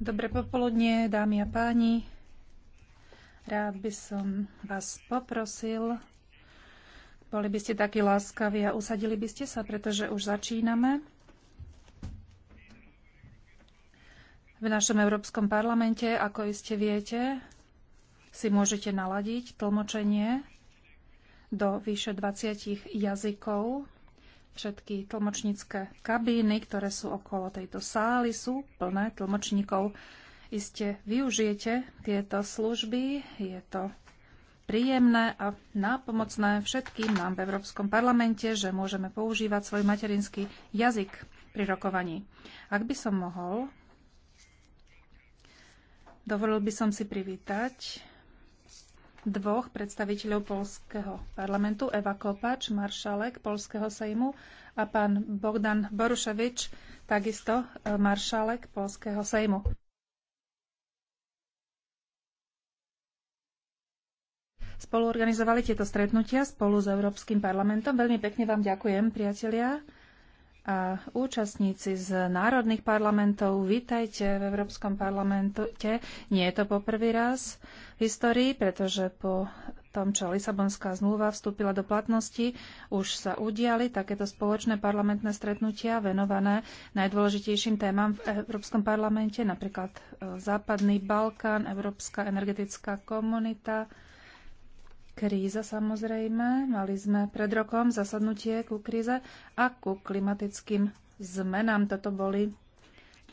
Dobré popoludnie, dámy a páni. Rád by som vás poprosil, boli by ste takí láskaví a usadili by ste sa, pretože už začíname. V našom Európskom parlamente, ako iste viete, si môžete naladiť tlmočenie do vyše 20 jazykov Všetky tlmočnícke kabíny, ktoré sú okolo tejto sály, sú plné tlmočníkov. Iste využijete tieto služby, je to príjemné a nápomocné všetkým nám v Európskom parlamente, že môžeme používať svoj materinský jazyk pri rokovaní. Ak by som mohol, dovolil by som si privítať dvoch predstaviteľov polského parlamentu, Eva Kopač, maršalek polského sejmu a pán Bogdan Boruševič, takisto e, maršalek polského sejmu. Spolu organizovali tieto stretnutia spolu s Európskym parlamentom. Veľmi pekne vám ďakujem, priatelia a účastníci z národných parlamentov, vítajte v Európskom parlamente. Nie je to poprvý raz v histórii, pretože po tom, čo Lisabonská zmluva vstúpila do platnosti, už sa udiali takéto spoločné parlamentné stretnutia venované najdôležitejším témam v Európskom parlamente, napríklad e, Západný Balkán, Európska energetická komunita, Kríza samozrejme. Mali sme pred rokom zasadnutie ku kríze a ku klimatickým zmenám. Toto boli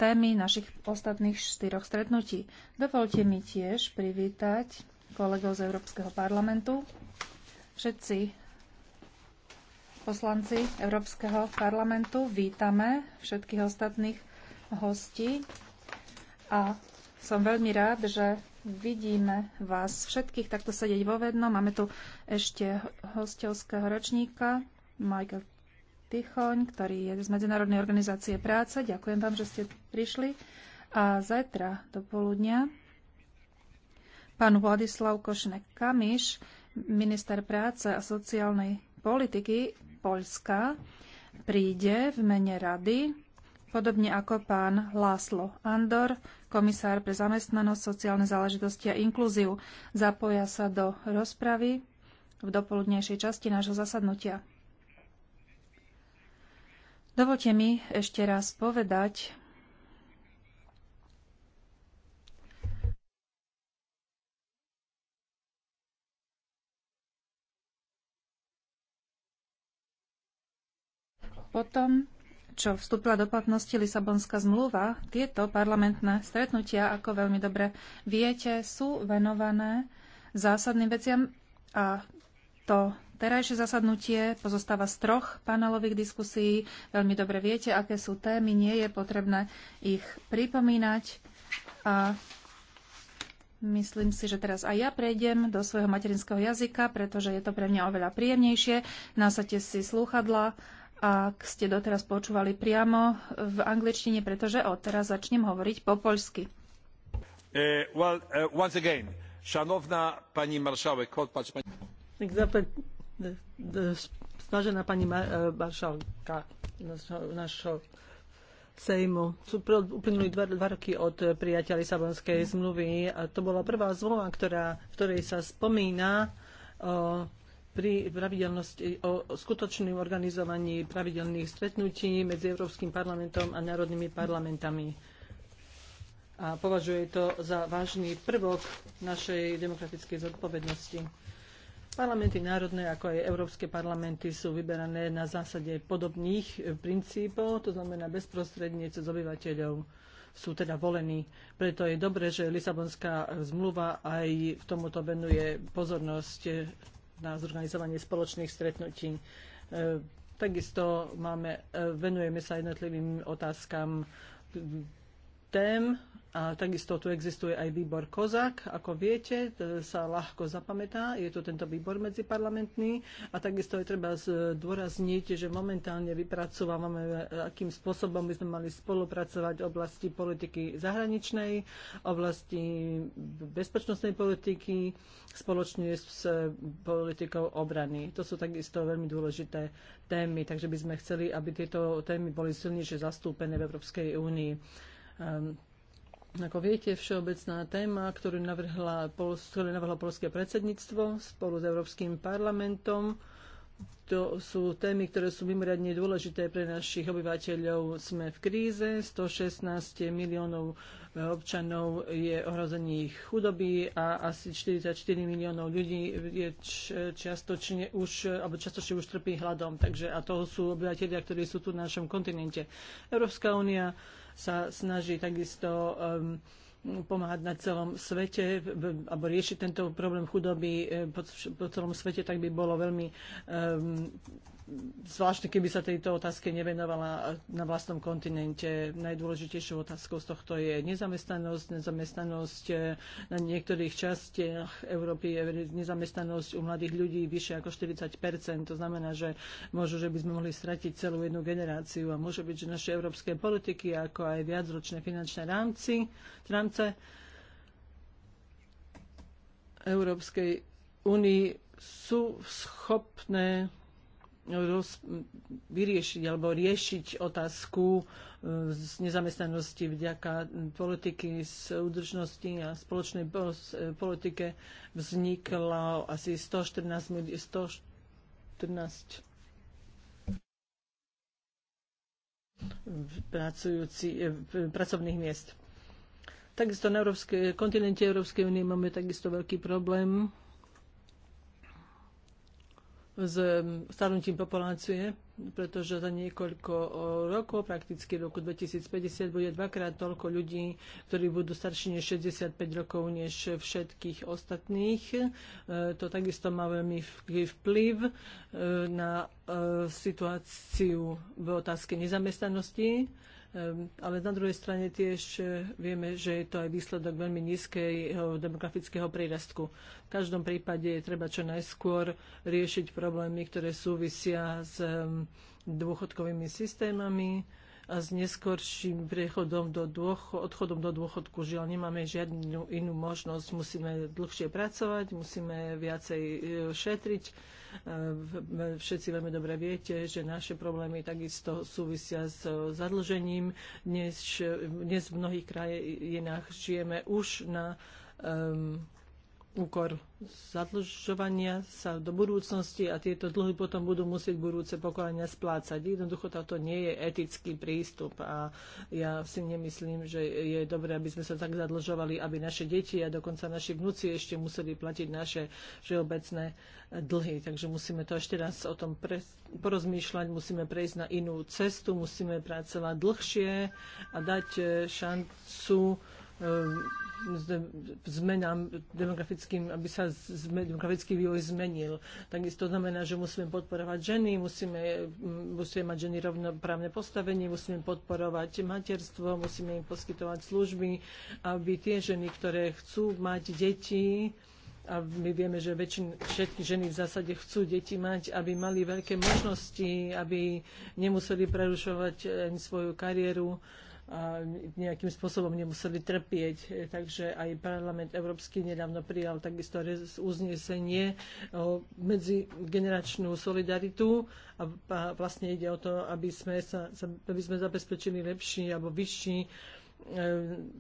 témy našich ostatných štyroch stretnutí. Dovolte mi tiež privítať kolegov z Európskeho parlamentu. Všetci poslanci Európskeho parlamentu vítame všetkých ostatných hostí a som veľmi rád, že Vidíme vás všetkých takto sedieť vo vedno. Máme tu ešte hostovského ročníka, Michael Tichoň, ktorý je z Medzinárodnej organizácie práce. Ďakujem vám, že ste prišli. A zajtra do poludnia pán Vladislav Košnek-Kamiš, minister práce a sociálnej politiky Poľska, príde v mene rady Podobne ako pán Láslo Andor, komisár pre zamestnanosť, sociálne záležitosti a inklúziu, zapoja sa do rozpravy v dopoludnejšej časti nášho zasadnutia. Dovolte mi ešte raz povedať, potom čo vstúpila do platnosti Lisabonská zmluva, tieto parlamentné stretnutia, ako veľmi dobre viete, sú venované zásadným veciam a to terajšie zasadnutie pozostáva z troch panelových diskusí. Veľmi dobre viete, aké sú témy, nie je potrebné ich pripomínať a Myslím si, že teraz aj ja prejdem do svojho materinského jazyka, pretože je to pre mňa oveľa príjemnejšie. Nasadte si slúchadla ak ste doteraz počúvali priamo v angličtine, pretože odteraz začnem hovoriť po poľsky. Eh, well, eh, once again, pani pani... Snažená pani eh, maršalka našho Sejmu. Sú uplynuli dva, dva roky od prijatia Lisabonskej zmluvy a to bola prvá zmluva, ktorá, v ktorej sa spomína o pri pravidelnosti o skutočnom organizovaní pravidelných stretnutí medzi Európskym parlamentom a národnými parlamentami. A považuje to za vážny prvok našej demokratickej zodpovednosti. Parlamenty národné, ako aj európske parlamenty, sú vyberané na zásade podobných princípov, to znamená bezprostredne cez obyvateľov sú teda volení. Preto je dobré, že Lisabonská zmluva aj v tomuto venuje pozornosť na zorganizovanie spoločných stretnutí. E, takisto máme, e, venujeme sa jednotlivým otázkam tém a takisto tu existuje aj výbor Kozak. Ako viete, sa ľahko zapamätá. Je to tento výbor medziparlamentný. A takisto je treba zdôrazniť, že momentálne vypracovávame, e, akým spôsobom by sme mali spolupracovať v oblasti politiky zahraničnej, oblasti bezpečnostnej politiky, spoločne s e, politikou obrany. To sú takisto veľmi dôležité témy, takže by sme chceli, aby tieto témy boli silnejšie zastúpené v Európskej únii. Um, ako viete, všeobecná téma, ktorú navrhla, ktorú navrhla polské predsedníctvo spolu s Európskym parlamentom, to sú témy, ktoré sú mimoriadne dôležité pre našich obyvateľov. Sme v kríze, 116 miliónov občanov je ohrozených chudoby a asi 44 miliónov ľudí je čiastočne už, alebo častočne už trpí hladom. Takže, a to sú obyvateľia, ktorí sú tu na našom kontinente. Európska únia sa snaží takisto um, pomáhať na celom svete alebo riešiť tento problém chudoby eh, po, po celom svete, tak by bolo veľmi um, zvláštne, keby sa tejto otázke nevenovala na vlastnom kontinente. Najdôležitejšou otázkou z tohto je nezamestnanosť. Nezamestnanosť na niektorých častiach Európy je nezamestnanosť u mladých ľudí vyššie ako 40 To znamená, že môžu, že by sme mohli stratiť celú jednu generáciu a môže byť, že naše európske politiky, ako aj viacročné finančné rámci, rámce Európskej únii sú schopné roz, vyriešiť alebo riešiť otázku eh, z nezamestnanosti vďaka politiky z údržnosti a spoločnej eh, politike vzniklo asi 114, 114 eh, pracovných miest. Takisto na Európskej, kontinente Európskej únie máme takisto veľký problém s um, starnutím populácie, pretože za niekoľko rokov, prakticky v roku 2050, bude dvakrát toľko ľudí, ktorí budú starší než 65 rokov, než všetkých ostatných. E, to takisto má veľmi vplyv e, na e, situáciu v otázke nezamestnanosti Ehm, ale na druhej strane tiež e, vieme, že je to aj výsledok veľmi nízkeho demografického prírastku. V každom prípade je treba čo najskôr riešiť problémy, ktoré súvisia s ehm, dôchodkovými systémami, a s neskorším prechodom do dôcho, odchodom do dôchodku. Žiaľ, nemáme žiadnu inú možnosť. Musíme dlhšie pracovať, musíme viacej e, šetriť. E, e, všetci veľmi dobre viete, že naše problémy takisto súvisia s zadlžením. Dnes, dnes v mnohých krajinách žijeme už na um, úkor zadlžovania sa do budúcnosti a tieto dlhy potom budú musieť budúce pokolenia splácať. Jednoducho toto nie je etický prístup a ja si nemyslím, že je dobré, aby sme sa tak zadlžovali, aby naše deti a dokonca naši vnúci ešte museli platiť naše všeobecné dlhy. Takže musíme to ešte raz o tom pre, porozmýšľať, musíme prejsť na inú cestu, musíme pracovať dlhšie a dať eh, šancu eh, zmenám demografickým, aby sa demografický vývoj zmenil. Takisto znamená, že musíme podporovať ženy, musíme, mm, musíme mať ženy rovnoprávne postavenie, musíme podporovať materstvo, musíme im poskytovať služby, aby tie ženy, ktoré chcú mať deti, a my vieme, že väčšin, všetky ženy v zásade chcú deti mať, aby mali veľké možnosti, aby nemuseli prerušovať ani eh, svoju kariéru nejakým spôsobom nemuseli trpieť. Takže aj parlament Európsky nedávno prijal takisto uznesenie o medzigeneračnú solidaritu a, vlastne ide o to, aby sme, sa, aby sme zabezpečili lepší alebo vyšší e,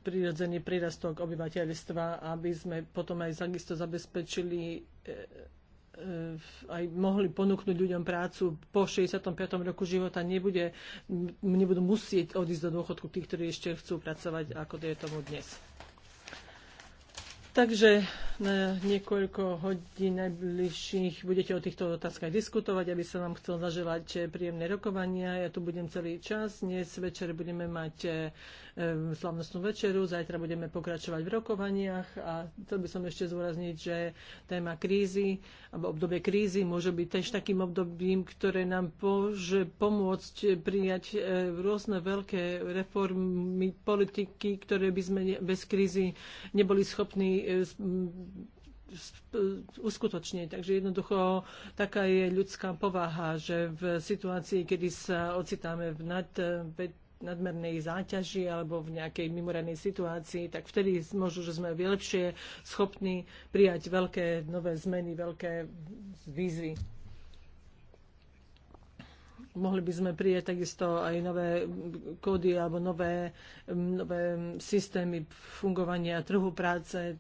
prirodzený prírastok obyvateľstva, aby sme potom aj takisto zabezpečili e, E, aj mohli ponúknuť ľuďom prácu po 65. roku života, nebude, nebudú musieť odísť do dôchodku tí, ktorí ešte chcú pracovať, ako to je tomu dnes. Takže na niekoľko hodín najbližších budete o týchto otázkach diskutovať, aby som vám chcel zaželať príjemné rokovania. Ja tu budem celý čas. Dnes večer budeme mať e, slavnostnú večeru. Zajtra budeme pokračovať v rokovaniach a chcel by som ešte zúrazniť, že téma krízy alebo obdobie krízy môže byť tiež takým obdobím, ktoré nám môže pomôcť prijať e, rôzne veľké reformy politiky, ktoré by sme bez krízy neboli schopní e, e, uskutočniť. Takže jednoducho taká je ľudská povaha, že v situácii, kedy sa ocitáme v nad nadmernej záťaži alebo v nejakej mimorenej situácii, tak vtedy možno, že sme lepšie schopní prijať veľké nové zmeny, veľké výzvy mohli by sme prijať takisto aj nové kódy alebo nové, nové systémy fungovania trhu práce,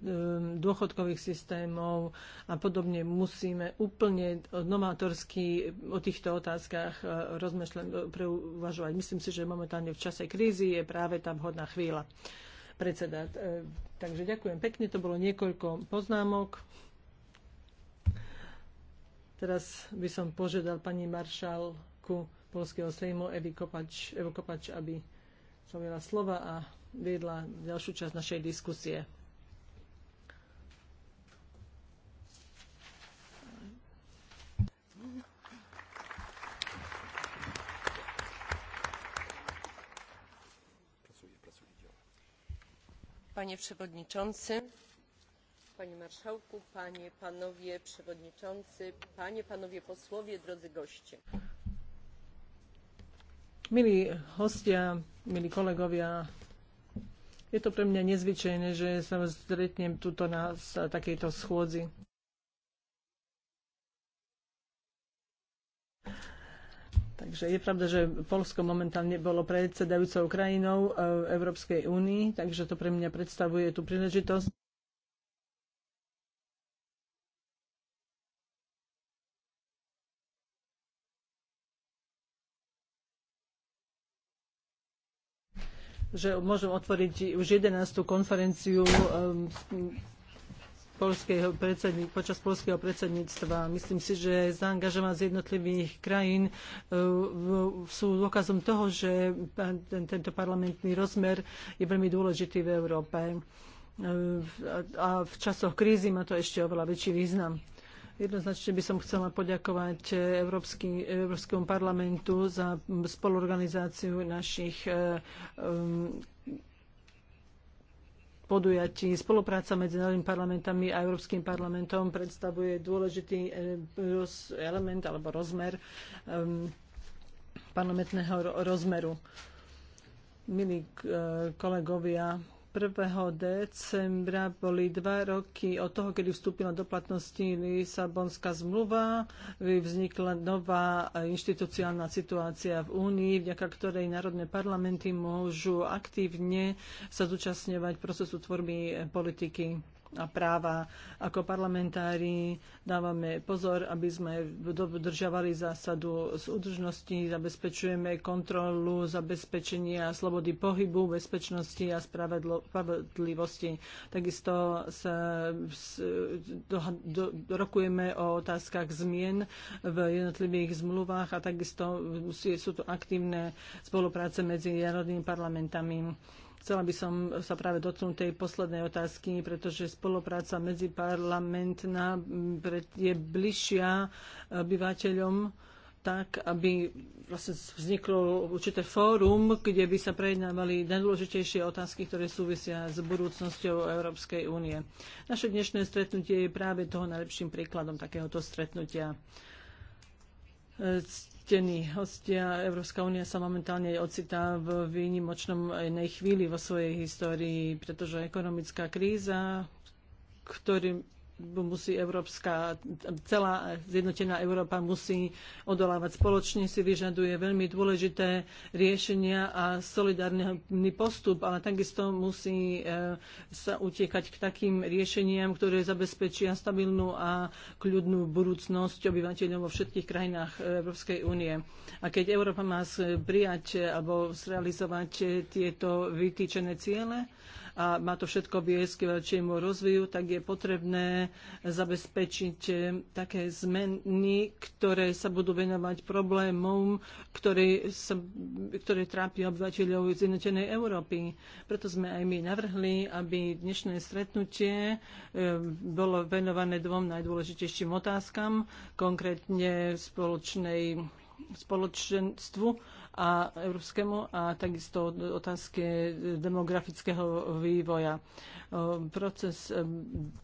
dôchodkových systémov a podobne. Musíme úplne novátorsky o týchto otázkach e, rozmýšľať, e, preuvažovať. Myslím si, že momentálne v čase krízy je práve tá vhodná chvíľa predseda. E, takže ďakujem pekne, to bolo niekoľko poznámok. Teraz by som požiadal pani maršal šéfku Polského sejmu Evi Kopač, Evo Kopač, aby zaujíla slova a viedla ďalšiu časť našej diskusie. Panie przewodniczący, panie marszałku, panie, panowie przewodniczący, panie, panowie posłowie, drodzy goście. Milí hostia, milí kolegovia, je to pre mňa nezvyčajné, že sa stretnem tuto na takejto schôdzi. Takže je pravda, že Polsko momentálne bolo predsedajúcou krajinou e, Európskej únii, takže to pre mňa predstavuje tú príležitosť že môžem otvoriť už 11. konferenciu um, polského počas polského predsedníctva. Myslím si, že z jednotlivých krajín uh, sú dôkazom toho, že tento parlamentný rozmer je veľmi dôležitý v Európe. Uh, a v časoch krízy má to ešte oveľa väčší význam. Jednoznačne by som chcela poďakovať eh, Európsky, Európskemu parlamentu za spolorganizáciu našich um, podujatí. Spolupráca medzi národnými parlamentami a Európskym parlamentom predstavuje dôležitý eh, element alebo rozmer um, parlamentného rozmeru. Milí kolegovia, 1. decembra boli dva roky od toho, kedy vstúpila do platnosti Lisabonská zmluva. Vznikla nová inštitucionálna situácia v Únii, vďaka ktorej národné parlamenty môžu aktívne sa zúčastňovať procesu tvorby politiky a práva. Ako parlamentári dávame pozor, aby sme dodržiavali zásadu z údržnosti, zabezpečujeme kontrolu, zabezpečenia slobody pohybu, bezpečnosti a spravodlivosti. Takisto sa do, do, rokujeme o otázkach zmien v jednotlivých zmluvách a takisto sú tu aktívne spolupráce medzi národnými parlamentami. Chcela by som sa práve dotknúť tej poslednej otázky, pretože spolupráca medziparlamentná je bližšia obyvateľom tak, aby vlastne vzniklo určité fórum, kde by sa prejednávali najdôležitejšie otázky, ktoré súvisia s budúcnosťou Európskej únie. Naše dnešné stretnutie je práve toho najlepším príkladom takéhoto stretnutia. Ctení hostia, Európska únia sa momentálne ocitá v výnimočnom inej chvíli vo svojej histórii, pretože ekonomická kríza, ktorým musí Európska, celá zjednotená Európa musí odolávať spoločne, si vyžaduje veľmi dôležité riešenia a solidárny postup, ale takisto musí e, sa utiekať k takým riešeniam, ktoré zabezpečia stabilnú a kľudnú budúcnosť obyvateľov vo všetkých krajinách e, Európskej únie. A keď Európa má prijať alebo zrealizovať tieto vytýčené ciele, a má to všetko viesť k väčšiemu rozvoju, tak je potrebné zabezpečiť eh, také zmeny, ktoré sa budú venovať problémom, ktoré, sa, ktoré trápia obyvateľov zjednotenej Európy. Preto sme aj my navrhli, aby dnešné stretnutie eh, bolo venované dvom najdôležitejším otázkam, konkrétne spoločnej spoločenstvu a európskemu a takisto otázke demografického vývoja. Proces e,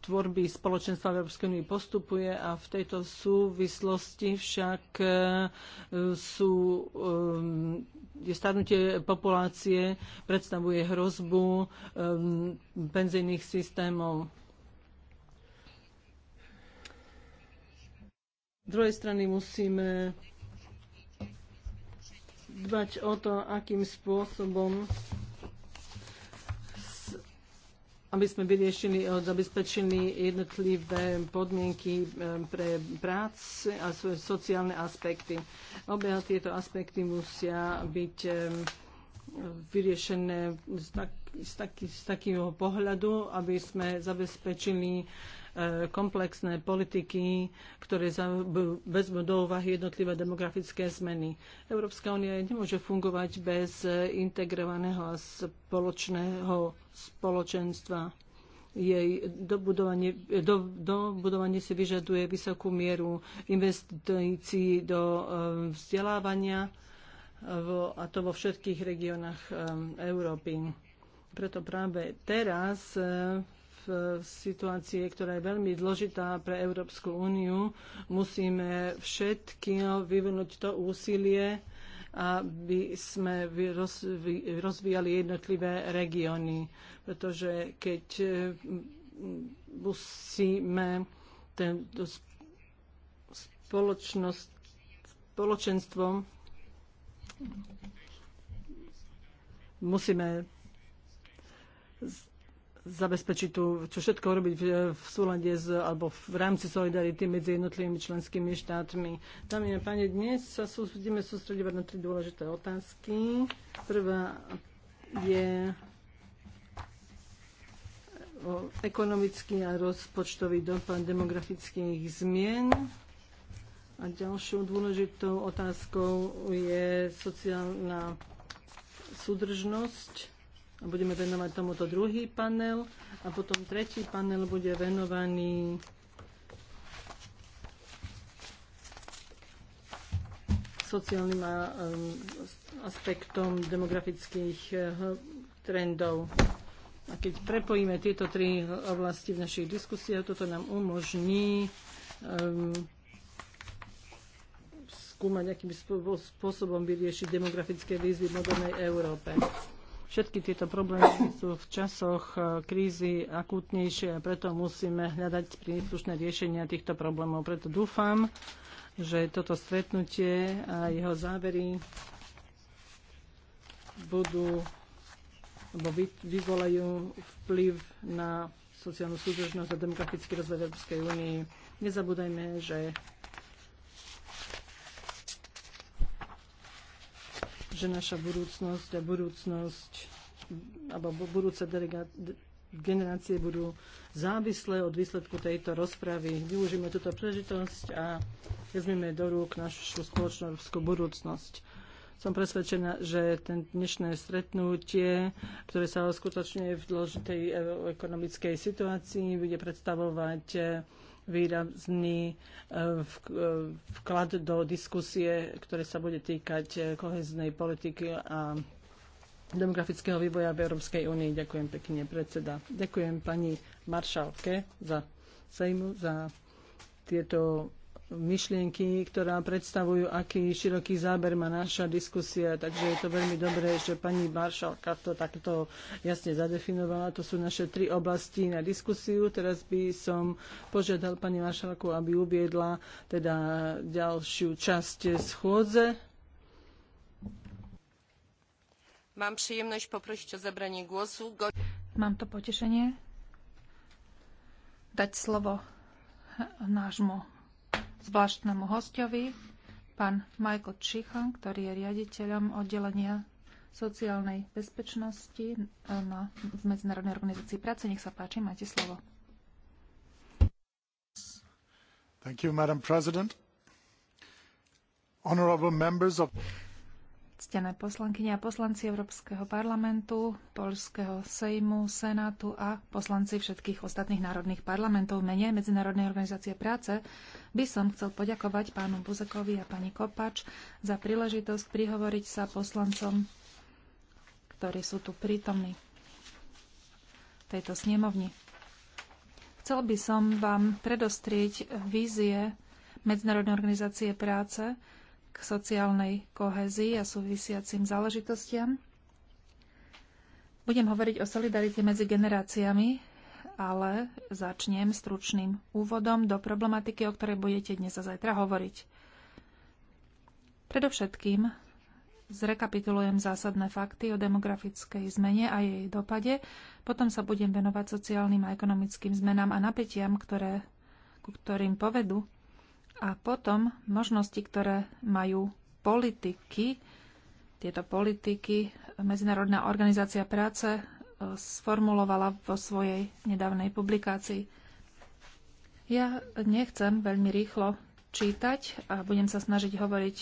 tvorby spoločenstva v Európskej únii postupuje a v tejto súvislosti však e, sú, e, je starnutie populácie predstavuje hrozbu penzijných systémov. Z druhej strany musíme dbať o to, akým spôsobom aby sme vyriešili, eh, zabezpečili jednotlivé podmienky eh, pre práce a sociálne aspekty. Obe tieto aspekty musia byť eh, vyriešené z, tak, z, taký, z takého pohľadu, aby sme zabezpečili E, komplexné politiky, ktoré vezmú do úvahy jednotlivé demografické zmeny. Európska únia nemôže fungovať bez integrovaného a spoločného spoločenstva jej dobudovanie, do, dobudovanie si vyžaduje vysokú mieru investícií do e, vzdelávania vo, a to vo všetkých regiónach e, Európy. Preto práve teraz v situácii, ktorá je veľmi dôležitá pre Európsku úniu, musíme všetky vyvinúť to úsilie, aby sme rozvíjali jednotlivé regióny. Pretože keď mm, musíme ten, spoločenstvo musíme zabezpečiť tu, čo všetko robiť v, v súlade s, alebo v rámci solidarity medzi jednotlivými členskými štátmi. Dámy a páni, dnes sa sú, budeme sústredovať na tri dôležité otázky. Prvá je o ekonomický a rozpočtový dopad demografických zmien. A ďalšou dôležitou otázkou je sociálna súdržnosť budeme venovať tomuto druhý panel a potom tretí panel bude venovaný sociálnym um, aspektom demografických eh, trendov. A keď prepojíme tieto tri oblasti v našich diskusiách, toto nám umožní eh, um, skúmať, akým spôsobom vyriešiť demografické výzvy v modernej Európe. Všetky tieto problémy sú v časoch e, krízy akútnejšie a preto musíme hľadať príslušné riešenia týchto problémov. Preto dúfam, že toto stretnutie a jeho závery budú alebo vyvolajú vplyv na sociálnu súdržnosť a demografický rozvoj Európskej únie. Nezabúdajme, že že naša budúcnosť a budúcnosť alebo budúce generácie budú závislé od výsledku tejto rozpravy. Využíme túto prežitosť a vezmeme do rúk našu spoločnú európsku budúcnosť. Som presvedčená, že ten dnešné stretnutie, ktoré sa skutočne v dôležitej e, ekonomickej situácii, bude predstavovať e, výrazný e, e, vklad do diskusie, ktoré sa bude týkať e, koheznej politiky a demografického vývoja v Európskej únii. Ďakujem pekne, predseda. Ďakujem pani maršalke za Sejmu za tieto myšlienky, ktorá predstavujú, aký široký záber má naša diskusia. Takže je to veľmi dobré, že pani Maršalka to takto jasne zadefinovala. To sú naše tri oblasti na diskusiu. Teraz by som požiadal pani Maršalku, aby uviedla teda ďalšiu časť schôdze. Mám príjemnosť poprosiť o zabranie głosu. Go... Mám to potešenie dať slovo nášmu zvláštnemu hostovi, pán Michael Čichan, ktorý je riaditeľom oddelenia sociálnej bezpečnosti e, na, v Medzinárodnej organizácii práce. Nech sa páči, máte slovo. Thank you, Madam President. Honorable members of... Ctené poslankyne a poslanci Európskeho parlamentu, Polského sejmu, Senátu a poslanci všetkých ostatných národných parlamentov v mene Medzinárodnej organizácie práce by som chcel poďakovať pánu Buzekovi a pani Kopač za príležitosť prihovoriť sa poslancom, ktorí sú tu prítomní v tejto snemovni. Chcel by som vám predostrieť vízie Medzinárodnej organizácie práce, k sociálnej kohezii a súvisiacim záležitostiam. Budem hovoriť o solidarite medzi generáciami, ale začnem stručným úvodom do problematiky, o ktorej budete dnes a zajtra hovoriť. Predovšetkým zrekapitulujem zásadné fakty o demografickej zmene a jej dopade, potom sa budem venovať sociálnym a ekonomickým zmenám a napätiam, ktoré, ku ktorým povedú a potom možnosti, ktoré majú politiky, tieto politiky Medzinárodná organizácia práce e, sformulovala vo svojej nedávnej publikácii. Ja nechcem veľmi rýchlo čítať a budem sa snažiť hovoriť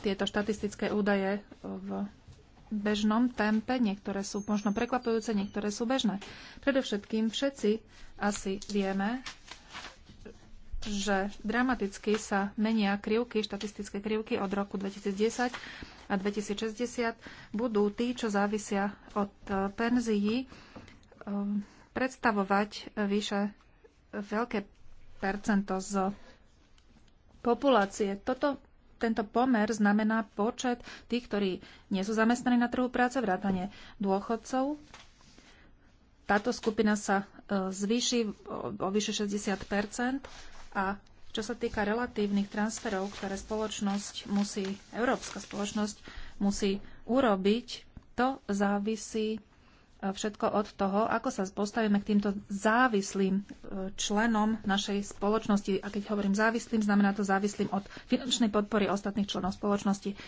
tieto štatistické údaje v bežnom tempe. Niektoré sú možno prekvapujúce, niektoré sú bežné. Predovšetkým všetci asi vieme, že dramaticky sa menia krivky, štatistické krivky od roku 2010 a 2060 budú tí, čo závisia od e, penzií, e, predstavovať vyše veľké percento z populácie. Toto, tento pomer znamená počet tých, ktorí nie sú zamestnaní na trhu práce, vrátane dôchodcov. Táto skupina sa e, zvýši o vyše 60 a čo sa týka relatívnych transferov, ktoré spoločnosť musí, európska spoločnosť musí urobiť, to závisí e, všetko od toho, ako sa postavíme k týmto závislým e, členom našej spoločnosti. A keď hovorím závislým, znamená to závislým od finančnej podpory ostatných členov spoločnosti.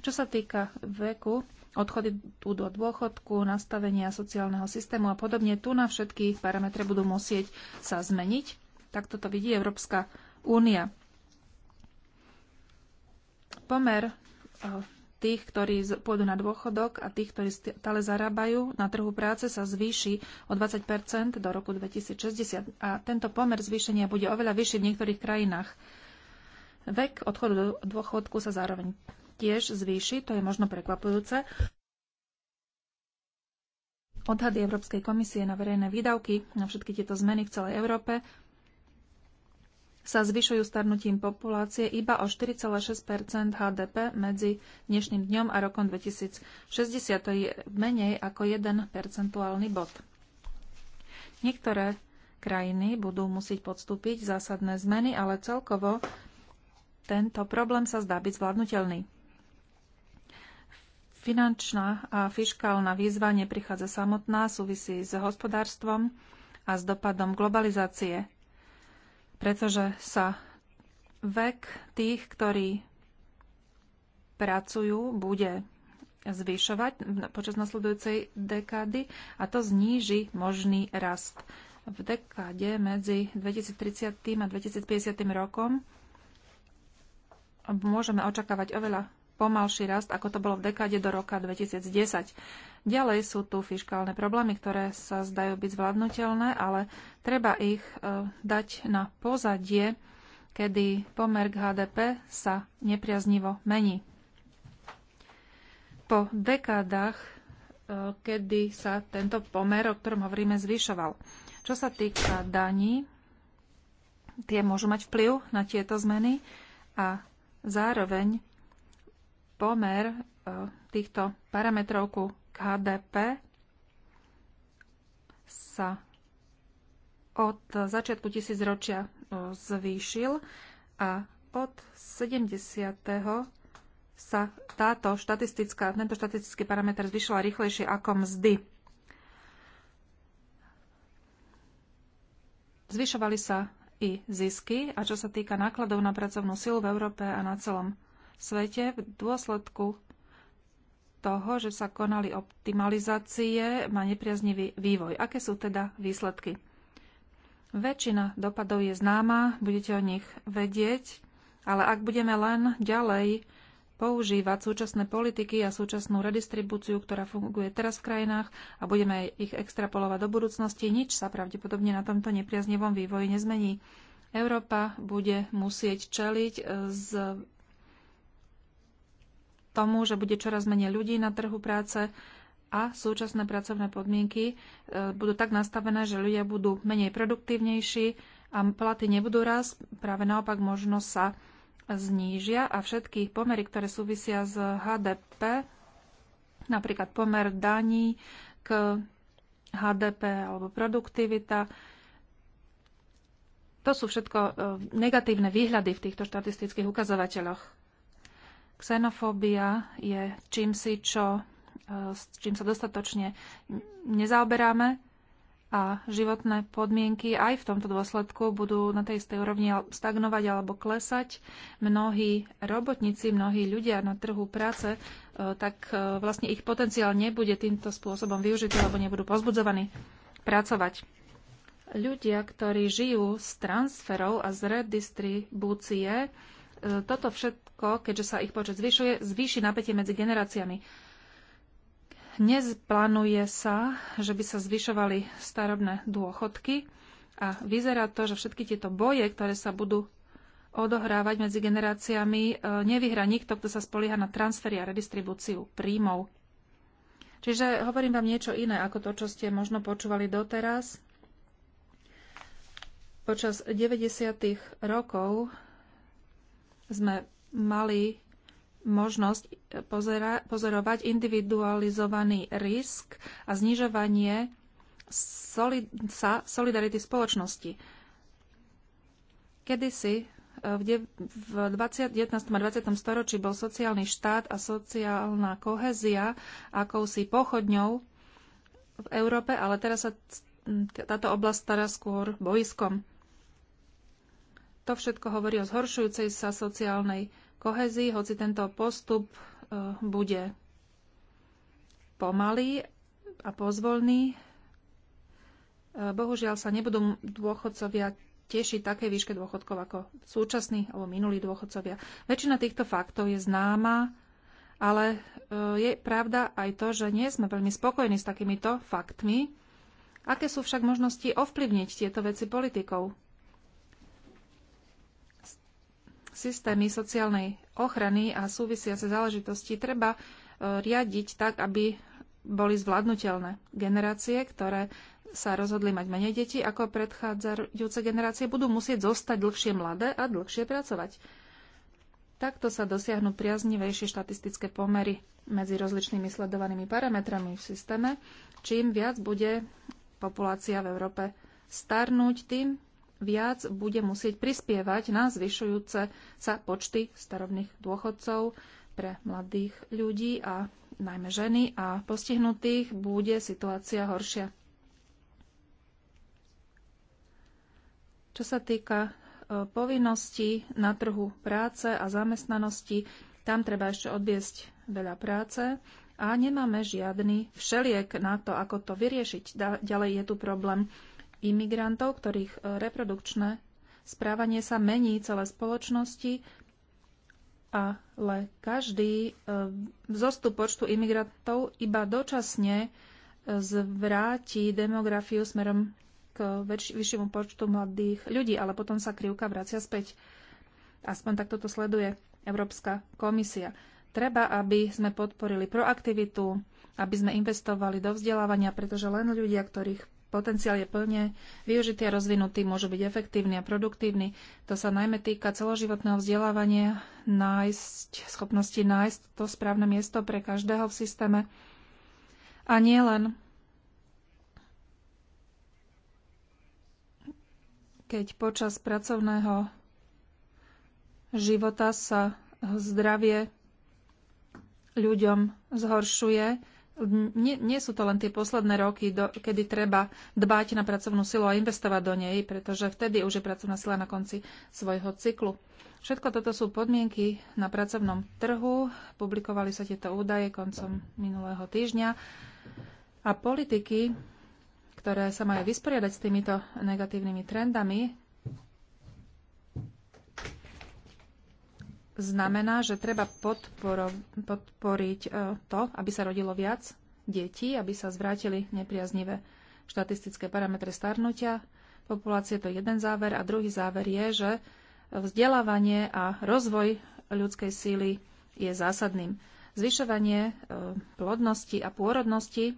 Čo sa týka veku, odchody tu do dôchodku, nastavenia sociálneho systému a podobne, tu na všetky parametre budú musieť sa zmeniť Takto to vidí Európska únia. Pomer eh, tých, ktorí pôjdu na dôchodok a tých, ktorí stále zarábajú na trhu práce, sa zvýši o 20 do roku 2060 a tento pomer zvýšenia bude oveľa vyšší v niektorých krajinách. Vek odchodu do dôchodku sa zároveň tiež zvýši, to je možno prekvapujúce. Odhady Európskej komisie na verejné výdavky na všetky tieto zmeny v celej Európe sa zvyšujú starnutím populácie iba o 4,6 HDP medzi dnešným dňom a rokom 2060. To je menej ako 1 percentuálny bod. Niektoré krajiny budú musieť podstúpiť zásadné zmeny, ale celkovo tento problém sa zdá byť zvládnutelný. Finančná a fiškálna výzva neprichádza samotná, súvisí s hospodárstvom a s dopadom globalizácie pretože sa vek tých, ktorí pracujú, bude zvyšovať počas nasledujúcej dekády a to zníži možný rast. V dekáde medzi 2030. a 2050. rokom môžeme očakávať oveľa pomalší rast, ako to bolo v dekáde do roka 2010. Ďalej sú tu fiškálne problémy, ktoré sa zdajú byť zvládnutelné, ale treba ich e, dať na pozadie, kedy pomer k HDP sa nepriaznivo mení. Po dekádach, e, kedy sa tento pomer, o ktorom hovoríme, zvyšoval. Čo sa týka daní, tie môžu mať vplyv na tieto zmeny a zároveň pomer e, týchto parametrov ku HDP sa od začiatku tisícročia e, zvýšil a od 70. sa táto štatistická, tento štatistický parameter zvyšila rýchlejšie ako mzdy. Zvyšovali sa i zisky a čo sa týka nákladov na pracovnú silu v Európe a na celom svete v dôsledku toho, že sa konali optimalizácie, má nepriaznivý vývoj. Aké sú teda výsledky? Väčšina dopadov je známa, budete o nich vedieť, ale ak budeme len ďalej používať súčasné politiky a súčasnú redistribúciu, ktorá funguje teraz v krajinách a budeme ich extrapolovať do budúcnosti, nič sa pravdepodobne na tomto nepriaznivom vývoji nezmení. Európa bude musieť čeliť e, s tomu, že bude čoraz menej ľudí na trhu práce a súčasné pracovné podmienky e, budú tak nastavené, že ľudia budú menej produktívnejší a platy nebudú raz, práve naopak možno sa znížia a všetky pomery, ktoré súvisia s HDP, napríklad pomer daní k HDP alebo produktivita, to sú všetko e, negatívne výhľady v týchto štatistických ukazovateľoch. Xenofóbia je čímsi, čo, e, s čím sa dostatočne nezaoberáme a životné podmienky aj v tomto dôsledku budú na tej istej úrovni stagnovať alebo klesať. Mnohí robotníci, mnohí ľudia na trhu práce, e, tak e, vlastne ich potenciál nebude týmto spôsobom využitý alebo nebudú pozbudzovaní pracovať. Ľudia, ktorí žijú z transferov a z redistribúcie, toto všetko Maroko, keďže sa ich počet zvyšuje, zvýši napätie medzi generáciami. Nezplánuje sa, že by sa zvyšovali starobné dôchodky a vyzerá to, že všetky tieto boje, ktoré sa budú odohrávať medzi generáciami, e, nevyhra nikto, kto sa spolieha na transfery a redistribúciu príjmov. Čiže hovorím vám niečo iné ako to, čo ste možno počúvali doteraz. Počas 90. rokov sme mali možnosť pozera- pozorovať individualizovaný risk a znižovanie sa solidarity spoločnosti. Kedysi eh, v, de- v 20, 19. a 20. storočí bol sociálny štát a sociálna kohezia akousi pochodňou v Európe, ale teraz sa táto oblasť stará skôr bojskom. To všetko hovorí o zhoršujúcej sa sociálnej kohezii, hoci tento postup e, bude pomalý a pozvolný. E, bohužiaľ sa nebudú dôchodcovia teší také výške dôchodkov ako súčasní alebo minulí dôchodcovia. Väčšina týchto faktov je známa, ale e, je pravda aj to, že nie sme veľmi spokojní s takýmito faktmi. Aké sú však možnosti ovplyvniť tieto veci politikou? systémy sociálnej ochrany a súvisiace záležitosti treba e, riadiť tak, aby boli zvládnutelné. Generácie, ktoré sa rozhodli mať menej detí ako predchádzajúce generácie, budú musieť zostať dlhšie mladé a dlhšie pracovať. Takto sa dosiahnu priaznivejšie štatistické pomery medzi rozličnými sledovanými parametrami v systéme. Čím viac bude populácia v Európe starnúť, tým viac bude musieť prispievať na zvyšujúce sa počty starovných dôchodcov pre mladých ľudí a najmä ženy a postihnutých bude situácia horšia. Čo sa týka e, povinností na trhu práce a zamestnanosti, tam treba ešte odviesť veľa práce a nemáme žiadny všeliek na to, ako to vyriešiť. Ďalej je tu problém imigrantov, ktorých e, reprodukčné správanie sa mení celé spoločnosti, ale každý e, zostup počtu imigrantov iba dočasne e, zvráti demografiu smerom k väč- vyššiemu počtu mladých ľudí, ale potom sa krivka vracia späť. Aspoň takto to sleduje Európska komisia. Treba, aby sme podporili proaktivitu, aby sme investovali do vzdelávania, pretože len ľudia, ktorých potenciál je plne využitý a rozvinutý, môže byť efektívny a produktívny. To sa najmä týka celoživotného vzdelávania, nájsť, schopnosti nájsť to správne miesto pre každého v systéme. A nie len keď počas pracovného života sa zdravie ľuďom zhoršuje, nie, nie sú to len tie posledné roky, do, kedy treba dbať na pracovnú silu a investovať do nej, pretože vtedy už je pracovná sila na konci svojho cyklu. Všetko toto sú podmienky na pracovnom trhu. Publikovali sa tieto údaje koncom minulého týždňa. A politiky, ktoré sa majú vysporiadať s týmito negatívnymi trendami, znamená, že treba podporo, podporiť e, to, aby sa rodilo viac detí, aby sa zvrátili nepriaznivé štatistické parametre starnutia populácie. To je jeden záver. A druhý záver je, že vzdelávanie a rozvoj ľudskej síly je zásadným. Zvyšovanie e, plodnosti a pôrodnosti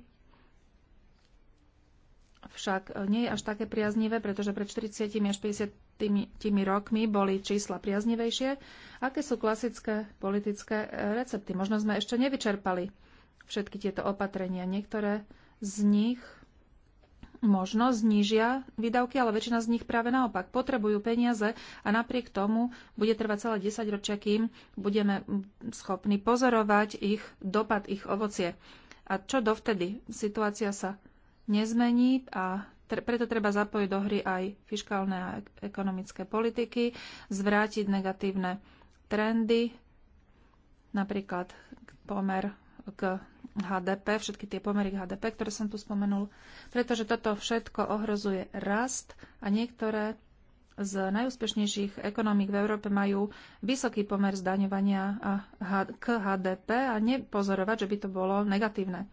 však e, nie je až také priaznivé, pretože pred 40 až 50 tými, tými rokmi boli čísla priaznivejšie. Aké sú klasické politické e, recepty? Možno sme ešte nevyčerpali všetky tieto opatrenia. Niektoré z nich možno znížia výdavky, ale väčšina z nich práve naopak potrebujú peniaze a napriek tomu bude trvať celé 10 ročia, kým budeme schopní pozorovať ich dopad, ich ovocie. A čo dovtedy? Situácia sa nezmení a tre, preto treba zapojiť do hry aj fiskálne a ekonomické politiky, zvrátiť negatívne trendy, napríklad pomer k HDP, všetky tie pomery k HDP, ktoré som tu spomenul, pretože toto všetko ohrozuje rast a niektoré z najúspešnejších ekonomík v Európe majú vysoký pomer zdaňovania a k HDP a nepozorovať, že by to bolo negatívne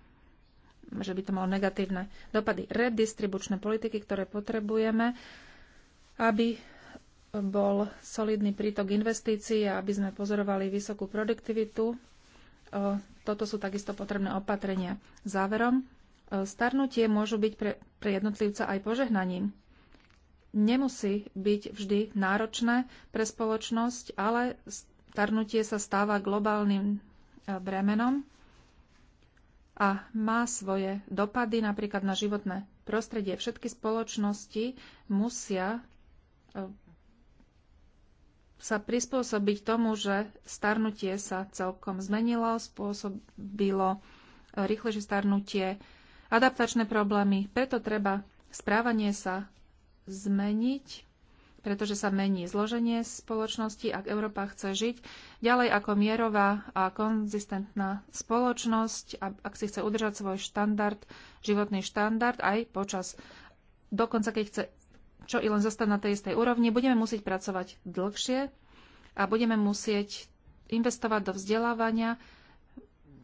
že by to malo negatívne dopady. Redistribučné politiky, ktoré potrebujeme, aby bol solidný prítok investícií a aby sme pozorovali vysokú produktivitu. E, toto sú takisto potrebné opatrenia. Záverom, e, starnutie môžu byť pre, pre jednotlivca aj požehnaním. Nemusí byť vždy náročné pre spoločnosť, ale starnutie sa stáva globálnym e, bremenom a má svoje dopady napríklad na životné prostredie. Všetky spoločnosti musia e, sa prispôsobiť tomu, že starnutie sa celkom zmenilo, spôsobilo rýchlejšie starnutie, adaptačné problémy. Preto treba správanie sa zmeniť pretože sa mení zloženie spoločnosti, ak Európa chce žiť ďalej ako mierová a konzistentná spoločnosť, a ak si chce udržať svoj štandard, životný štandard aj počas, dokonca keď chce čo i len zostať na tej istej úrovni, budeme musieť pracovať dlhšie a budeme musieť investovať do vzdelávania,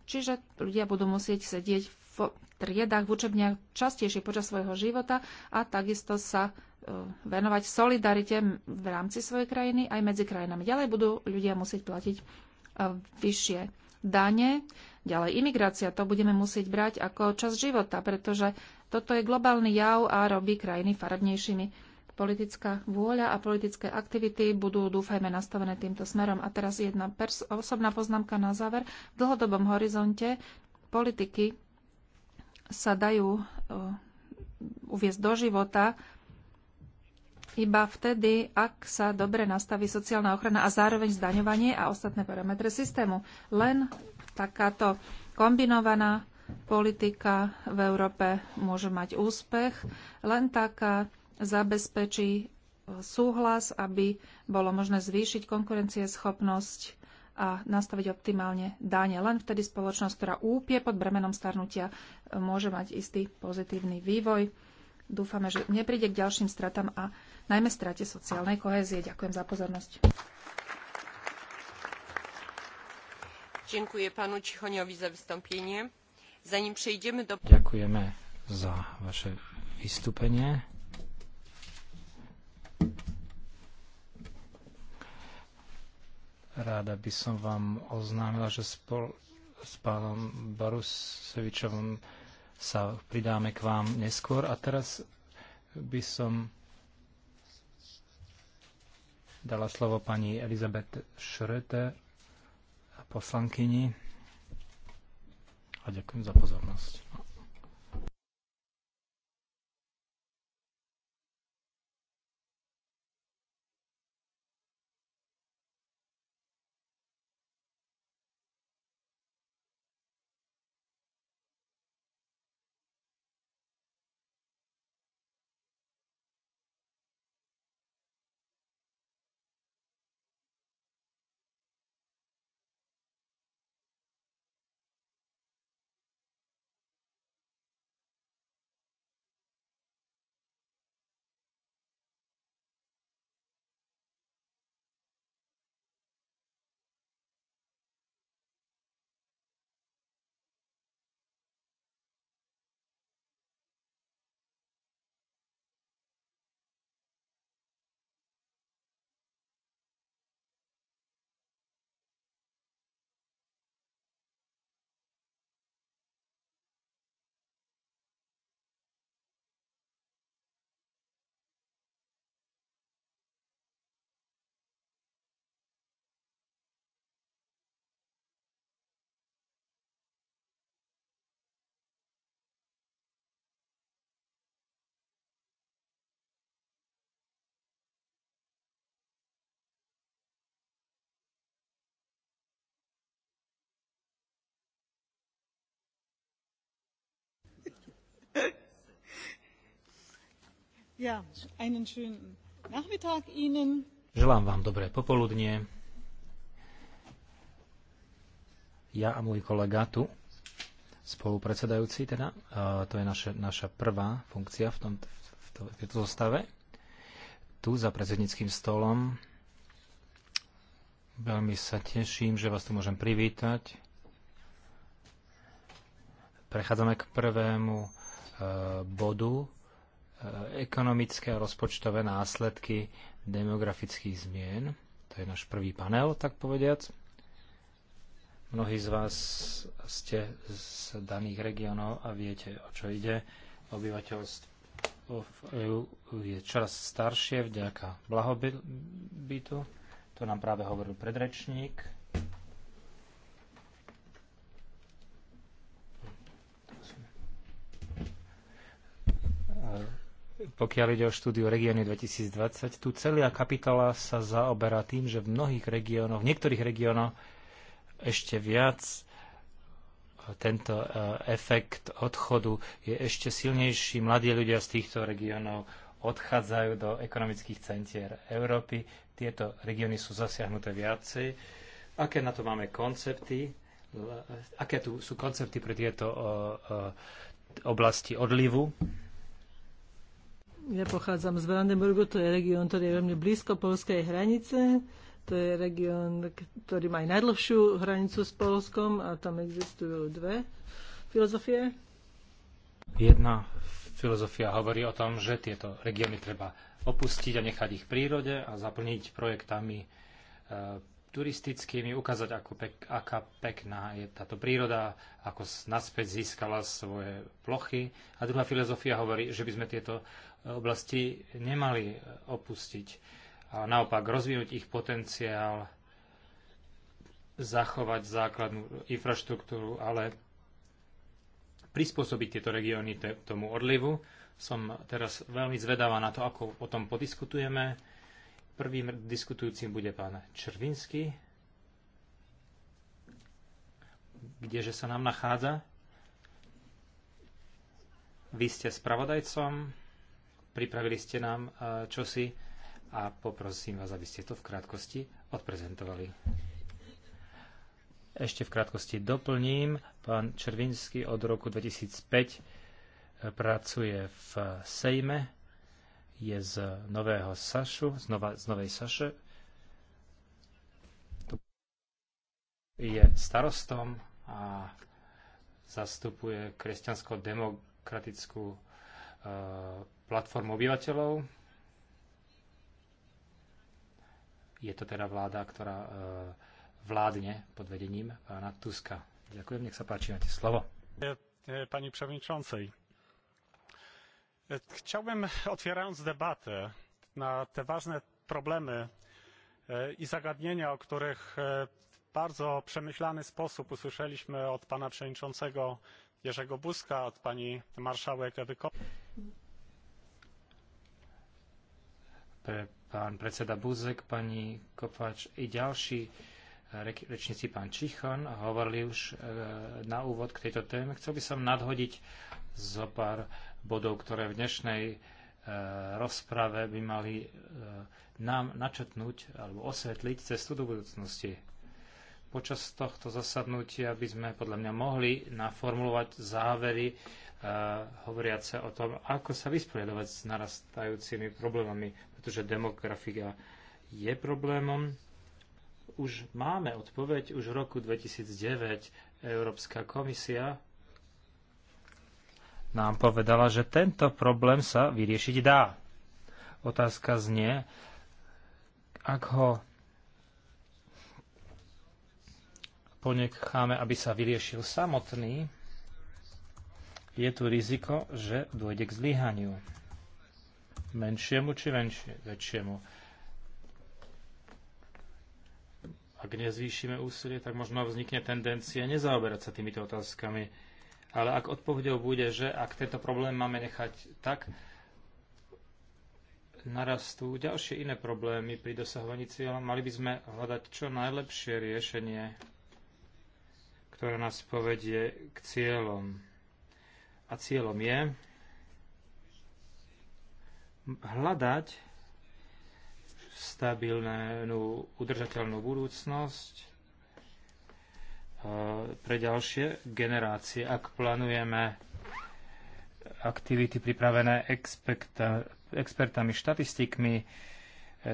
čiže ľudia budú musieť sedieť v triedách, v učebniach častejšie počas svojho života a takisto sa E, venovať solidarite v rámci svojej krajiny aj medzi krajinami. Ďalej budú ľudia musieť platiť e, vyššie dane, ďalej imigrácia, to budeme musieť brať ako čas života, pretože toto je globálny jav a robí krajiny farebnejšími. Politická vôľa a politické aktivity budú, dúfajme, nastavené týmto smerom. A teraz jedna osobná poznámka na záver. V dlhodobom horizonte politiky sa dajú e, uviezť do života iba vtedy, ak sa dobre nastaví sociálna ochrana a zároveň zdaňovanie a ostatné parametre systému. Len takáto kombinovaná politika v Európe môže mať úspech, len taká zabezpečí súhlas, aby bolo možné zvýšiť konkurencieschopnosť a nastaviť optimálne dáne. Len vtedy spoločnosť, ktorá úpie pod bremenom starnutia, môže mať istý pozitívny vývoj. Dúfame, že nepríde k ďalším stratám a najmä strate sociálnej kohézie. Ďakujem za pozornosť. za do... Ďakujeme za vaše vystúpenie. Ráda by som vám oznámila, že spol- s pánom Barusevičovom sa pridáme k vám neskôr. A teraz by som dala slovo pani Elizabeth Schröte, poslankyni. A ďakujem za pozornosť. Želám vám dobré popoludnie. Ja a môj kolega tu, spolupredsedajúci teda, to je naše, naša prvá funkcia v, tom, v, to, v tejto zostave, tu za predsedníckým stolom. Veľmi sa teším, že vás tu môžem privítať. Prechádzame k prvému bodu e, ekonomické a rozpočtové následky demografických zmien. To je náš prvý panel, tak povediac. Mnohí z vás ste z daných regiónov a viete, o čo ide. Obyvateľstvo v EU je čoraz staršie vďaka blahobytu. To nám práve hovoril predrečník. pokiaľ ide o štúdiu regióny 2020, tu celá kapitola sa zaoberá tým, že v mnohých regiónoch, v niektorých regiónoch ešte viac e, tento e, efekt odchodu je ešte silnejší. Mladí ľudia z týchto regiónov odchádzajú do ekonomických centier Európy. Tieto regióny sú zasiahnuté viacej. Aké na to máme koncepty? E, aké tu sú koncepty pre tieto oblasti odlivu? Ja pochádzam z Brandenburgu, to je región, ktorý je veľmi blízko polskej hranice. To je región, ktorý má aj najdlhšiu hranicu s Polskom a tam existujú dve filozofie. Jedna filozofia hovorí o tom, že tieto regióny treba opustiť a nechať ich v prírode a zaplniť projektami e, turistickými, ukázať, ako pek, aká pekná je táto príroda, ako naspäť získala svoje plochy. A druhá filozofia hovorí, že by sme tieto oblasti nemali e, opustiť a naopak rozvinúť ich potenciál, zachovať základnú infraštruktúru, ale prispôsobiť tieto regióny tomu odlivu. Som teraz veľmi zvedavá na to, ako o tom podiskutujeme. Prvým diskutujúcim bude pán Červinsky, kdeže sa nám nachádza. Vy ste spravodajcom. Pripravili ste nám e, čosi a poprosím vás, aby ste to v krátkosti odprezentovali. Ešte v krátkosti doplním. Pán Červinsky od roku 2005 e, pracuje v Sejme, je z nového Sašu, z, nova, z novej Saše. Je starostom a zastupuje kresťansko-demokratickú e, platformu obyvateľov. Je to teda vláda, ktorá e, vládne pod vedením pána Tuska. Ďakujem, nech sa páči, máte slovo. E, e, pani przewodniczącej, chciałbym otwierając debatę na te ważne problemy i zagadnienia, o których w bardzo przemyślany sposób usłyszeliśmy od pana przewodniczącego Jerzego Buzka, od pani marszałek Ewy Kopacz pre pán predseda Buzek, pani Kopáč i ďalší eh, rečníci pán Čichon hovorili už eh, na úvod k tejto téme. Chcel by som nadhodiť zo pár bodov, ktoré v dnešnej eh, rozprave by mali nám načetnúť alebo osvetliť cestu do budúcnosti. Počas tohto zasadnutia by sme podľa mňa mohli naformulovať závery hovoriace o tom, ako sa vysporiadovať s narastajúcimi problémami pretože demografia je problémom. Už máme odpoveď, už v roku 2009 Európska komisia nám povedala, že tento problém sa vyriešiť dá. Otázka znie, ak ho ponecháme, aby sa vyriešil samotný, je tu riziko, že dôjde k zlyhaniu menšiemu či menšie, väčšiemu. Ak nezvýšime úsilie, tak možno vznikne tendencia nezaoberať sa týmito otázkami. Ale ak odpovedou bude, že ak tento problém máme nechať tak, narastú ďalšie iné problémy pri dosahovaní cieľa. Mali by sme hľadať čo najlepšie riešenie, ktoré nás povedie k cieľom. A cieľom je hľadať stabilnú, udržateľnú budúcnosť e, pre ďalšie generácie. Ak plánujeme aktivity pripravené expekta, expertami, štatistikmi, e,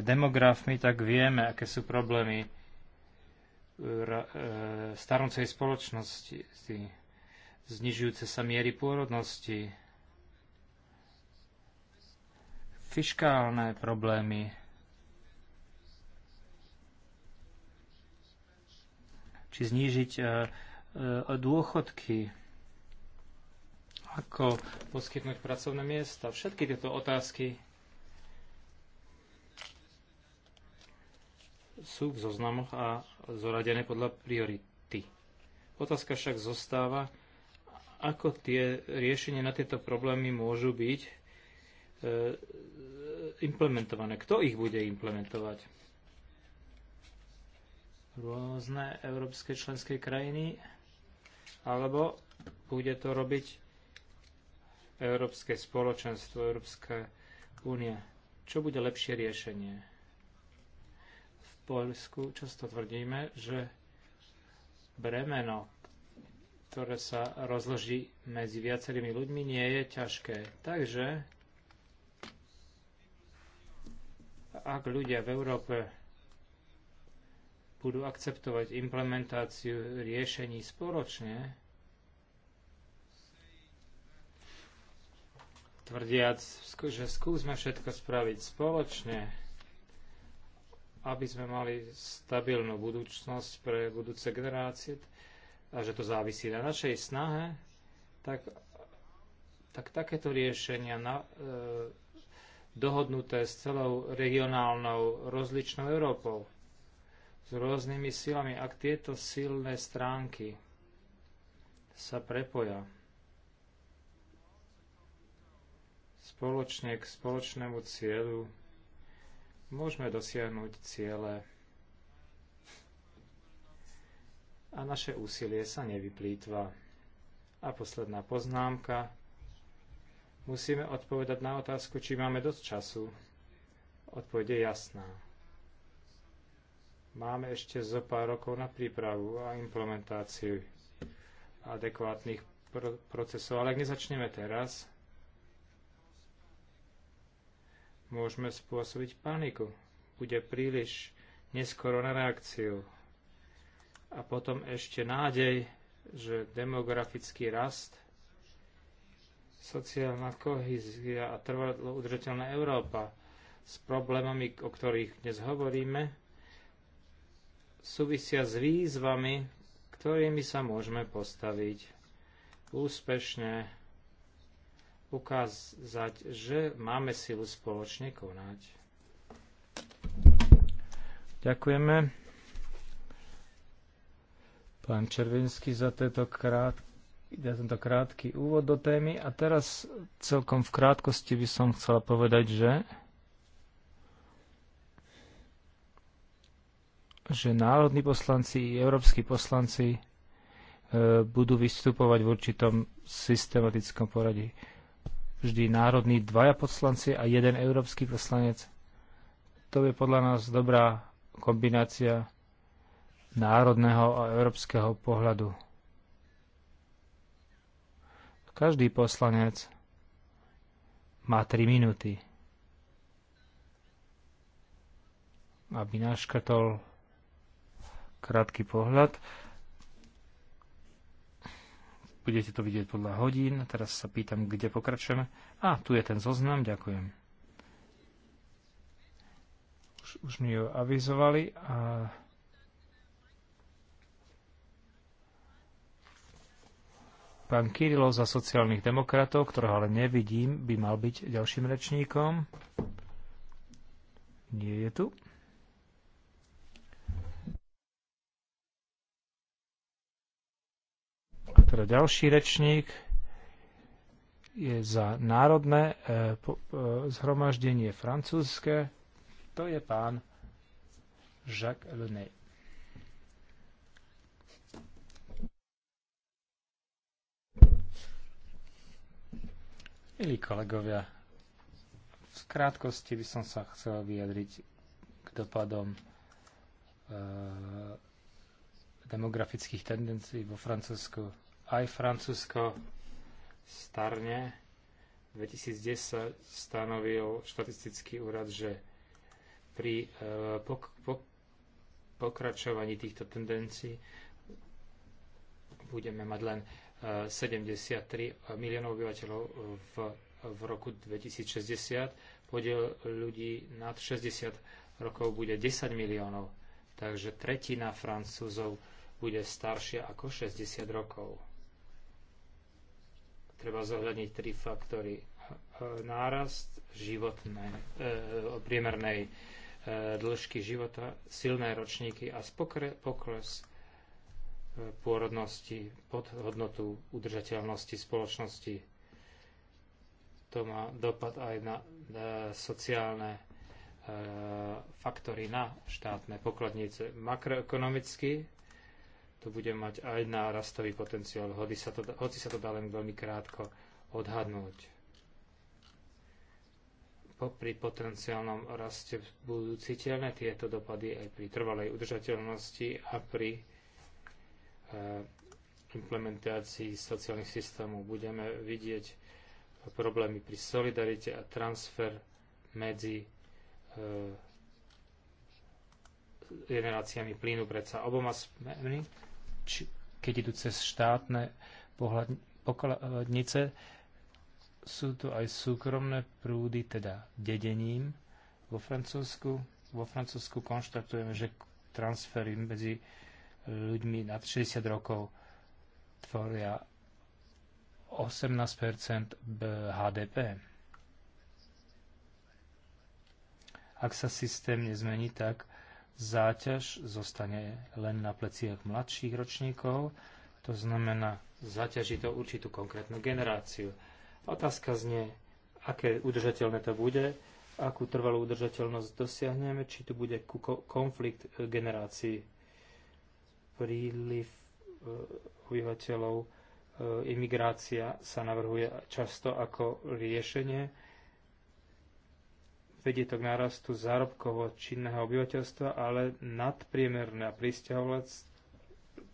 demografmi, tak vieme, aké sú problémy e, starnúcej spoločnosti, znižujúce sa miery pôrodnosti, fiškálne problémy. Či znížiť e, e, dôchodky, ako poskytnúť pracovné miesta. Všetky tieto otázky sú v zoznamoch a zoradené podľa priority. Otázka však zostáva, ako tie riešenia na tieto problémy môžu byť E, implementované. Kto ich bude implementovať? Rôzne európske členské krajiny? Alebo bude to robiť Európske spoločenstvo, Európska únia? Čo bude lepšie riešenie? V Poľsku často tvrdíme, že bremeno, ktoré sa rozloží medzi viacerými ľuďmi, nie je ťažké. Takže Ak ľudia v Európe budú akceptovať implementáciu riešení spoločne, tvrdiac, že skúsme všetko spraviť spoločne, aby sme mali stabilnú budúcnosť pre budúce generácie a že to závisí na našej snahe, tak, tak takéto riešenia na, e, dohodnuté s celou regionálnou rozličnou Európou, s rôznymi silami. Ak tieto silné stránky sa prepoja spoločne k spoločnému cieľu, môžeme dosiahnuť ciele a naše úsilie sa nevyplýtva. A posledná poznámka Musíme odpovedať na otázku, či máme dosť času. Odpoveď je jasná. Máme ešte zo pár rokov na prípravu a implementáciu adekvátnych pro- procesov, ale ak nezačneme teraz, môžeme spôsobiť paniku. Bude príliš neskoro na reakciu. A potom ešte nádej, že demografický rast – sociálna kohizia a trvalo udržateľná Európa s problémami, o ktorých dnes hovoríme, súvisia s výzvami, ktorými sa môžeme postaviť úspešne, ukázať, že máme silu spoločne konať. Ďakujeme pán Červinský za tento krátky som tento krátky úvod do témy a teraz celkom v krátkosti by som chcela povedať, že že národní poslanci i európsky poslanci e, budú vystupovať v určitom systematickom poradí. Vždy národní dvaja poslanci a jeden európsky poslanec. To je podľa nás dobrá kombinácia národného a európskeho pohľadu. Každý poslanec má 3 minúty, aby naškrtol krátky pohľad. Budete to vidieť podľa hodín. Teraz sa pýtam, kde pokračujeme. A, tu je ten zoznam, ďakujem. Už, už mi ho avizovali a Pán Kirilo za sociálnych demokratov, ktorého ale nevidím, by mal byť ďalším rečníkom. Nie je tu. A teda ďalší rečník je za národné e, po, e, zhromaždenie francúzske. To je pán Jacques Lenay. Milí kolegovia, v krátkosti by som sa chcel vyjadriť k dopadom e, demografických tendencií vo Francúzsku. Aj Francúzsko starne. V 2010 stanovil štatistický úrad, že pri e, pok, pok, pokračovaní týchto tendencií budeme mať len 73 miliónov obyvateľov v, v roku 2060. Podiel ľudí nad 60 rokov bude 10 miliónov, takže tretina Francúzov bude staršia ako 60 rokov. Treba zohľadniť tri faktory. Nárast životné e, priemernej e, dĺžky života, silné ročníky a pokles pôrodnosti pod hodnotu udržateľnosti spoločnosti. To má dopad aj na, na sociálne e, faktory na štátne pokladnice. Makroekonomicky to bude mať aj na rastový potenciál, hoci sa to, hoci sa to dá len veľmi krátko odhadnúť pri potenciálnom raste budú citeľné tieto dopady aj pri trvalej udržateľnosti a pri Eh, implementácii sociálnych systémov. Budeme vidieť problémy pri solidarite a transfer medzi eh, generáciami plynu predsa oboma smermi, keď idú cez štátne pokladnice, sú tu aj súkromné prúdy, teda dedením vo Francúzsku. Vo Francúzsku konštatujeme, že transfery medzi ľuďmi nad 60 rokov tvoria 18 HDP. Ak sa systém nezmení, tak záťaž zostane len na pleciach mladších ročníkov, to znamená zaťaží to určitú konkrétnu generáciu. Otázka znie, aké udržateľné to bude, akú trvalú udržateľnosť dosiahneme, či tu bude konflikt e, generácií príliv eh, obyvateľov, eh, imigrácia sa navrhuje často ako riešenie. Vedie to k nárastu zárobkovo činného obyvateľstva, ale nadpriemerná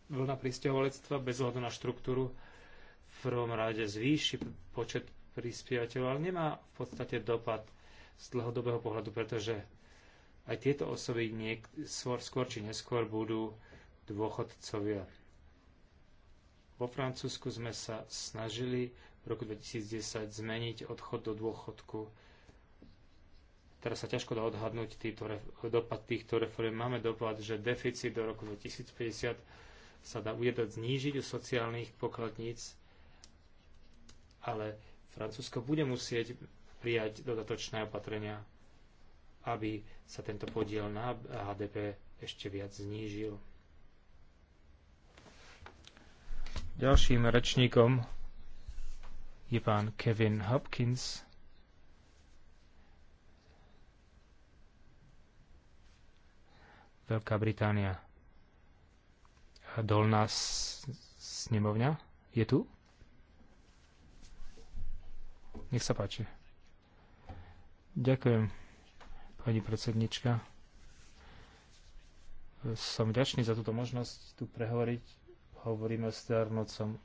vlna pristahovalectva bez ohľadu na štruktúru v prvom rade zvýši počet prispievateľov, ale nemá v podstate dopad z dlhodobého pohľadu, pretože aj tieto osoby niek- skôr či neskôr budú dôchodcovia. Vo Francúzsku sme sa snažili v roku 2010 zmeniť odchod do dôchodku. Teraz sa ťažko dá odhadnúť týto, dopad týchto reform. Máme dopad, že deficit do roku 2050 sa dá ujedať znížiť u sociálnych pokladníc, ale Francúzsko bude musieť prijať dodatočné opatrenia, aby sa tento podiel na HDP ešte viac znížil. Ďalším rečníkom je pán Kevin Hopkins. Veľká Británia. Dolná snemovňa je tu? Nech sa páči. Ďakujem, pani predsednička. Som vďačný za túto možnosť tu prehovoriť Hovoríme o starnúcom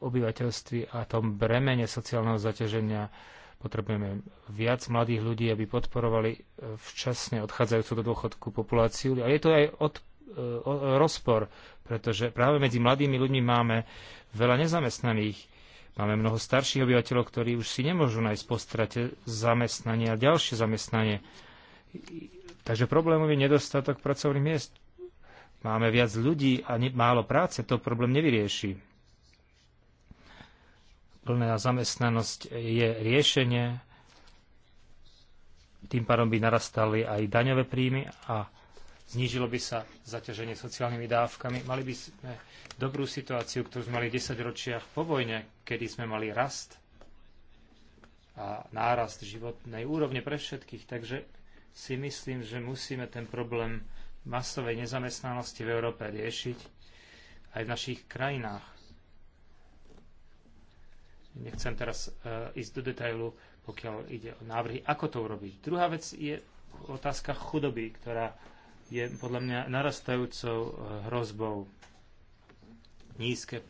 obyvateľství a tom bremene sociálneho zaťaženia. Potrebujeme viac mladých ľudí, aby podporovali e, včasne odchádzajúcu do dôchodku populáciu. A je to aj od, e, o, rozpor, pretože práve medzi mladými ľuďmi máme veľa nezamestnaných. Máme mnoho starších obyvateľov, ktorí už si nemôžu nájsť po strate zamestnanie a ďalšie zamestnanie. Takže problémom je nedostatok pracovných miest. Máme viac ľudí a málo práce, to problém nevyrieši. Plná zamestnanosť je riešenie, tým pádom by narastali aj daňové príjmy a znížilo by sa zaťaženie sociálnymi dávkami. Mali by sme dobrú situáciu, ktorú sme mali v 10 ročiach po vojne, kedy sme mali rast a nárast životnej úrovne pre všetkých. Takže si myslím, že musíme ten problém masovej nezamestnanosti v Európe riešiť aj v našich krajinách. Nechcem teraz uh, ísť do detailu, pokiaľ ide o návrhy, ako to urobiť. Druhá vec je otázka chudoby, ktorá je podľa mňa narastajúcou eh, hrozbou. Nízke eh,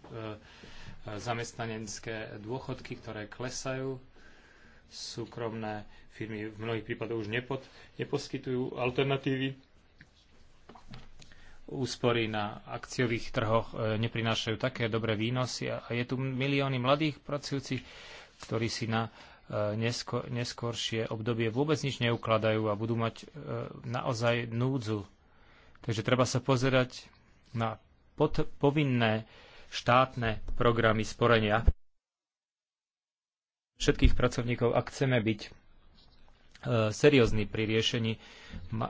zamestnanecké dôchodky, ktoré klesajú, súkromné firmy v mnohých prípadoch už nepod, neposkytujú alternatívy úspory na akciových trhoch e, neprinášajú také dobré výnosy a je tu milióny mladých pracujúcich, ktorí si na neskôr, neskôršie obdobie vôbec nič neukladajú a budú mať e, naozaj núdzu. Takže treba sa pozerať na povinné štátne programy sporenia všetkých pracovníkov, ak chceme byť e, seriózni pri riešení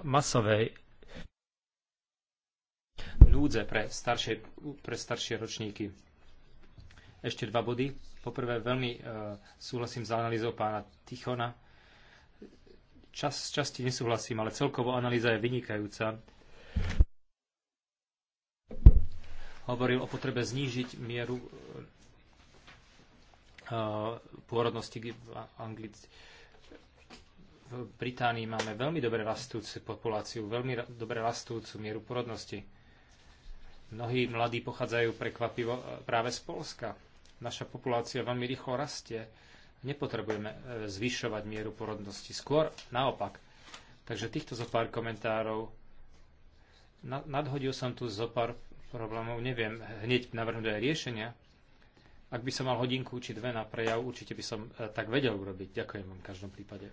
masovej núdze pre staršie, pre staršie ročníky. Ešte dva body. Poprvé, veľmi e, súhlasím s analýzou pána Tichona. Čas, časti nesúhlasím, ale celkovo analýza je vynikajúca. Hovoril o potrebe znížiť mieru e, pôrodnosti v Anglici v Británii máme veľmi dobre rastúcu populáciu, veľmi ra- dobre rastúcu mieru porodnosti. Mnohí mladí pochádzajú prekvapivo e, práve z Polska. Naša populácia veľmi rýchlo rastie. Nepotrebujeme e, zvyšovať mieru porodnosti. Skôr naopak. Takže týchto zo pár komentárov. Nadhodil som tu zo pár problémov. Neviem hneď navrhnúť aj riešenia. Ak by som mal hodinku či dve na prejav, určite by som e, tak vedel urobiť. Ďakujem vám v každom prípade.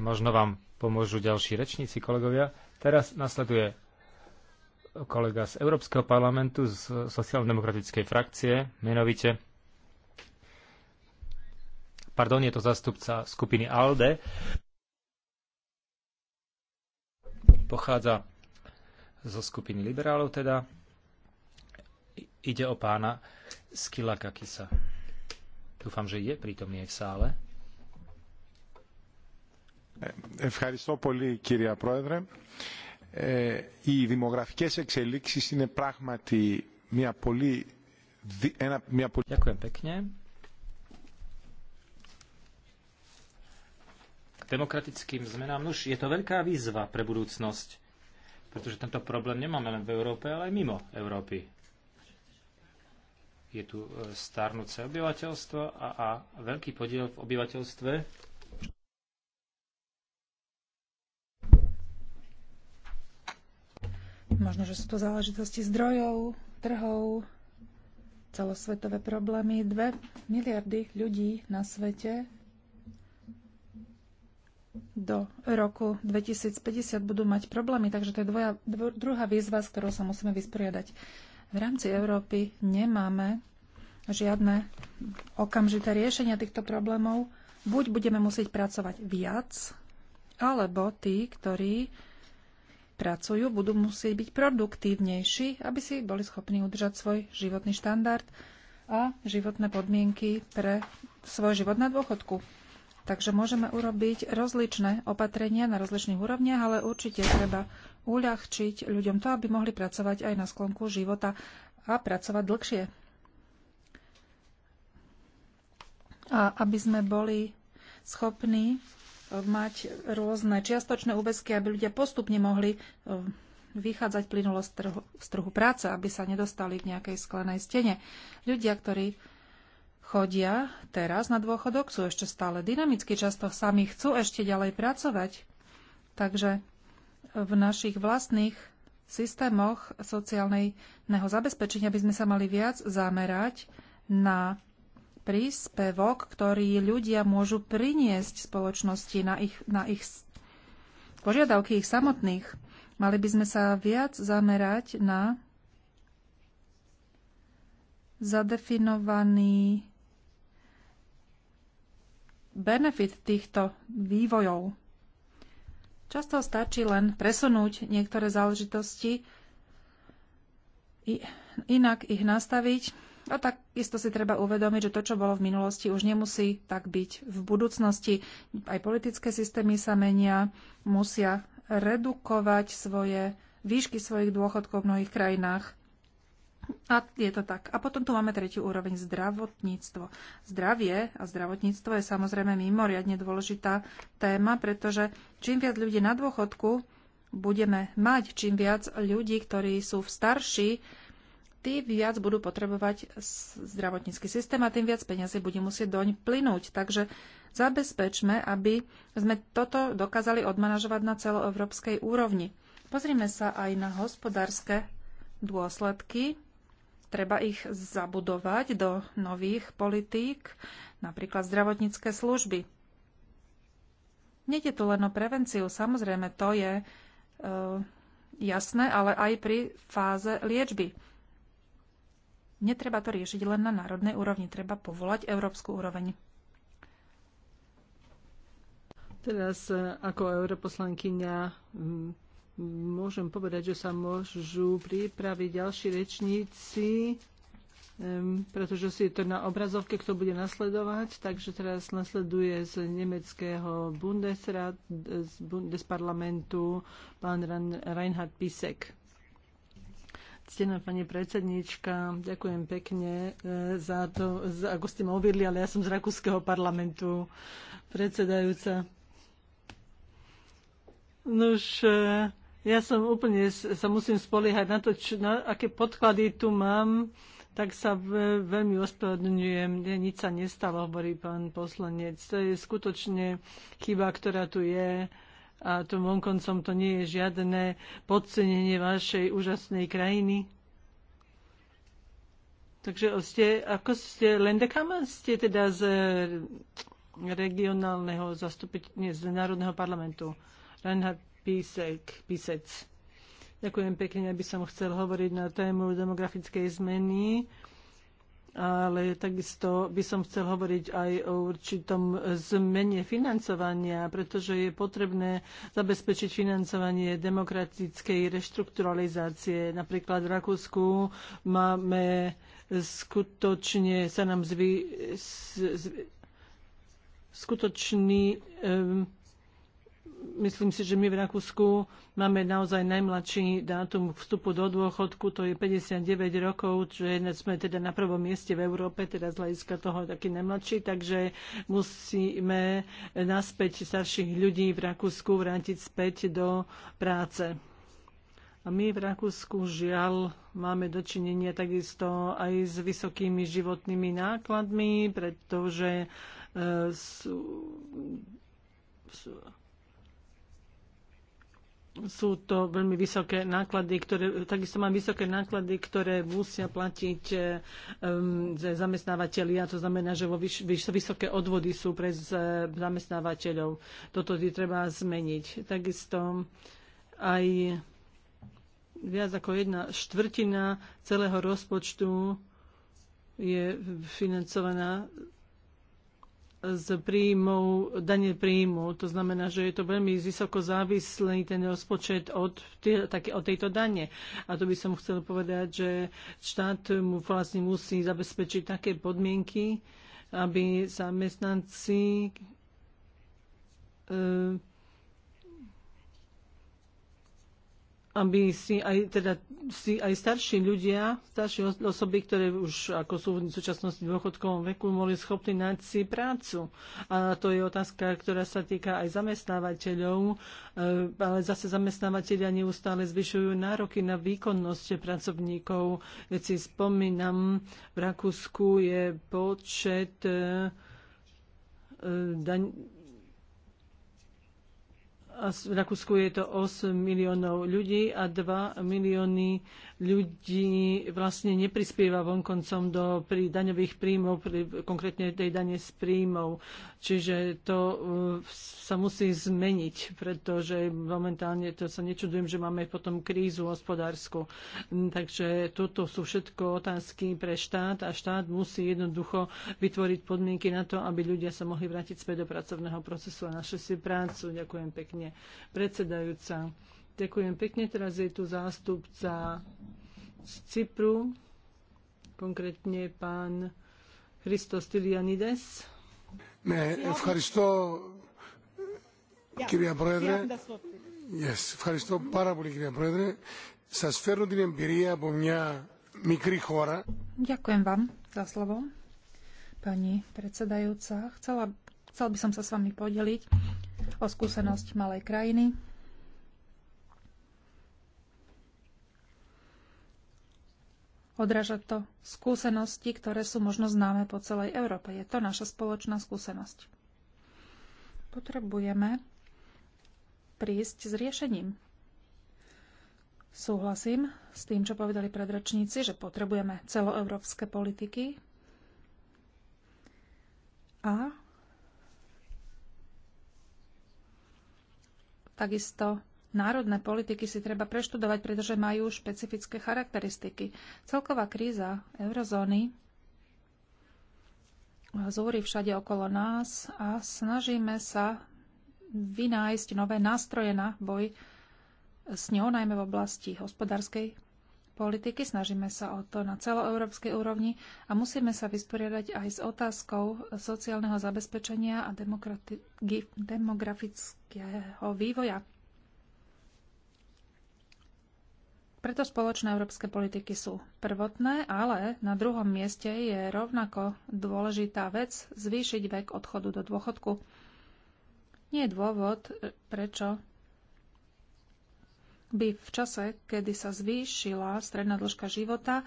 Možno vám pomôžu ďalší rečníci, kolegovia. Teraz nasleduje kolega z Európskeho parlamentu, z sociálno-demokratickej frakcie, menovite. Pardon, je to zastupca skupiny ALDE. Pochádza zo skupiny liberálov teda. Ide o pána Skila Kakisa. Dúfam, že je prítomný aj v sále. Ευχαριστώ πολύ, κύριε Πρόεδρε ε, οι δημογραφικές εξελίξεις είναι πράγματι μια πολύ... Ένα, μια πολύ... Ďakujem pekne. K demokratickým zmenám, nuž, je to veľká výzva pre budúcnosť, pretože tento problém nemáme len v Európe, ale aj mimo Európy. Je tu e, starnúce obyvateľstvo a, a veľký podiel v obyvateľstve Možno, že sú to záležitosti zdrojov, trhov, celosvetové problémy. Dve miliardy ľudí na svete do roku 2050 budú mať problémy, takže to je dvoja, dvo, druhá výzva, s ktorou sa musíme vysporiadať. V rámci Európy nemáme žiadne okamžité riešenia týchto problémov. Buď budeme musieť pracovať viac, alebo tí, ktorí pracujú, budú musieť byť produktívnejší, aby si boli schopní udržať svoj životný štandard a životné podmienky pre svoj život na dôchodku. Takže môžeme urobiť rozličné opatrenia na rozličných úrovniach, ale určite treba uľahčiť ľuďom to, aby mohli pracovať aj na sklonku života a pracovať dlhšie. A aby sme boli schopní mať rôzne čiastočné úväzky, aby ľudia postupne mohli e, vychádzať plynulo z trhu, z trhu práce, aby sa nedostali k nejakej sklenej stene. Ľudia, ktorí chodia teraz na dôchodok, sú ešte stále dynamicky, často sami chcú ešte ďalej pracovať. Takže v našich vlastných systémoch sociálneho zabezpečenia by sme sa mali viac zamerať na príspevok, ktorý ľudia môžu priniesť spoločnosti na ich, na ich požiadavky ich samotných. Mali by sme sa viac zamerať na zadefinovaný benefit týchto vývojov. Často stačí len presunúť niektoré záležitosti, inak ich nastaviť tak takisto si treba uvedomiť, že to, čo bolo v minulosti, už nemusí tak byť v budúcnosti. Aj politické systémy sa menia, musia redukovať svoje výšky svojich dôchodkov v mnohých krajinách. A je to tak. A potom tu máme tretiu úroveň zdravotníctvo. Zdravie a zdravotníctvo je samozrejme mimoriadne dôležitá téma, pretože čím viac ľudí na dôchodku budeme mať, čím viac ľudí, ktorí sú v starší tí viac budú potrebovať zdravotnícky systém a tým viac peniazy bude musieť doň plynúť. Takže zabezpečme, aby sme toto dokázali odmanažovať na celoevropskej úrovni. Pozrime sa aj na hospodárske dôsledky. Treba ich zabudovať do nových politík, napríklad zdravotnícke služby. Nede tu len o prevenciu, samozrejme to je e, jasné, ale aj pri fáze liečby Netreba to riešiť len na národnej úrovni, treba povolať európsku úroveň. Teraz e, ako europoslankyňa môžem povedať, že sa môžu pripraviť ďalší rečníci, pretože si to na obrazovke, kto bude nasledovať. Takže teraz nasleduje z nemeckého Bundesrat, z Bundesparlamentu pán Reinhard Pisek. Ctená pani predsednička, ďakujem pekne e, za to, za, ako ste ma uviedli, ale ja som z Rakúskeho parlamentu predsedajúca. Nož, e, ja som úplne, sa musím spoliehať na to, čo, na aké podklady tu mám, tak sa veľmi ospravedlňujem. Nič sa nestalo, hovorí pán poslanec. To je skutočne chyba, ktorá tu je a tu vonkoncom to nie je žiadne podcenenie vašej úžasnej krajiny. Takže ste, ako ste, Lendekama ste teda z regionálneho zastupiteľa, z Národného parlamentu. Reinhard Písek, Písec. Ďakujem pekne, aby som chcel hovoriť na tému demografickej zmeny ale takisto by som chcel hovoriť aj o určitom zmene financovania, pretože je potrebné zabezpečiť financovanie demokratickej reštrukturalizácie. Napríklad v Rakúsku máme skutočne sa nám zvy, z, z, skutočný um, myslím si, že my v Rakúsku máme naozaj najmladší dátum vstupu do dôchodku, to je 59 rokov, čo je, sme teda na prvom mieste v Európe, teda z hľadiska toho taký najmladší, takže musíme naspäť starších ľudí v Rakúsku vrátiť späť do práce. A my v Rakúsku žiaľ máme dočinenie takisto aj s vysokými životnými nákladmi, pretože e, sú, sú, sú to veľmi vysoké náklady, ktoré, takisto mám vysoké náklady, ktoré musia platiť um, eh, zamestnávateľia. To znamená, že vo vyš, vyš, vysoké odvody sú pre eh, zamestnávateľov. Toto je treba zmeniť. Takisto aj viac ako jedna štvrtina celého rozpočtu je financovaná z príjmov, dane príjmu. To znamená, že je to veľmi vysoko závislý ten rozpočet od, také, od tejto dane. A to by som chcel povedať, že štát mu vlastne musí zabezpečiť také podmienky, aby zamestnanci e, aby si aj, teda, si aj starší ľudia, staršie osoby, ktoré už ako sú v súčasnosti v dôchodkovom veku, boli schopní nájsť si prácu. A to je otázka, ktorá sa týka aj zamestnávateľov, e, ale zase zamestnávateľia neustále zvyšujú nároky na výkonnosť pracovníkov. Keď si spomínam, v Rakúsku je počet e, e, daň, v Rakúsku je to 8 miliónov ľudí a 2 milióny ľudí vlastne neprispieva vonkoncom do pri daňových príjmov, pri, konkrétne tej dane z príjmov. Čiže to uh, sa musí zmeniť, pretože momentálne to sa nečudujem, že máme potom krízu hospodárskú. Mm, takže toto sú všetko otázky pre štát a štát musí jednoducho vytvoriť podmienky na to, aby ľudia sa mohli vrátiť späť do pracovného procesu a našli si prácu. Ďakujem pekne. Predsedajúca. Ďakujem pekne. Teraz je tu zástupca z Cypru, konkrétne pán Christos Tylianides. Ne, ευχαριστώ, kýria Πρόεδρε. Yes, ευχαριστώ pára boli, kýria Πρόεδρε. Sa sferu την εμπειρία po mňa mikri chora. Ďakujem vám za slovo, pani predsedajúca. Chcela, chcel by som sa s vami podeliť o skúsenosť malej krajiny, Odráža to skúsenosti, ktoré sú možno známe po celej Európe. Je to naša spoločná skúsenosť. Potrebujeme prísť s riešením. Súhlasím s tým, čo povedali predračníci, že potrebujeme celoeurópske politiky a takisto národné politiky si treba preštudovať, pretože majú špecifické charakteristiky. Celková kríza eurozóny zúri všade okolo nás a snažíme sa vynájsť nové nástroje na boj s ňou, najmä v oblasti hospodárskej politiky. Snažíme sa o to na celoeurópskej úrovni a musíme sa vysporiadať aj s otázkou sociálneho zabezpečenia a demografického vývoja. Preto spoločné európske politiky sú prvotné, ale na druhom mieste je rovnako dôležitá vec zvýšiť vek odchodu do dôchodku. Nie je dôvod, e, prečo by v čase, kedy sa zvýšila stredná dĺžka života,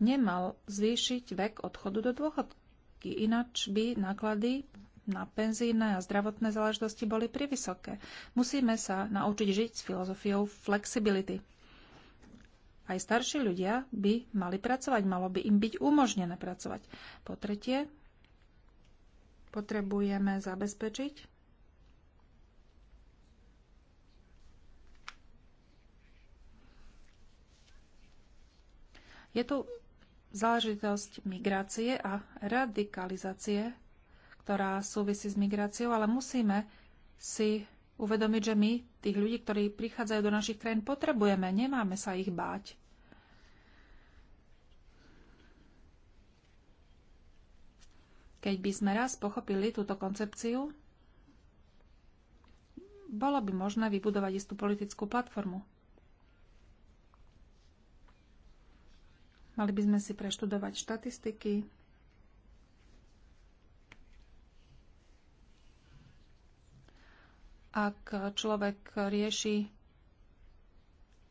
nemal zvýšiť vek odchodu do dôchodky. Ináč by náklady na penzíne a zdravotné záležitosti boli privysoké. Musíme sa naučiť žiť s filozofiou flexibility aj starší ľudia by mali pracovať, malo by im byť umožnené pracovať. Po tretie, potrebujeme zabezpečiť, Je tu záležitosť migrácie a radikalizácie, ktorá súvisí s migráciou, ale musíme si uvedomiť, že my tých ľudí, ktorí prichádzajú do našich krajín, potrebujeme. Nemáme sa ich báť. Keď by sme raz pochopili túto koncepciu, bolo by možné vybudovať istú politickú platformu. Mali by sme si preštudovať štatistiky, ak človek rieši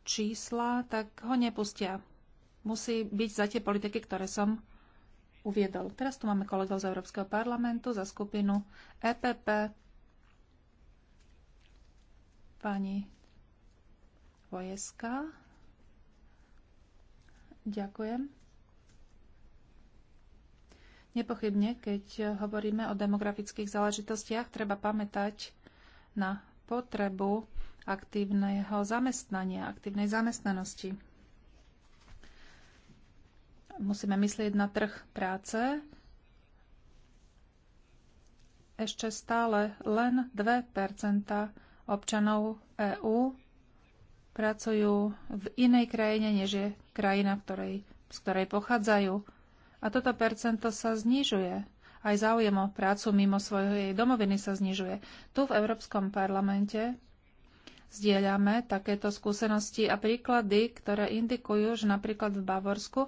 čísla, tak ho nepustia. Musí byť za tie politiky, ktoré som uviedol. Teraz tu máme kolegov z Európskeho parlamentu za skupinu EPP. Pani Vojeska. Ďakujem. Nepochybne, keď hovoríme o demografických záležitostiach, treba pamätať na potrebu aktívneho zamestnania, aktívnej zamestnanosti. Musíme myslieť na trh práce. Ešte stále len 2 občanov EÚ pracujú v inej krajine, než je krajina, ktorej, z ktorej pochádzajú. A toto percento sa znižuje. Aj záujem o prácu mimo svojej domoviny sa znižuje. Tu v Európskom parlamente zdieľame takéto skúsenosti a príklady, ktoré indikujú, že napríklad v Bavorsku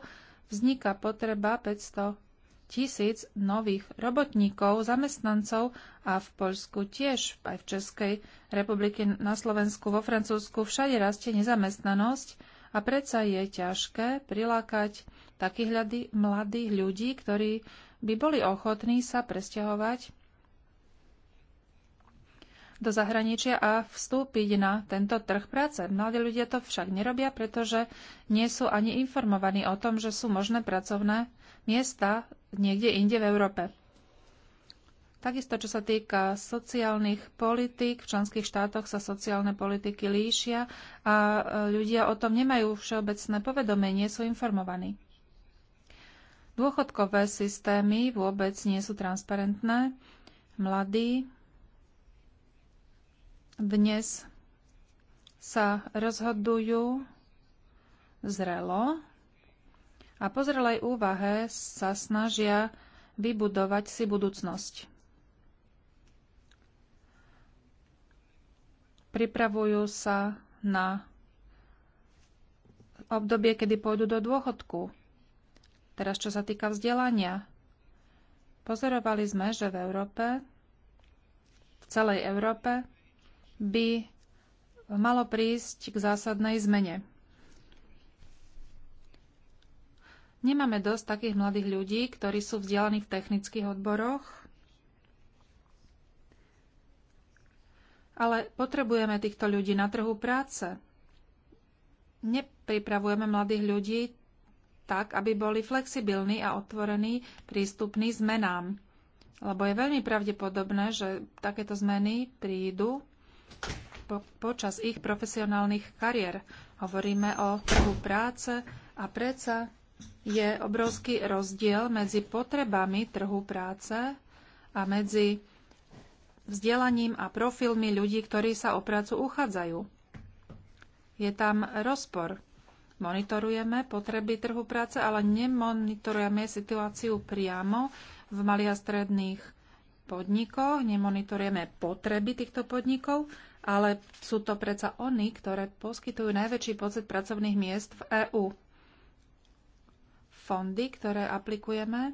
vzniká potreba 500 tisíc nových robotníkov, zamestnancov a v Poľsku tiež, aj v Českej republike, na Slovensku, vo Francúzsku, všade rastie nezamestnanosť a predsa je ťažké prilákať takých hľady mladých ľudí, ktorí by boli ochotní sa presťahovať do zahraničia a vstúpiť na tento trh práce. Mladí ľudia to však nerobia, pretože nie sú ani informovaní o tom, že sú možné pracovné miesta niekde inde v Európe. Takisto, čo sa týka sociálnych politík, v členských štátoch sa sociálne politiky líšia a e, ľudia o tom nemajú všeobecné povedomie, nie sú informovaní. Dôchodkové systémy vôbec nie sú transparentné. Mladí dnes sa rozhodujú zrelo a po zrelej úvahe sa snažia vybudovať si budúcnosť. Pripravujú sa na obdobie, kedy pôjdu do dôchodku. Teraz, čo sa týka vzdelania, pozorovali sme, že v Európe, v celej Európe, by malo prísť k zásadnej zmene. Nemáme dosť takých mladých ľudí, ktorí sú vzdelaní v technických odboroch, ale potrebujeme týchto ľudí na trhu práce. Nepripravujeme mladých ľudí tak, aby boli flexibilní a otvorení, prístupní zmenám. Lebo je veľmi pravdepodobné, že takéto zmeny prídu po, počas ich profesionálnych kariér. Hovoríme o trhu práce a predsa je obrovský rozdiel medzi potrebami trhu práce a medzi vzdelaním a profilmi ľudí, ktorí sa o prácu uchádzajú. Je tam rozpor. Monitorujeme potreby trhu práce, ale nemonitorujeme situáciu priamo v malých a stredných podnikoch, nemonitorujeme potreby týchto podnikov, ale sú to predsa oni, ktoré poskytujú najväčší pocit pracovných miest v EÚ. Fondy, ktoré aplikujeme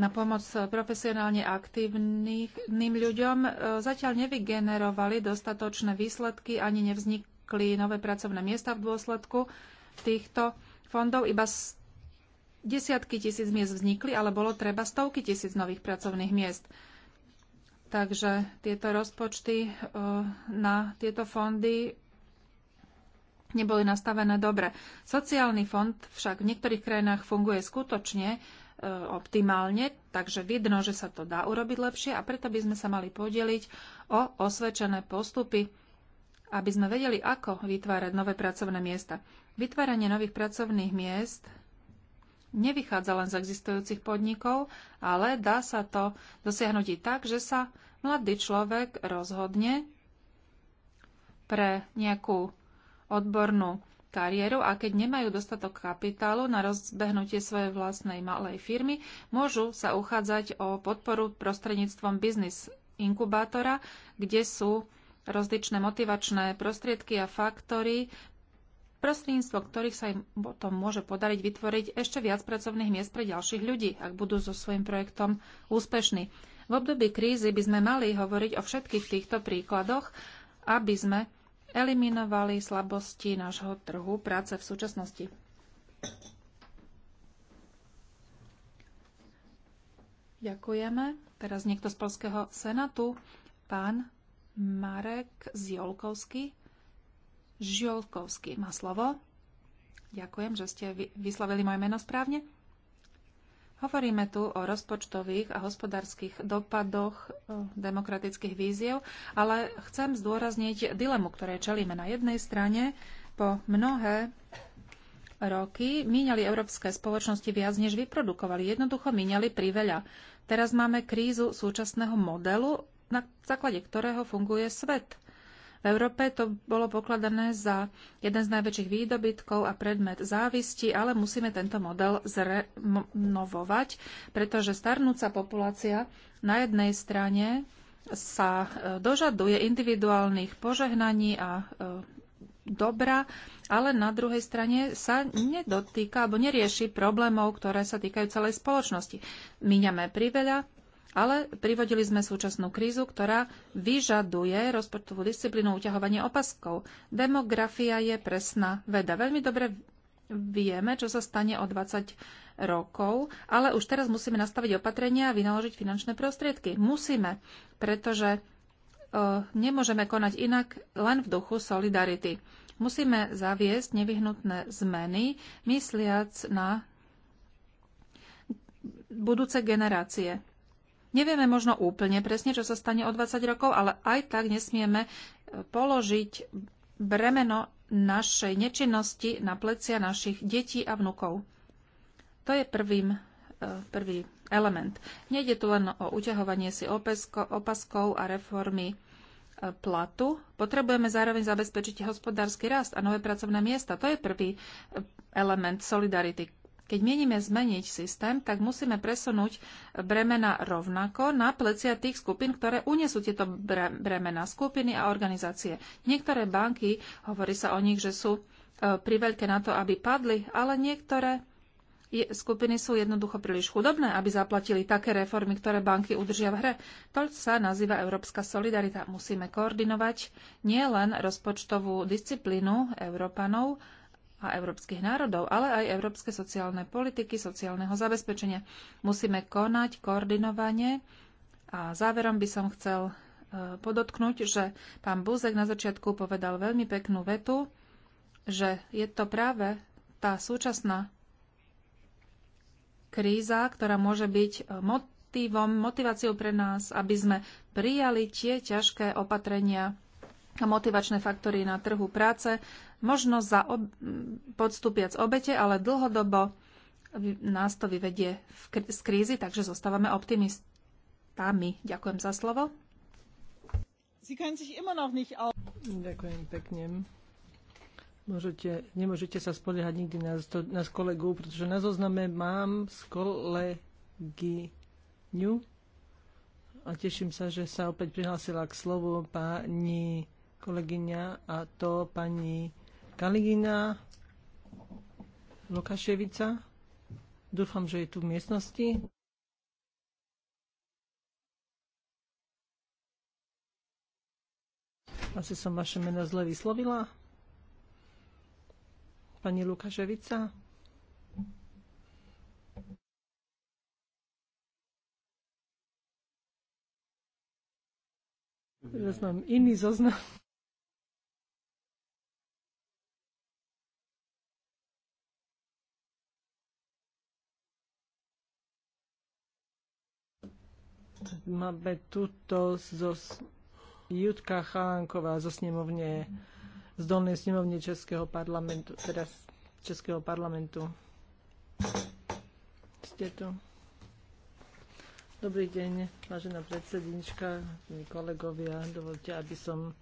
na pomoc profesionálne aktívnym ľuďom, e, zatiaľ nevygenerovali dostatočné výsledky ani nevznikli nové pracovné miesta v dôsledku týchto fondov. Iba desiatky tisíc miest vznikli, ale bolo treba stovky tisíc nových pracovných miest. Takže tieto rozpočty e, na tieto fondy neboli nastavené dobre. Sociálny fond však v niektorých krajinách funguje skutočne e, optimálne, takže vidno, že sa to dá urobiť lepšie a preto by sme sa mali podeliť o osvedčené postupy, aby sme vedeli, ako vytvárať nové pracovné miesta. Vytváranie nových pracovných miest nevychádza len z existujúcich podnikov, ale dá sa to dosiahnuť i tak, že sa mladý človek rozhodne pre nejakú odbornú kariéru a keď nemajú dostatok kapitálu na rozbehnutie svojej vlastnej malej firmy, môžu sa uchádzať o podporu prostredníctvom biznis inkubátora, kde sú rozličné motivačné prostriedky a faktory prostredníctvo ktorých sa im potom môže podariť vytvoriť ešte viac pracovných miest pre ďalších ľudí, ak budú so svojím projektom úspešní. V období krízy by sme mali hovoriť o všetkých týchto príkladoch, aby sme eliminovali slabosti nášho trhu práce v súčasnosti. Ďakujeme. Teraz niekto z Polského senátu, pán Marek Zjolkovský. Žiolkovský má slovo. Ďakujem, že ste vyslovili moje meno správne. Hovoríme tu o rozpočtových a hospodárskych dopadoch e, demokratických víziev, ale chcem zdôrazniť dilemu, ktoré čelíme na jednej strane. Po mnohé roky míňali európske spoločnosti viac, než vyprodukovali. Jednoducho míňali priveľa. Teraz máme krízu súčasného modelu, na základe ktorého funguje svet. V Európe to bolo pokladané za jeden z najväčších výdobytkov a predmet závisti, ale musíme tento model zrenovovať, pretože starnúca populácia na jednej strane sa e, dožaduje individuálnych požehnaní a e, dobra, ale na druhej strane sa nedotýka alebo nerieši problémov, ktoré sa týkajú celej spoločnosti. Míňame priveľa ale privodili sme súčasnú krízu, ktorá vyžaduje rozpočtovú disciplínu uťahovanie opaskov. Demografia je presná veda. Veľmi dobre vieme, čo sa stane o 20 rokov, ale už teraz musíme nastaviť opatrenia a vynaložiť finančné prostriedky. Musíme, pretože e, nemôžeme konať inak len v duchu solidarity. Musíme zaviesť nevyhnutné zmeny, mysliac na budúce generácie. Nevieme možno úplne presne, čo sa stane o 20 rokov, ale aj tak nesmieme e, položiť bremeno našej nečinnosti na plecia našich detí a vnukov. To je prvým, e, prvý element. Nejde tu len o uťahovanie si opesko, opaskov a reformy e, platu. Potrebujeme zároveň zabezpečiť hospodársky rast a nové pracovné miesta. To je prvý element solidarity, keď mienime zmeniť systém, tak musíme presunúť bremena rovnako na plecia tých skupín, ktoré unesú tieto bremena, skupiny a organizácie. Niektoré banky, hovorí sa o nich, že sú e, priveľké na to, aby padli, ale niektoré skupiny sú jednoducho príliš chudobné, aby zaplatili také reformy, ktoré banky udržia v hre. To sa nazýva európska solidarita. Musíme koordinovať nielen rozpočtovú disciplínu Európanov, a európskych národov, ale aj európske sociálne politiky, sociálneho zabezpečenia. Musíme konať koordinovanie a záverom by som chcel e, podotknúť, že pán Búzek na začiatku povedal veľmi peknú vetu, že je to práve tá súčasná kríza, ktorá môže byť e, motivom, motiváciou pre nás, aby sme prijali tie ťažké opatrenia, a motivačné faktory na trhu práce, možno za ob- podstúpiac obete, ale dlhodobo nás to vyvedie z krízy, takže zostávame optimistami. Ďakujem za slovo. Ďakujem pekne. Môžete, nemôžete sa spoliehať nikdy na, to, na kolegu, pretože na zozname mám z kolegyňu a teším sa, že sa opäť prihlásila k slovu pani kolegyňa a to pani Kaligina Lukaševica. Dúfam, že je tu v miestnosti. Asi som vaše meno zle vyslovila. Pani Lukaševica. Teraz mám iný zoznam. máme tuto zo Jutka Chánková zo snemovne, z dolnej snemovne Českého parlamentu, teda Českého parlamentu. Ste tu? Dobrý deň, vážená predsednička, kolegovia. Dovolte, aby som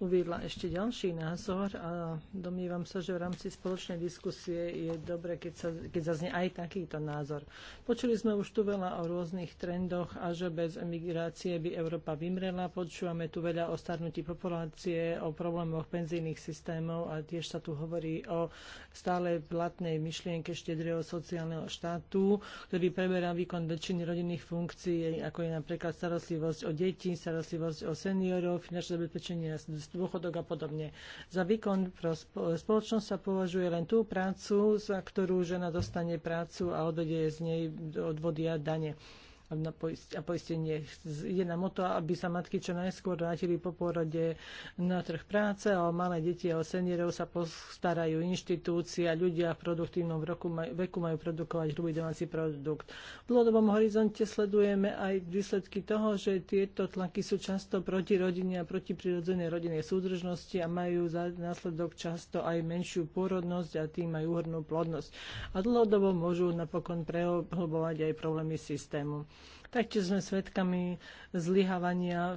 uviedla ešte ďalší názor a domnívam sa, že v rámci spoločnej diskusie je dobre, keď, sa, keď zaznie aj takýto názor. Počuli sme už tu veľa o rôznych trendoch a že bez emigrácie by Európa vymrela. Počúvame tu veľa o starnutí populácie, o problémoch penzijných systémov a tiež sa tu hovorí o stále platnej myšlienke štedrého sociálneho štátu, ktorý preberá výkon väčšiny rodinných funkcií, ako je napríklad starostlivosť o deti, starostlivosť o seniorov, finančné zabezpečenie dôchodok a podobne. Za výkon pro spoločnosť sa považuje len tú prácu, za ktorú žena dostane prácu a odvedie z nej odvodia dane a poistenie. Ide nám o to, aby sa matky čo najskôr vrátili po porode na trh práce a o malé deti a o seniorov sa postarajú inštitúcie a ľudia v produktívnom roku, veku majú produkovať hrubý domáci produkt. V dlhodobom horizonte sledujeme aj výsledky toho, že tieto tlaky sú často proti rodine a proti prirodzenej rodinnej súdržnosti a majú za následok často aj menšiu pôrodnosť a tým aj úhrnú plodnosť. A dlhodobo môžu napokon prehlbovať aj problémy systému. Taktiež sme svedkami zlyhávania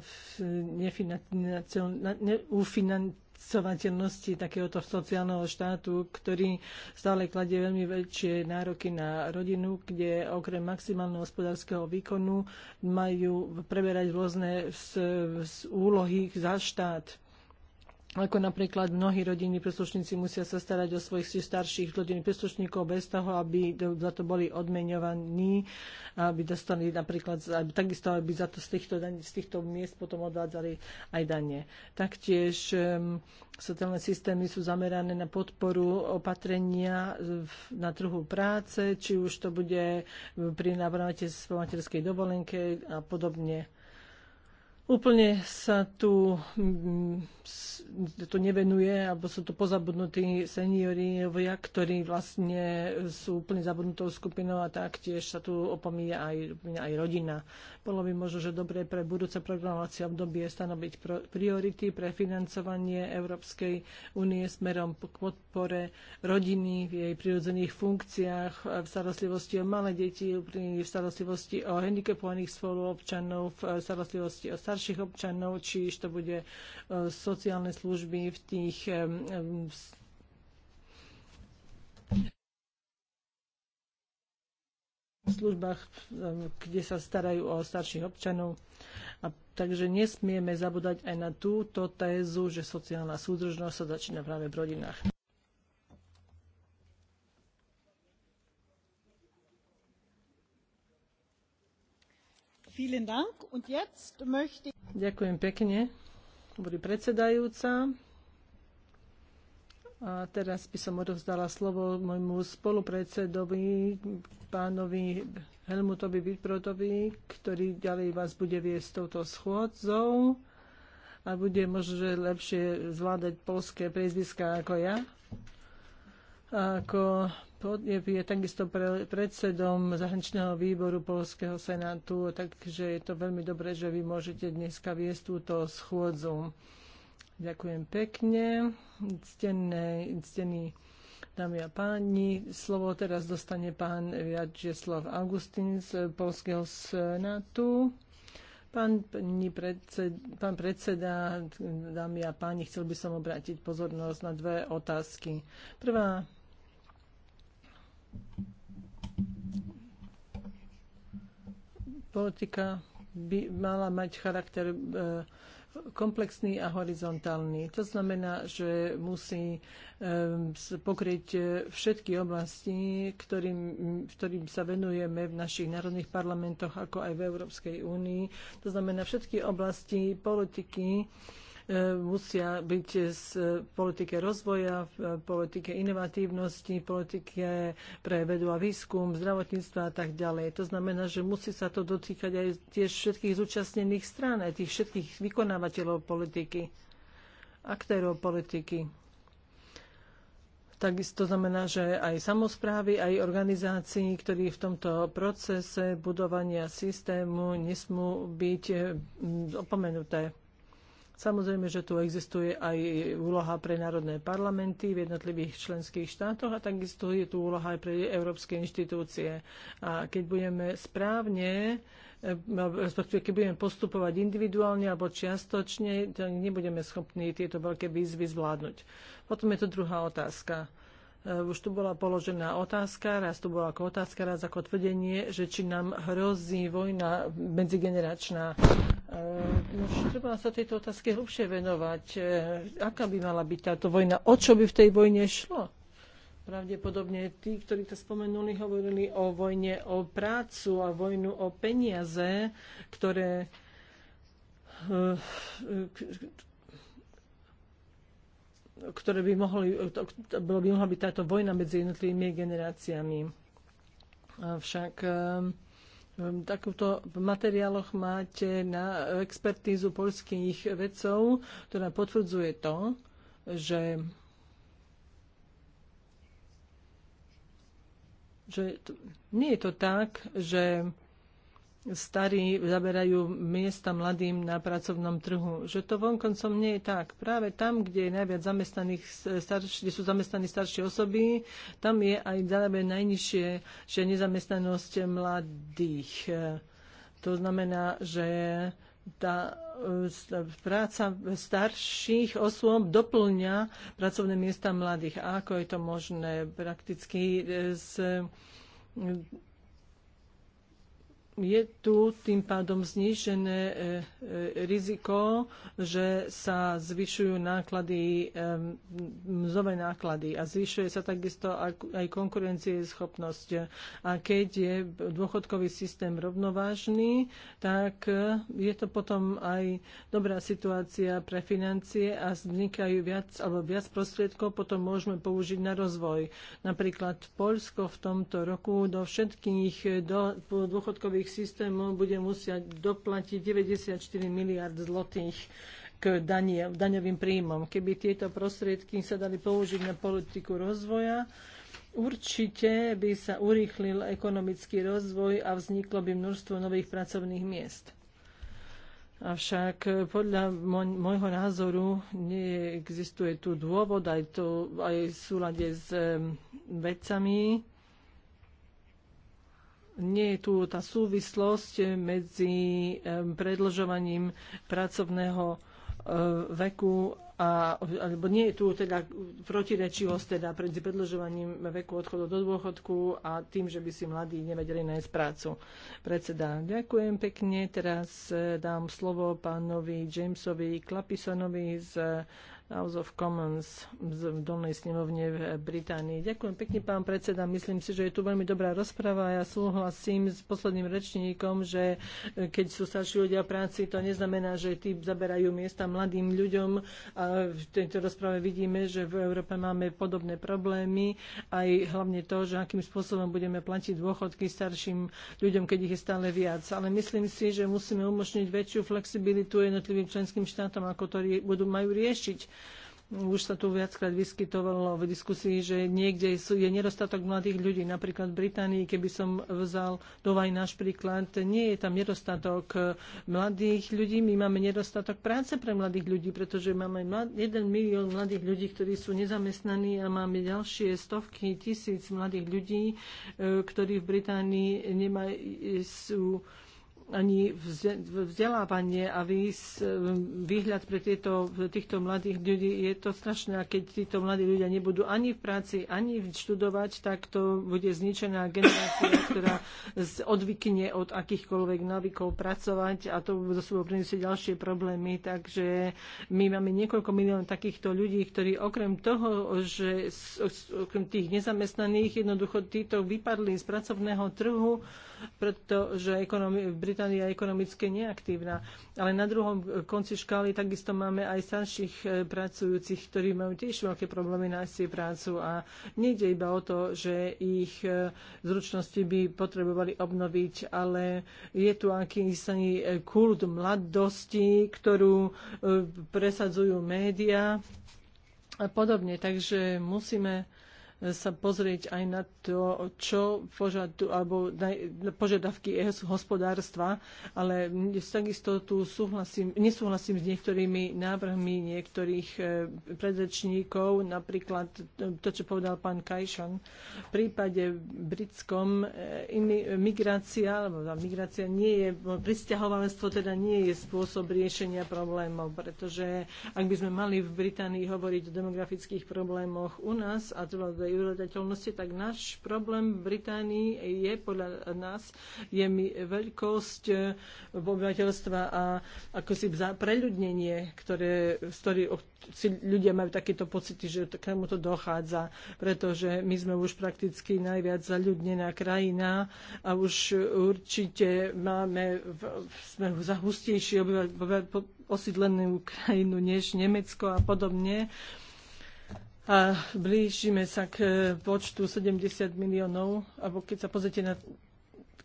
financovateľnosti takéhoto sociálneho štátu, ktorý stále kladie veľmi väčšie nároky na rodinu, kde okrem maximálneho hospodárskeho výkonu majú preberať rôzne z, z úlohy za štát ako napríklad mnohí rodinní príslušníci musia sa starať o svojich starších rodinných príslušníkov bez toho, aby za to boli odmeňovaní, aby dostali napríklad, aby, takisto aby za to z týchto, z týchto miest potom odvádzali aj dane. Taktiež um, sociálne systémy sú zamerané na podporu opatrenia na trhu práce, či už to bude pri návrate z materskej dovolenke a podobne. Úplne sa tu, mm, to nevenuje, alebo sú tu pozabudnutí seniori, ktorí vlastne sú úplne zabudnutou skupinou a taktiež sa tu opomíja aj, aj rodina. Bolo by možno, že dobre pre budúce programovacie obdobie stanoviť priority pre financovanie Európskej únie smerom k podpore rodiny v jej prirodzených funkciách, v starostlivosti o malé deti, v starostlivosti o handicapovaných spoluobčanov, v starostlivosti o starostlivosti starších občanov, či to bude e, sociálne služby v tých e, službách, e, kde sa starajú o starších občanov. A takže nesmieme zabúdať aj na túto tézu, že sociálna súdržnosť sa začína práve v rodinách. Ďakujem pekne, bude predsedajúca. A teraz by som odovzdala slovo môjmu spolupredsedovi, pánovi Helmutovi Vitprotovi, ktorý ďalej vás bude viesť touto schôdzou a bude možno lepšie zvládať polské priezviská ako ja ako je takisto pre, predsedom zahraničného výboru Polského senátu, takže je to veľmi dobré, že vy môžete dneska viesť túto schôdzu. Ďakujem pekne. Ctené, ctení dámy a páni, slovo teraz dostane pán Viačeslav Augustín z Polského senátu. Pán, predsed, pán predseda, dámy a páni, chcel by som obrátiť pozornosť na dve otázky. Prvá Politika by mala mať charakter e, komplexný a horizontálny. To znamená, že musí e, pokryť e, všetky oblasti, ktorým, ktorým sa venujeme v našich národných parlamentoch, ako aj v Európskej únii. To znamená všetky oblasti politiky, E, musia byť z politike rozvoja, v e, politike inovatívnosti, politike pre vedu a výskum, zdravotníctva a tak ďalej. To znamená, že musí sa to dotýkať aj tiež všetkých zúčastnených strán, aj tých všetkých vykonávateľov politiky, aktérov politiky. Takisto znamená, že aj samozprávy, aj organizácií, ktorí v tomto procese budovania systému nesmú byť mm, opomenuté. Samozrejme, že tu existuje aj úloha pre národné parlamenty v jednotlivých členských štátoch a takisto je tu úloha aj pre európske inštitúcie. A keď budeme správne e, no, respektíve keď budeme postupovať individuálne alebo čiastočne, tak nebudeme schopní tieto veľké výzvy zvládnuť. Potom je to druhá otázka Eh, už tu bola položená otázka, raz tu bola ako otázka, raz ako tvrdenie, že či nám hrozí vojna medzigeneračná. Eh, už treba sa tejto otázke hlubšie venovať. Eh, aká by mala byť táto vojna? O čo by v tej vojne šlo? Pravdepodobne tí, ktorí to spomenuli, hovorili o vojne o prácu a vojnu o peniaze, ktoré ktoré by mohli, bolo by mohla byť táto vojna medzi jednotlivými generáciami. Avšak ehm, ehm, v takýchto materiáloch máte na expertízu polských vedcov, ktorá potvrdzuje to, že že nie je to tak, že starí zaberajú miesta mladým na pracovnom trhu. Že to vonkoncom nie je tak. Práve tam, kde je najviac zamestnaných starš- kde sú zamestnaní staršie osoby, tam je aj zároveň najnižšie že nezamestnanosť mladých. To znamená, že tá e, práca starších osôb doplňa pracovné miesta mladých. A ako je to možné? Prakticky z e, je tu tým pádom znížené e, e, riziko, že sa zvyšujú náklady, e, mzové náklady a zvyšuje sa takisto aj schopnosť. A keď je dôchodkový systém rovnovážny, tak je to potom aj dobrá situácia pre financie a vznikajú viac alebo viac prostriedkov potom môžeme použiť na rozvoj. Napríklad Polsko v tomto roku do všetkých do, dôchodkových dôchodkových systémov bude musieť doplatiť 94 miliard zlotých k danie, daňovým príjmom. Keby tieto prostriedky sa dali použiť na politiku rozvoja, určite by sa urýchlil ekonomický rozvoj a vzniklo by množstvo nových pracovných miest. Avšak podľa môjho názoru neexistuje tu dôvod, aj, to, aj v súlade s vedcami, nie je tu tá súvislosť medzi predlžovaním pracovného e, veku a, alebo nie je tu teda protirečivosť teda pred predlžovaním veku odchodu do dôchodku a tým, že by si mladí nevedeli nájsť prácu. Predseda, ďakujem pekne. Teraz e, dám slovo pánovi Jamesovi Klapisonovi z House of Commons v Dolnej snemovne v Británii. Ďakujem pekne, pán predseda. Myslím si, že je tu veľmi dobrá rozpráva. Ja súhlasím s posledným rečníkom, že e, keď sú starší ľudia v práci, to neznamená, že tí zaberajú miesta mladým ľuďom. A v tejto rozprave vidíme, že v Európe máme podobné problémy. Aj hlavne to, že akým spôsobom budeme platiť dôchodky starším ľuďom, keď ich je stále viac. Ale myslím si, že musíme umožniť väčšiu flexibilitu jednotlivým členským štátom, ako to budú, majú riešiť už sa tu viackrát vyskytovalo v diskusii, že niekde je nedostatok mladých ľudí. Napríklad v Británii, keby som vzal do vaj náš príklad, nie je tam nedostatok eh, mladých ľudí. My máme nedostatok práce pre mladých ľudí, pretože máme jeden milión mladých ľudí, ktorí sú nezamestnaní a máme ďalšie stovky tisíc mladých ľudí, eh, ktorí v Británii nemajú, sú ani vzdelávanie a výhľad pre tieto, týchto mladých ľudí. Je to strašné, a keď títo mladí ľudia nebudú ani v práci, ani študovať, tak to bude zničená generácia, ktorá odvykne od akýchkoľvek navykov pracovať a to budú sebou priniesie ďalšie problémy. Takže my máme niekoľko milión takýchto ľudí, ktorí okrem toho, že okrem tých nezamestnaných, jednoducho títo vypadli z pracovného trhu, pretože ekonomi- Británia je ekonomicky neaktívna. Ale na druhom konci škály takisto máme aj starších e, pracujúcich, ktorí majú tiež veľké problémy nájsť si prácu a nejde iba o to, že ich e, zručnosti by potrebovali obnoviť, ale je tu akýsi e, kult mladosti, ktorú presadzujú médiá a podobne. Takže musíme sa pozrieť aj na to, čo požadu, alebo požiadavky hospodárstva, ale takisto tu súhlasím, nesúhlasím s niektorými návrhmi niektorých e, predrečníkov, napríklad to, čo povedal pán Kajšan. V prípade britskom e, migrácia, alebo migrácia nie je, pristahovalstvo teda nie je spôsob riešenia problémov, pretože ak by sme mali v Británii hovoriť o demografických problémoch u nás a teda udržateľnosti, tak náš problém v Británii je podľa nás je veľkosť eh, obyvateľstva a ako si preľudnenie, ktoré, z ktorých si ľudia majú takéto pocity, že k tomu to dochádza, pretože my sme už prakticky najviac zaľudnená krajina a už určite máme, sme zahustejší obyvateľ, osídlenú krajinu než Nemecko a podobne a blížime sa k e, počtu 70 miliónov, alebo keď sa pozrite na,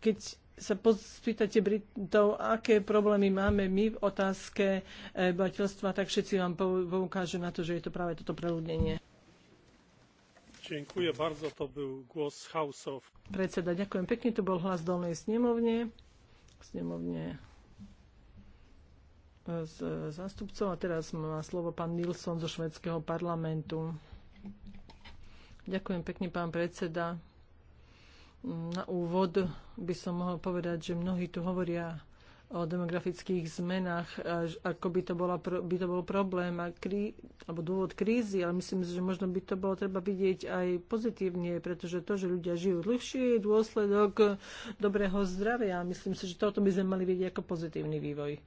keď sa spýtate Britov, aké problémy máme my v otázke e, obyvateľstva, tak všetci vám poukážu na to, že je to práve toto preľudnenie. Ďakujem bardzo, to byl głos House of. Predseda, ďakujem pekne, to bol hlas dolnej snemovne. Snemovne z zástupcov. A teraz má slovo pán Nilsson zo švedského parlamentu. Ďakujem pekne, pán predseda. Na úvod by som mohol povedať, že mnohí tu hovoria o demografických zmenách, ako by to, bola, by to bol problém a krí, alebo dôvod krízy, ale myslím, si, že možno by to bolo treba vidieť aj pozitívne, pretože to, že ľudia žijú dlhšie, je dôsledok dobrého zdravia. Myslím si, že toto by sme mali vidieť ako pozitívny vývoj.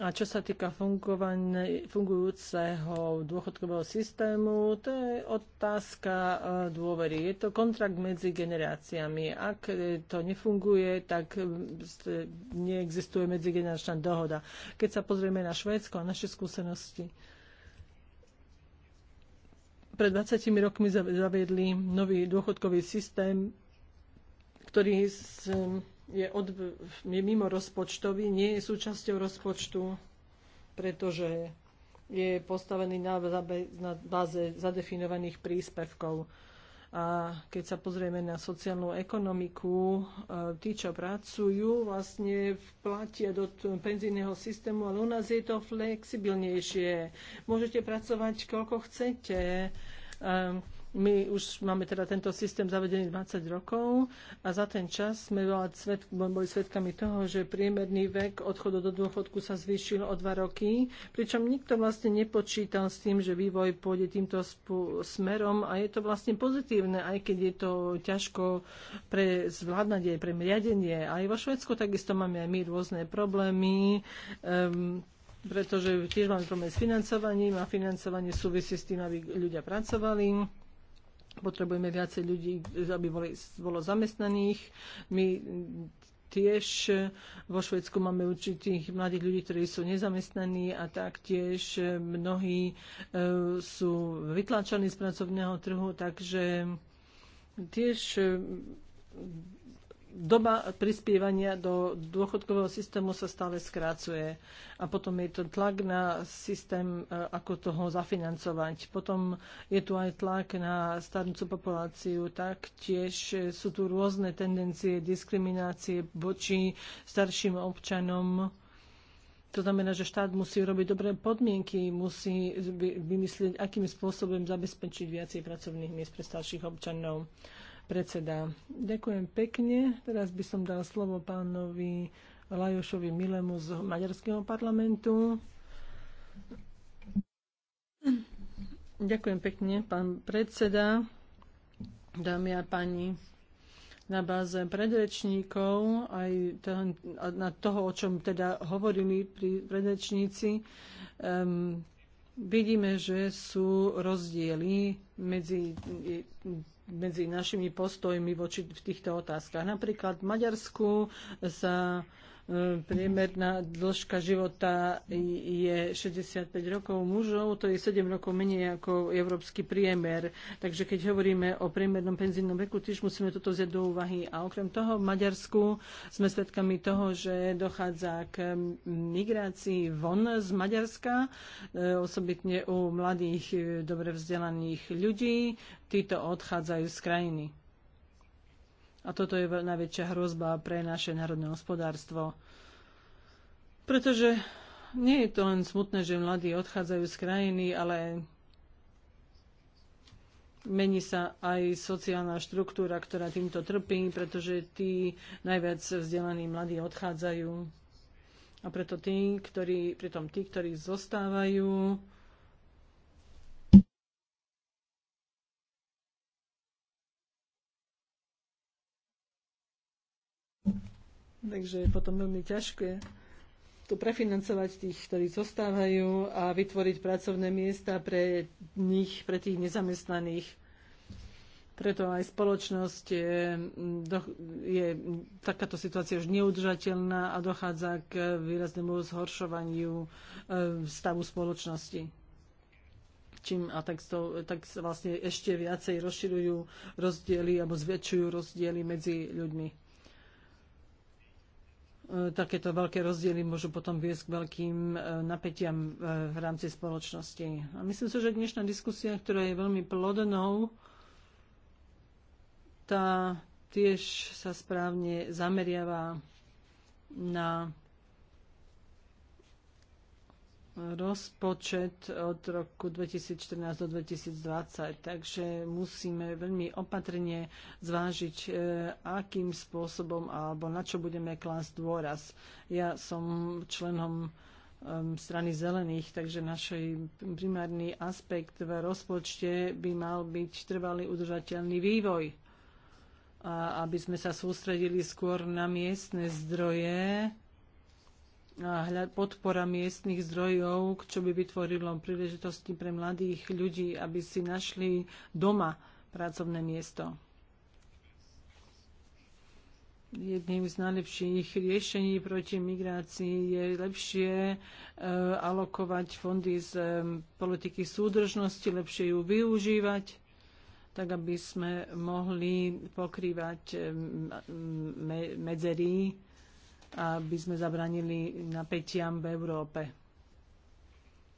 A čo sa týka fungujúceho dôchodkového systému, to je otázka e, dôvery. Je to kontrakt medzi generáciami. Ak to nefunguje, tak e, neexistuje medzigeneračná dohoda. Keď sa pozrieme na Švédsko a naše skúsenosti, pred 20 rokmi zaviedli nový dôchodkový systém, ktorý je, od, je mimo rozpočtový, nie je súčasťou rozpočtu, pretože je postavený na, na báze zadefinovaných príspevkov. A keď sa pozrieme na sociálnu ekonomiku, e, tí, čo pracujú, vlastne platia do penzijného systému, ale u nás je to flexibilnejšie. Môžete pracovať, koľko chcete. Um, my už máme teda tento systém zavedený 20 rokov a za ten čas sme boli svedkami toho, že priemerný vek odchodu do dôchodku sa zvýšil o 2 roky, pričom nikto vlastne nepočítal s tým, že vývoj pôjde týmto smerom a je to vlastne pozitívne, aj keď je to ťažko pre aj pre riadenie. Aj vo Švedsku takisto máme aj my rôzne problémy. Um, pretože tiež máme problém s financovaním a financovanie súvisí s tým, aby ľudia pracovali potrebujeme viacej ľudí, aby boli, bolo zamestnaných. My tiež vo Švedsku máme určitých mladých ľudí, ktorí sú nezamestnaní a taktiež mnohí e, sú vytlačení z pracovného trhu, takže tiež doba prispievania do dôchodkového systému sa stále skrácuje. A potom je to tlak na systém, e, ako toho zafinancovať. Potom je tu aj tlak na starnúcu populáciu. Taktiež sú tu rôzne tendencie diskriminácie voči starším občanom. To znamená, že štát musí robiť dobré podmienky, musí vymyslieť, akým spôsobom zabezpečiť viacej pracovných miest pre starších občanov predseda. Ďakujem pekne. Teraz by som dal slovo pánovi Lajošovi Milemu z Maďarského parlamentu. Ďakujem pekne, pán predseda, dámy a páni. Na báze predrečníkov, aj toho, na toho, o čom teda hovorili pri predrečníci, um, vidíme, že sú rozdiely medzi medzi našimi postojmi voči v týchto otázkach. Napríklad v Maďarsku sa E, priemerná dĺžka života je 65 rokov mužov, to je 7 rokov menej ako európsky priemer. Takže keď hovoríme o priemernom penzínnom veku, tiež musíme toto vziať do úvahy. A okrem toho v Maďarsku sme svedkami toho, že dochádza k migrácii von z Maďarska, e, osobitne u mladých, e, dobre vzdelaných ľudí. Títo odchádzajú z krajiny. A toto je najväčšia hrozba pre naše národné hospodárstvo. Pretože nie je to len smutné, že mladí odchádzajú z krajiny, ale mení sa aj sociálna štruktúra, ktorá týmto trpí, pretože tí najviac vzdelaní mladí odchádzajú. A preto tí, ktorí, pritom tí, ktorí zostávajú, takže je potom veľmi ťažké tu prefinancovať tých, ktorí zostávajú a vytvoriť pracovné miesta pre nich, pre tých nezamestnaných. Preto aj spoločnosť je, je takáto situácia už neudržateľná a dochádza k výraznému zhoršovaniu e, stavu spoločnosti čím a tak, to, tak vlastne ešte viacej rozširujú rozdiely alebo zväčšujú rozdiely medzi ľuďmi. E, takéto veľké rozdiely môžu potom viesť k veľkým e, napätiam e, v rámci spoločnosti. A myslím si, že dnešná diskusia, ktorá je veľmi plodnou, tá tiež sa správne zameriava na rozpočet od roku 2014 do 2020. Takže musíme veľmi opatrne zvážiť, e, akým spôsobom alebo na čo budeme klásť dôraz. Ja som členom e, strany zelených, takže náš primárny aspekt v rozpočte by mal byť trvalý udržateľný vývoj. A aby sme sa sústredili skôr na miestne zdroje, podpora miestnych zdrojov, čo by vytvorilo príležitosti pre mladých ľudí, aby si našli doma pracovné miesto. Jedným z najlepších riešení proti migrácii je lepšie e, alokovať fondy z e, politiky súdržnosti, lepšie ju využívať, tak aby sme mohli pokrývať e, medzerí. medzery aby sme zabranili napätiam v Európe.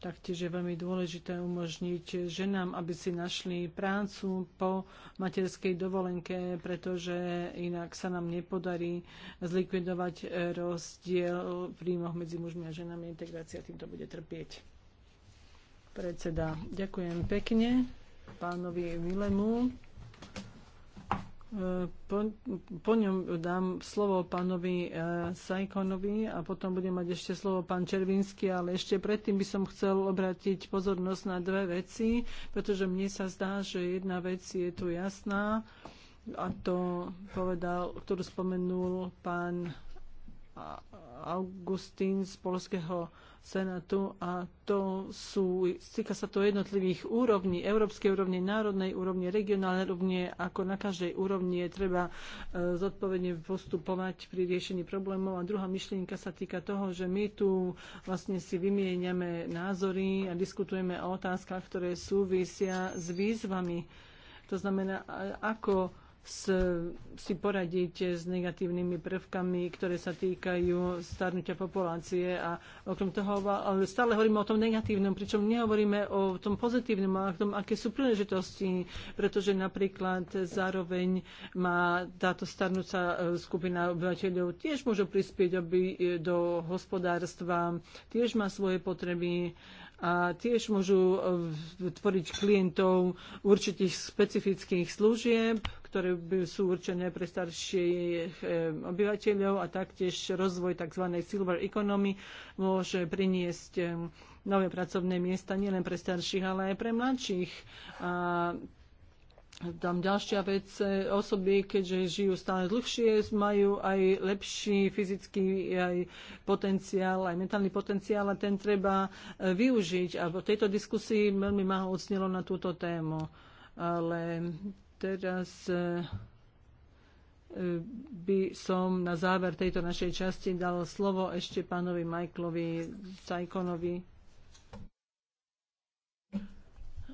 Taktiež je veľmi dôležité umožniť ženám, aby si našli prácu po materskej dovolenke, pretože inak sa nám nepodarí zlikvidovať rozdiel v príjmoch medzi mužmi a ženami. Integrácia týmto bude trpieť. Predseda, ďakujem pekne pánovi Milemu. Po, po ňom dám slovo pánovi e, Sajkonovi a potom bude mať ešte slovo pán Červinsky, ale ešte predtým by som chcel obrátiť pozornosť na dve veci, pretože mne sa zdá, že jedna vec je tu jasná a to povedal, ktorú spomenul pán Augustín z Polského Senátu a to sú, týka sa to jednotlivých úrovní, európskej úrovne, národnej úrovne, regionálnej úrovne, ako na každej úrovni je treba e, zodpovedne postupovať pri riešení problémov. A druhá myšlienka sa týka toho, že my tu vlastne si vymieňame názory a diskutujeme o otázkach, ktoré súvisia s výzvami. To znamená, ako s, si poradiť s negatívnymi prvkami, ktoré sa týkajú starnutia populácie a okrem toho, ale stále hovoríme o tom negatívnom, pričom nehovoríme o tom pozitívnom, ale o tom, aké sú príležitosti, pretože napríklad zároveň má táto starnúca e, skupina obyvateľov tiež môže prispieť e, do hospodárstva, tiež má svoje potreby a tiež môžu e, tvoriť klientov určitých specifických služieb, ktoré sú určené pre starších e, obyvateľov a taktiež rozvoj tzv. silver economy môže priniesť e, nové pracovné miesta nielen pre starších, ale aj pre mladších. A tam ďalšia vec, e, osoby, keďže žijú stále dlhšie, majú aj lepší fyzický aj potenciál, aj mentálny potenciál a ten treba e, využiť. A v tejto diskusii veľmi málo odsnilo na túto tému. Ale teraz e, by som na záver tejto našej časti dal slovo ešte pánovi Michaelovi Cajkonovi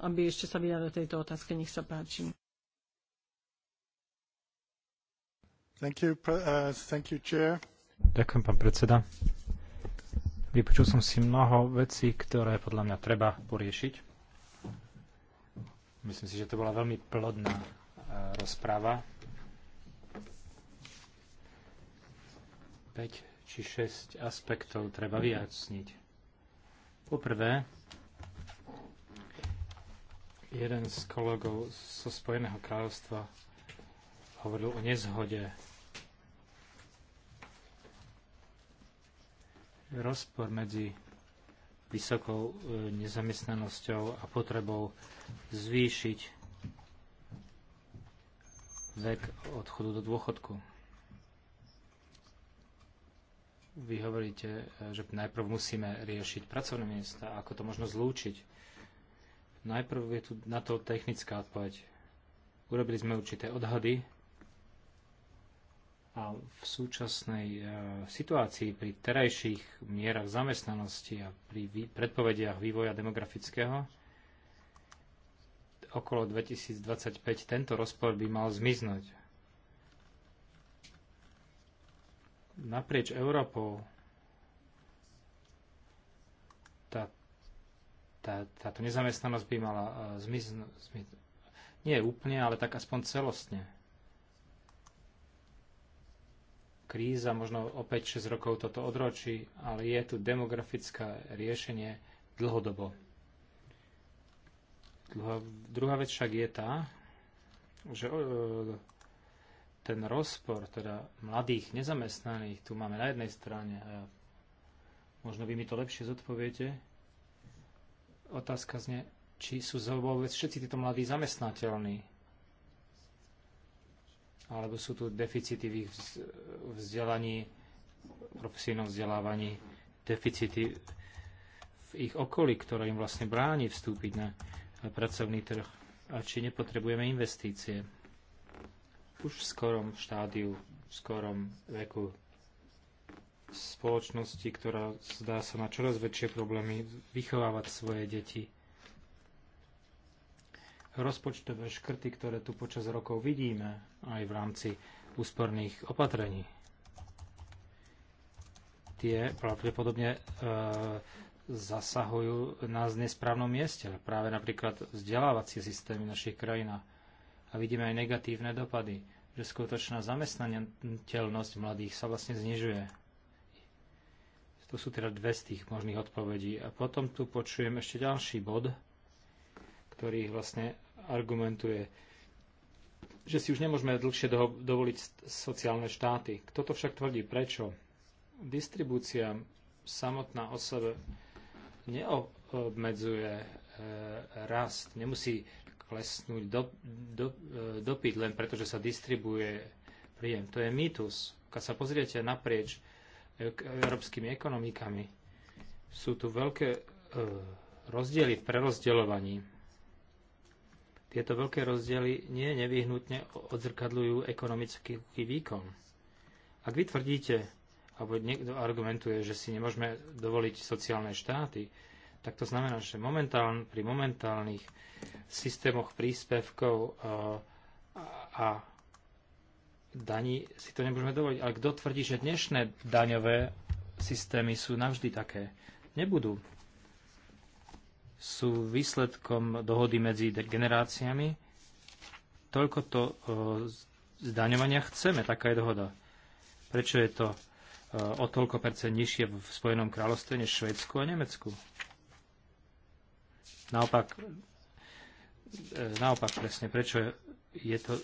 aby ešte sa vyjadril tejto otázke. Nech sa páči. Uh, Ďakujem, pán predseda. Vypočul som si mnoho vecí, ktoré podľa mňa treba poriešiť. Myslím si, že to bola veľmi plodná uh, rozpráva. 5 či 6 aspektov treba vyjasniť. Poprvé, jeden z kolegov zo Spojeného kráľovstva hovoril o nezhode rozpor medzi vysokou e, nezamestnanosťou a potrebou zvýšiť vek odchodu do dôchodku. Vy hovoríte, e, že najprv musíme riešiť pracovné miesta, ako to možno zlúčiť. Najprv je tu na to technická odpoveď. Urobili sme určité odhady, a v súčasnej e, situácii pri terajších mierach zamestnanosti a pri predpovediach vývoja demografického okolo 2025 tento rozpor by mal zmiznúť. Naprieč Európou tá, tá, táto nezamestnanosť by mala zmiznúť. E, zmizn- nie úplne, ale tak aspoň celostne. kríza možno o 5-6 rokov toto odročí, ale je tu demografické riešenie dlhodobo. Dlho, druhá vec však je tá, že e, ten rozpor teda mladých nezamestnaných tu máme na jednej strane a ja, možno vy mi to lepšie zodpoviete. Otázka zne, či sú vôbec všetci títo mladí zamestnateľní alebo sú tu deficity v ich vzdelaní, profesijnom vzdelávaní, deficity v ich okolí, ktoré im vlastne bráni vstúpiť na pracovný trh a či nepotrebujeme investície. Už v skorom štádiu, v skorom veku spoločnosti, ktorá zdá sa na čoraz väčšie problémy vychovávať svoje deti rozpočtové škrty, ktoré tu počas rokov vidíme aj v rámci úsporných opatrení. Tie pravdepodobne e, zasahujú nás v nesprávnom mieste, práve napríklad vzdelávacie systémy našich krajinách. A vidíme aj negatívne dopady, že skutočná zamestnaniteľnosť mladých sa vlastne znižuje. To sú teda dve z tých možných odpovedí. A potom tu počujem ešte ďalší bod, ktorý vlastne argumentuje, že si už nemôžeme dlhšie dovoliť sociálne štáty. Kto to však tvrdí? Prečo? Distribúcia samotná o sebe neobmedzuje e, rast, nemusí klesnúť do, do, e, dopyt len preto, že sa distribuje príjem. To je mýtus. Keď sa pozriete naprieč e, európskymi ekonomikami, sú tu veľké e, rozdiely v prerozdeľovaní. Tieto veľké rozdiely nie nevyhnutne odzrkadľujú ekonomický výkon. Ak vy tvrdíte, alebo niekto argumentuje, že si nemôžeme dovoliť sociálne štáty, tak to znamená, že momentál, pri momentálnych systémoch príspevkov eh, a, a daní si to nemôžeme dovoliť. Ale kto tvrdí, že dnešné daňové systémy sú navždy také? Nebudú sú výsledkom dohody medzi generáciami. Toľko to e, zdaňovania chceme, taká je dohoda. Prečo je to e, o toľko percent nižšie v Spojenom kráľovstve než Švedsku a Nemecku? Naopak, e, naopak presne, prečo je to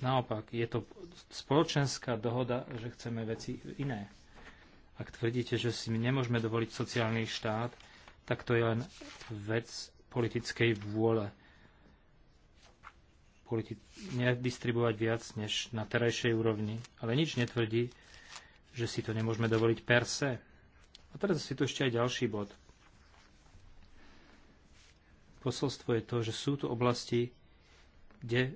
naopak, je to spoločenská dohoda, že chceme veci iné. Ak tvrdíte, že si my nemôžeme dovoliť sociálny štát, tak to je len vec politickej vôle. Politi- nedistribuovať viac než na terajšej úrovni. Ale nič netvrdí, že si to nemôžeme dovoliť per se. A teraz si tu ešte aj ďalší bod. Posolstvo je to, že sú tu oblasti, kde eh,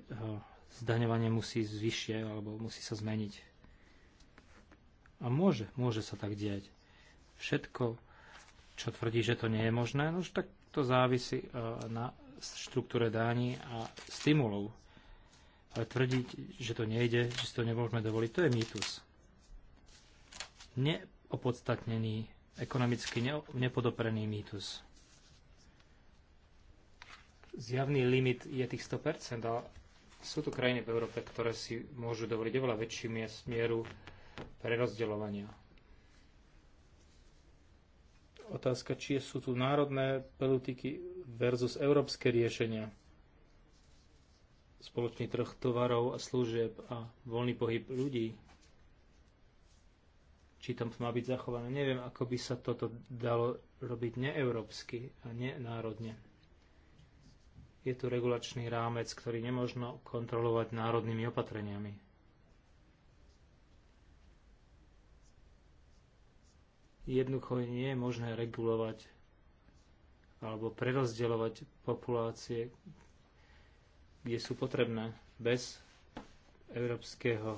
zdaňovanie musí zvyššie alebo musí sa zmeniť. A môže, môže sa tak diať. Všetko, čo tvrdí, že to nie je možné, no už tak to závisí e, na štruktúre dání a stimulov. Ale tvrdiť, že to nejde, že si to nemôžeme dovoliť, to je mýtus. Neopodstatnený, ekonomicky nepodoprený mýtus. Zjavný limit je tých 100%, ale sú tu krajiny v Európe, ktoré si môžu dovoliť oveľa väčšiu mieru prerozdeľovania otázka, či sú tu národné politiky versus európske riešenia. Spoločný trh tovarov a služieb a voľný pohyb ľudí. Či tam to má byť zachované. Neviem, ako by sa toto dalo robiť neeurópsky a nenárodne. Je tu regulačný rámec, ktorý nemožno kontrolovať národnými opatreniami. Jednoducho nie je možné regulovať alebo prerozdeľovať populácie, kde sú potrebné bez európskeho,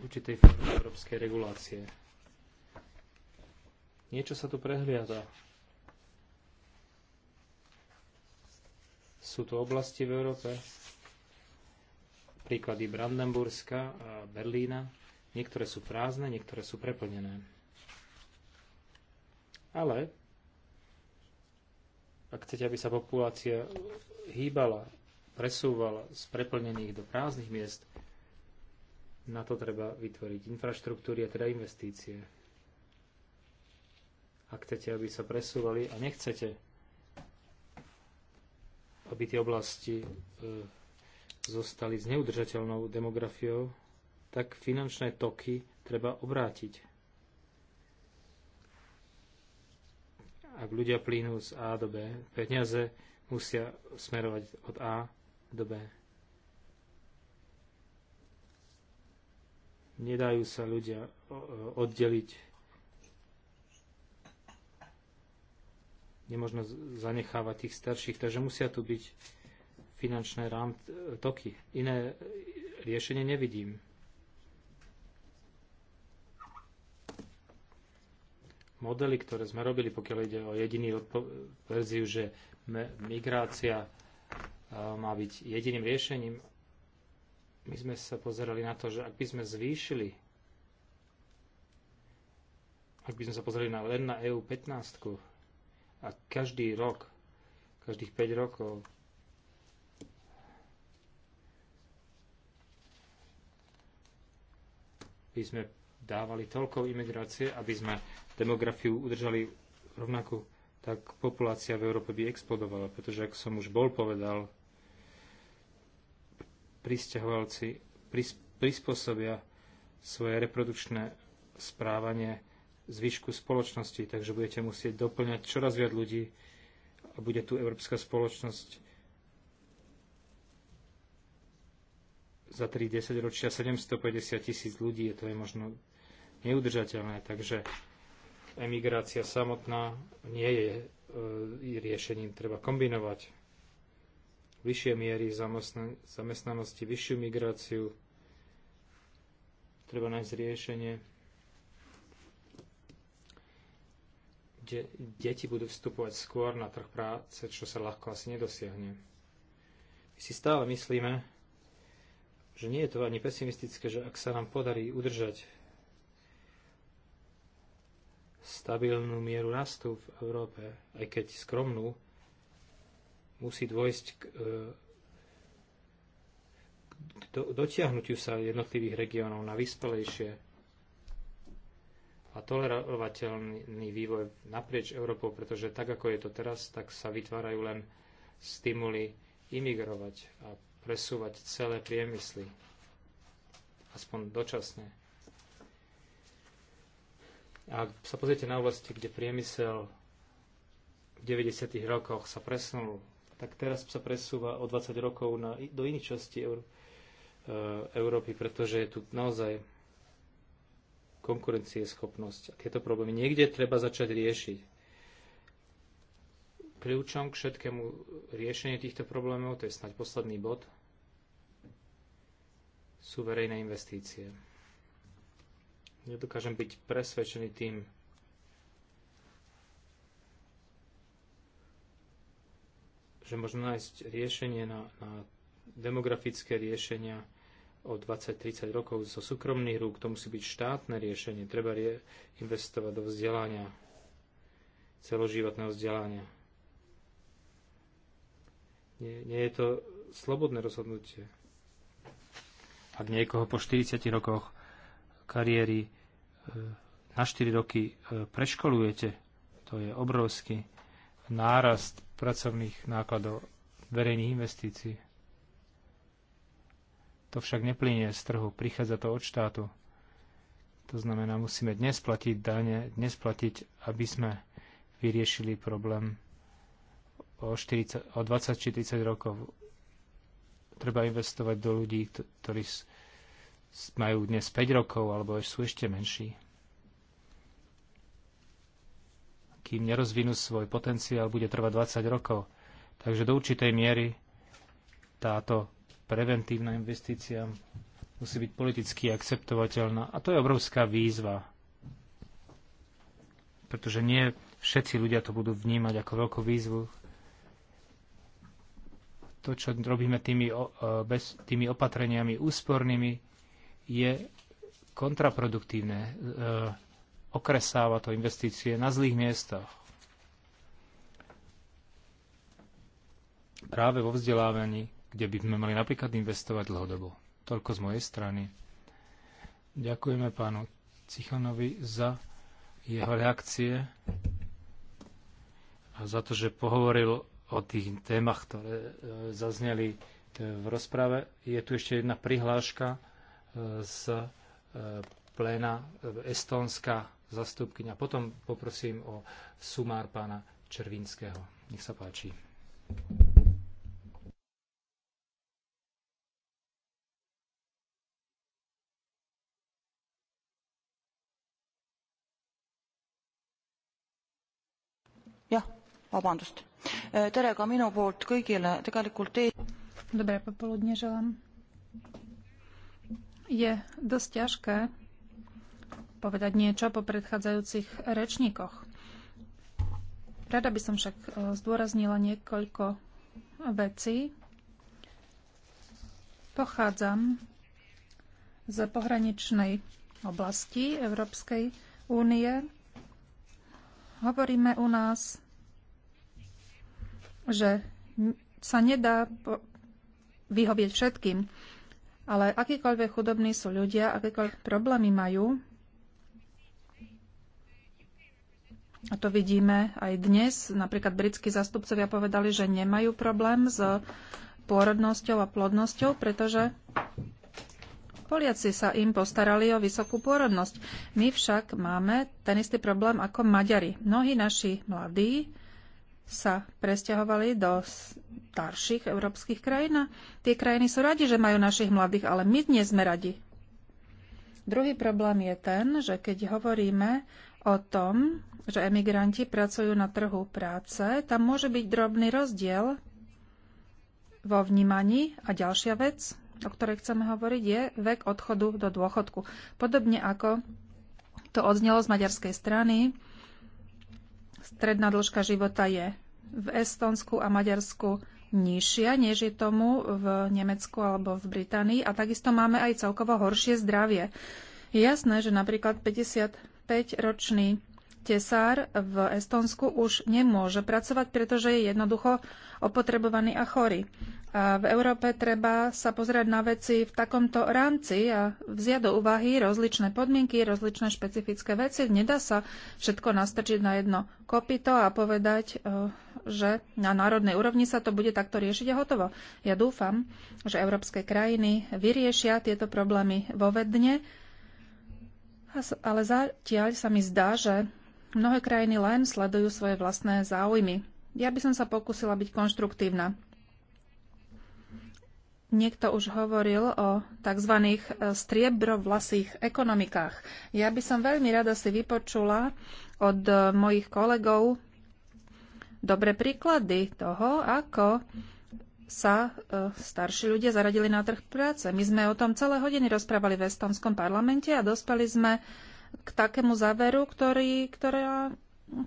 určitej formy európskej regulácie. Niečo sa tu prehliada. Sú tu oblasti v Európe, príklady Brandenburska a Berlína. Niektoré sú prázdne, niektoré sú preplnené. Ale ak chcete, aby sa populácia hýbala, presúvala z preplnených do prázdnych miest, na to treba vytvoriť infraštruktúry a teda investície. Ak chcete, aby sa presúvali a nechcete, aby tie oblasti e, zostali s neudržateľnou demografiou, tak finančné toky treba obrátiť. Ak ľudia plynú z A do B, peniaze musia smerovať od A do B. Nedajú sa ľudia oddeliť. Nemôžno zanechávať tých starších, takže musia tu byť finančné rám e, toky. Iné e, riešenie nevidím. modely, ktoré sme robili, pokiaľ ide o jediný verziu, že migrácia má byť jediným riešením, my sme sa pozerali na to, že ak by sme zvýšili, ak by sme sa pozreli na, len na EU 15 a každý rok, každých 5 rokov, by sme dávali toľko imigrácie, aby sme demografiu udržali rovnako, tak populácia v Európe by explodovala, pretože, ak som už bol povedal, pristahovalci pris, prispôsobia svoje reprodukčné správanie zvyšku spoločnosti, takže budete musieť doplňať čoraz viac ľudí a bude tu európska spoločnosť za 3 10 ročia 750 tisíc ľudí, je to je možno neudržateľné. Takže emigrácia samotná nie je e, riešením, treba kombinovať vyššie miery zamestnanosti, vyššiu migráciu, treba nájsť riešenie, kde deti budú vstupovať skôr na trh práce, čo sa ľahko asi nedosiahne. My si stále myslíme, že nie je to ani pesimistické, že ak sa nám podarí udržať stabilnú mieru rastu v Európe, aj keď skromnú, musí dôjsť k, e, k do, dotiahnutiu sa jednotlivých regiónov na vyspelejšie a tolerovateľný vývoj naprieč Európou, pretože tak, ako je to teraz, tak sa vytvárajú len stimuly imigrovať a presúvať celé priemysly, aspoň dočasne ak sa pozriete na oblasti, kde priemysel v 90. rokoch sa presunul, tak teraz sa presúva o 20 rokov na, do iných častí Euró- e, Európy, pretože je tu naozaj konkurencieschopnosť. A tieto problémy niekde treba začať riešiť. Kľúčom k všetkému riešeniu týchto problémov, to je snáď posledný bod, sú verejné investície nedokážem byť presvedčený tým, že možno nájsť riešenie na, na demografické riešenia o 20-30 rokov zo súkromných rúk. To musí byť štátne riešenie. Treba rie- investovať do vzdelania, celoživotného vzdelania. Nie, nie je to slobodné rozhodnutie. Ak niekoho po 40 rokoch kariéry na 4 roky e, preškolujete, to je obrovský nárast pracovných nákladov verejných investícií. To však neplynie z trhu, prichádza to od štátu. To znamená, musíme dnes platiť dane, dnes platiť, aby sme vyriešili problém o, 40, o 20 či 30 rokov. Treba investovať do ľudí, ktorí majú dnes 5 rokov alebo sú ešte menší. Kým nerozvinú svoj potenciál, bude trvať 20 rokov. Takže do určitej miery táto preventívna investícia musí byť politicky akceptovateľná. A to je obrovská výzva. Pretože nie všetci ľudia to budú vnímať ako veľkú výzvu. To, čo robíme tými, e, bez, tými opatreniami úspornými, je kontraproduktívne. Okresáva to investície na zlých miestach. Práve vo vzdelávaní, kde by sme mali napríklad investovať dlhodobo. Toľko z mojej strany. Ďakujeme pánu Cichanovi za jeho reakcie a za to, že pohovoril o tých témach, ktoré e, zazneli e, v rozprave. Je tu ešte jedna prihláška z e, pléna Estónska zastupkyňa. Potom poprosím o sumár pána Červinského. Nech sa páči. Ja, vabandust. Äh, tere ka minu poolt kõigile. Tegelikult ei... Dobré popoludne želám. Je dosť ťažké povedať niečo po predchádzajúcich rečníkoch. Rada by som však e, zdôraznila niekoľko vecí. Pochádzam z pohraničnej oblasti Európskej únie. Hovoríme u nás, že sa nedá vyhovieť všetkým. Ale akýkoľvek chudobní sú ľudia, akékoľvek problémy majú, a to vidíme aj dnes, napríklad britskí zastupcovia povedali, že nemajú problém s pôrodnosťou a plodnosťou, pretože Poliaci sa im postarali o vysokú pôrodnosť. My však máme ten istý problém ako Maďari. Mnohí naši mladí sa presťahovali do starších európskych krajín a tie krajiny sú radi, že majú našich mladých, ale my nie sme radi. Druhý problém je ten, že keď hovoríme o tom, že emigranti pracujú na trhu práce, tam môže byť drobný rozdiel vo vnímaní a ďalšia vec, o ktorej chceme hovoriť, je vek odchodu do dôchodku. Podobne ako to odznelo z maďarskej strany, Stredná dĺžka života je v Estonsku a Maďarsku nižšia, než je tomu v Nemecku alebo v Británii a takisto máme aj celkovo horšie zdravie. Je jasné, že napríklad 55-ročný tesár v Estonsku už nemôže pracovať, pretože je jednoducho opotrebovaný a chorý. A v Európe treba sa pozrieť na veci v takomto rámci a vziať do úvahy rozličné podmienky, rozličné špecifické veci. Nedá sa všetko nastrčiť na jedno kopito a povedať, eh, že na národnej úrovni sa to bude takto riešiť a hotovo. Ja dúfam, že európske krajiny vyriešia tieto problémy vo vedne, ale zatiaľ sa mi zdá, že Mnohé krajiny len sledujú svoje vlastné záujmy. Ja by som sa pokúsila byť konštruktívna. Niekto už hovoril o tzv. E, striebrovlasých ekonomikách. Ja by som veľmi rada si vypočula od e, mojich kolegov dobre príklady toho, ako sa e, starší ľudia zaradili na trh práce. My sme o tom celé hodiny rozprávali v Estonskom parlamente a dospeli sme k takému záveru, ktorý, ktorá,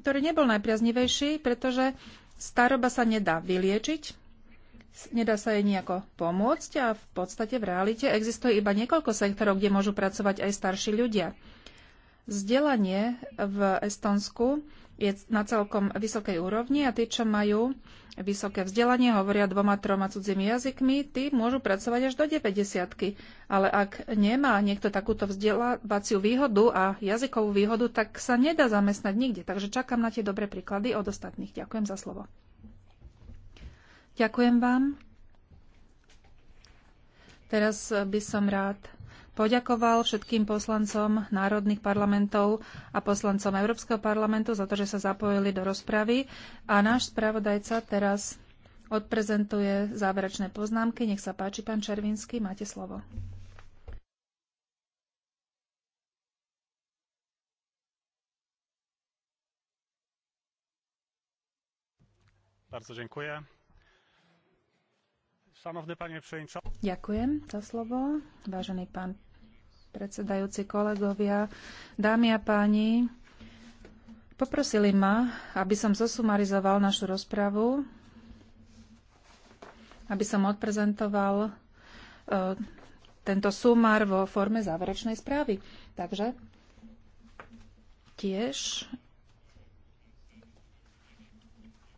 ktorý nebol najpriaznivejší, pretože staroba sa nedá vyliečiť, nedá sa jej nejako pomôcť a v podstate v realite existuje iba niekoľko sektorov, kde môžu pracovať aj starší ľudia. Vzdelanie v Estonsku je na celkom vysokej úrovni a tí, čo majú vysoké vzdelanie, hovoria dvoma, troma cudzími jazykmi, tí môžu pracovať až do 90 Ale ak nemá niekto takúto vzdelávaciu výhodu a jazykovú výhodu, tak sa nedá zamestnať nikde. Takže čakám na tie dobré príklady od ostatných. Ďakujem za slovo. Ďakujem vám. Teraz by som rád poďakoval všetkým poslancom národných parlamentov a poslancom Európskeho parlamentu za to, že sa zapojili do rozpravy. A náš spravodajca teraz odprezentuje záverečné poznámky. Nech sa páči, pán Červinský, máte slovo. Bardzo dziękuję. Ďakujem za slovo, vážený pán predsedajúci kolegovia, dámy a páni. Poprosili ma, aby som zosumarizoval našu rozpravu, aby som odprezentoval e, tento sumár vo forme záverečnej správy. Takže tiež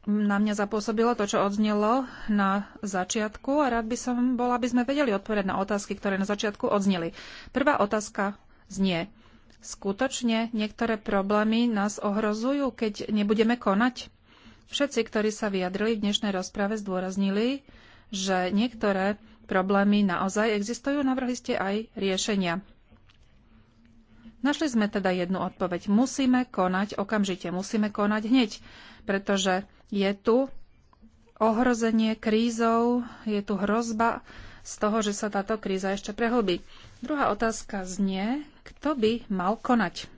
na mňa zapôsobilo to, čo odznelo na začiatku a rád by som bola, aby sme vedeli odpovedať na otázky, ktoré na začiatku odzneli. Prvá otázka znie. Skutočne niektoré problémy nás ohrozujú, keď nebudeme konať? Všetci, ktorí sa vyjadrili v dnešnej rozprave, zdôraznili, že niektoré problémy naozaj existujú, navrhli ste aj riešenia. Našli sme teda jednu odpoveď. Musíme konať okamžite, musíme konať hneď, pretože je tu ohrozenie krízou, je tu hrozba z toho, že sa táto kríza ešte prehlbí. Druhá otázka znie, kto by mal konať.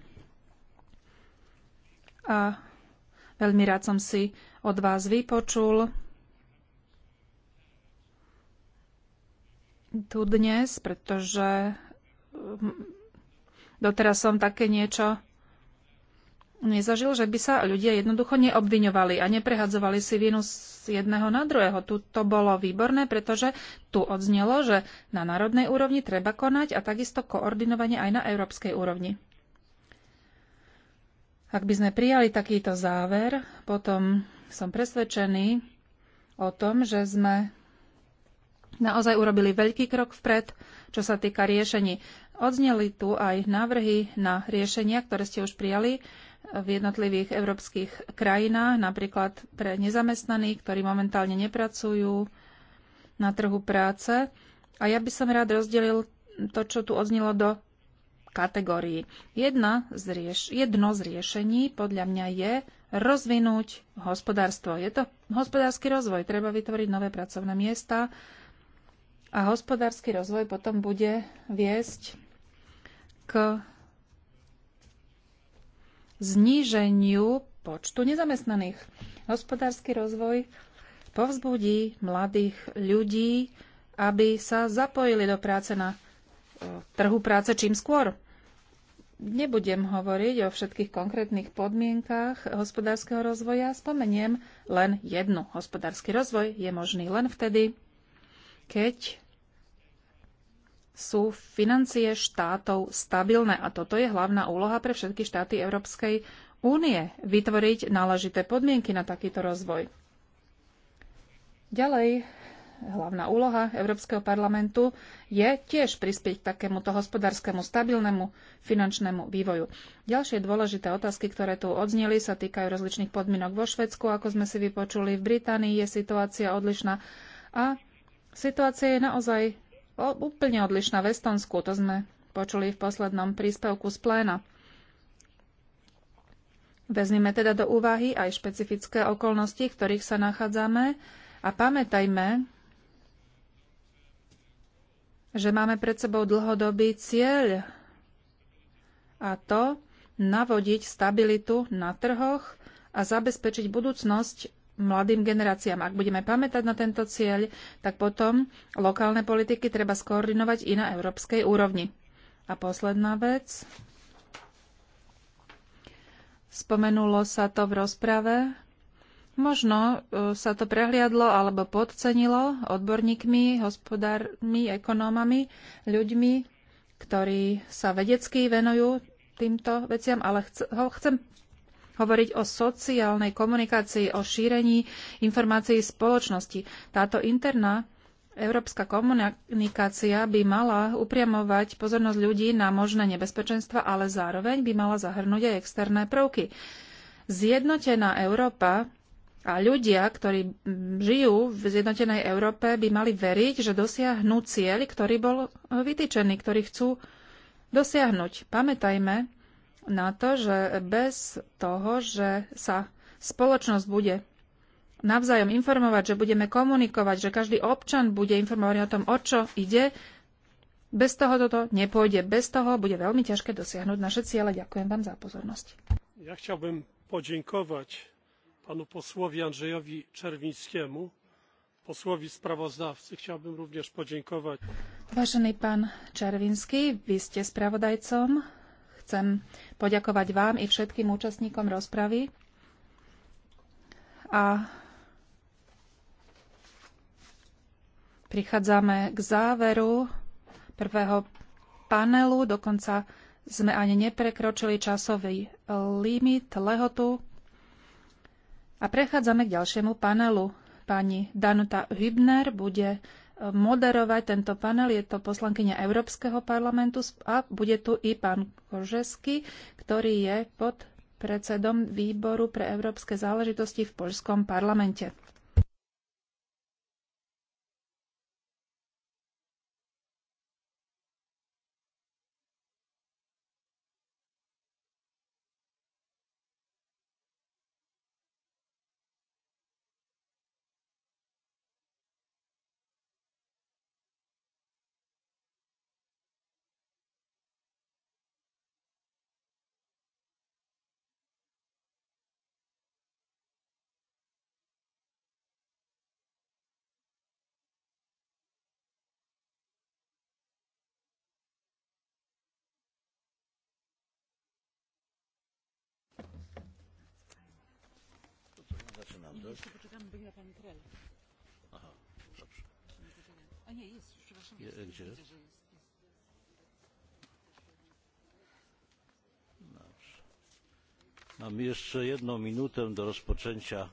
A veľmi rád som si od vás vypočul tu dnes, pretože mm, doteraz som také niečo nezažil, že by sa ľudia jednoducho neobviňovali a neprehadzovali si vinu z jedného na druhého. Tu to bolo výborné, pretože tu odznelo, že na národnej úrovni treba konať a takisto koordinovanie aj na európskej úrovni. Ak by sme prijali takýto záver, potom som presvedčený o tom, že sme naozaj urobili veľký krok vpred, čo sa týka riešení. Odzneli tu aj návrhy na riešenia, ktoré ste už prijali v jednotlivých európskych krajinách, napríklad pre nezamestnaných, ktorí momentálne nepracujú na trhu práce. A ja by som rád rozdelil to, čo tu odznilo do kategórií. Jedna z rieš- jedno z riešení podľa mňa je rozvinúť hospodárstvo. Je to hospodársky rozvoj. Treba vytvoriť nové pracovné miesta a hospodársky rozvoj potom bude viesť k zníženiu počtu nezamestnaných. Hospodársky rozvoj povzbudí mladých ľudí, aby sa zapojili do práce na e, trhu práce čím skôr. Nebudem hovoriť o všetkých konkrétnych podmienkách hospodárskeho rozvoja, spomeniem len jednu. Hospodársky rozvoj je možný len vtedy, keď sú financie štátov stabilné. A toto je hlavná úloha pre všetky štáty Európskej únie vytvoriť náležité podmienky na takýto rozvoj. Ďalej, hlavná úloha Európskeho parlamentu je tiež prispieť k takémuto hospodárskému stabilnému finančnému vývoju. Ďalšie dôležité otázky, ktoré tu odzneli, sa týkajú rozličných podmienok vo Švedsku. Ako sme si vypočuli, v Británii je situácia odlišná a situácia je naozaj úplne odlišná v Estonsku. To sme počuli v poslednom príspevku z pléna. Vezmime teda do úvahy aj špecifické okolnosti, v ktorých sa nachádzame a pamätajme, že máme pred sebou dlhodobý cieľ a to navodiť stabilitu na trhoch a zabezpečiť budúcnosť mladým generáciám. Ak budeme pamätať na tento cieľ, tak potom lokálne politiky treba skoordinovať i na európskej úrovni. A posledná vec. Spomenulo sa to v rozprave. Možno e, sa to prehliadlo alebo podcenilo odborníkmi, hospodármi, ekonómami, ľuďmi, ktorí sa vedecky venujú týmto veciam, ale chcem hovoriť o sociálnej komunikácii, o šírení informácií spoločnosti. Táto interná európska komunikácia by mala upriamovať pozornosť ľudí na možné nebezpečenstva, ale zároveň by mala zahrnúť aj externé prvky. Zjednotená Európa a ľudia, ktorí žijú v zjednotenej Európe, by mali veriť, že dosiahnu cieľ, ktorý bol vytýčený, ktorý chcú dosiahnuť. Pamätajme, na to, že bez toho, že sa spoločnosť bude navzájom informovať, že budeme komunikovať, že každý občan bude informovaný o tom, o čo ide, bez toho toto nepôjde. Bez toho bude veľmi ťažké dosiahnuť naše ciele. Ďakujem vám za pozornosť. Ja chciałbym podziękować panu posłowi Andrzejowi Czerwińskiemu, posłowi sprawozdawcy. Chciałbym również podziękować. Ważny pán Czerwiński, vy ste spravodajcom chcem poďakovať vám i všetkým účastníkom rozpravy. A prichádzame k záveru prvého panelu. Dokonca sme ani neprekročili časový limit, lehotu. A prechádzame k ďalšiemu panelu. Pani Danuta Hübner bude moderovať tento panel. Je to poslankyňa Európskeho parlamentu a bude tu i pán Kožesky, ktorý je pod predsedom výboru pre európske záležitosti v poľskom parlamente. Dobrze. Jeszcze poczekamy, bo nie ma pani Krel. Aha, dobrze. A nie, jest, przepraszam. Je, jest, gdzie? Widzę, że jest. Mamy jeszcze jedną minutę do rozpoczęcia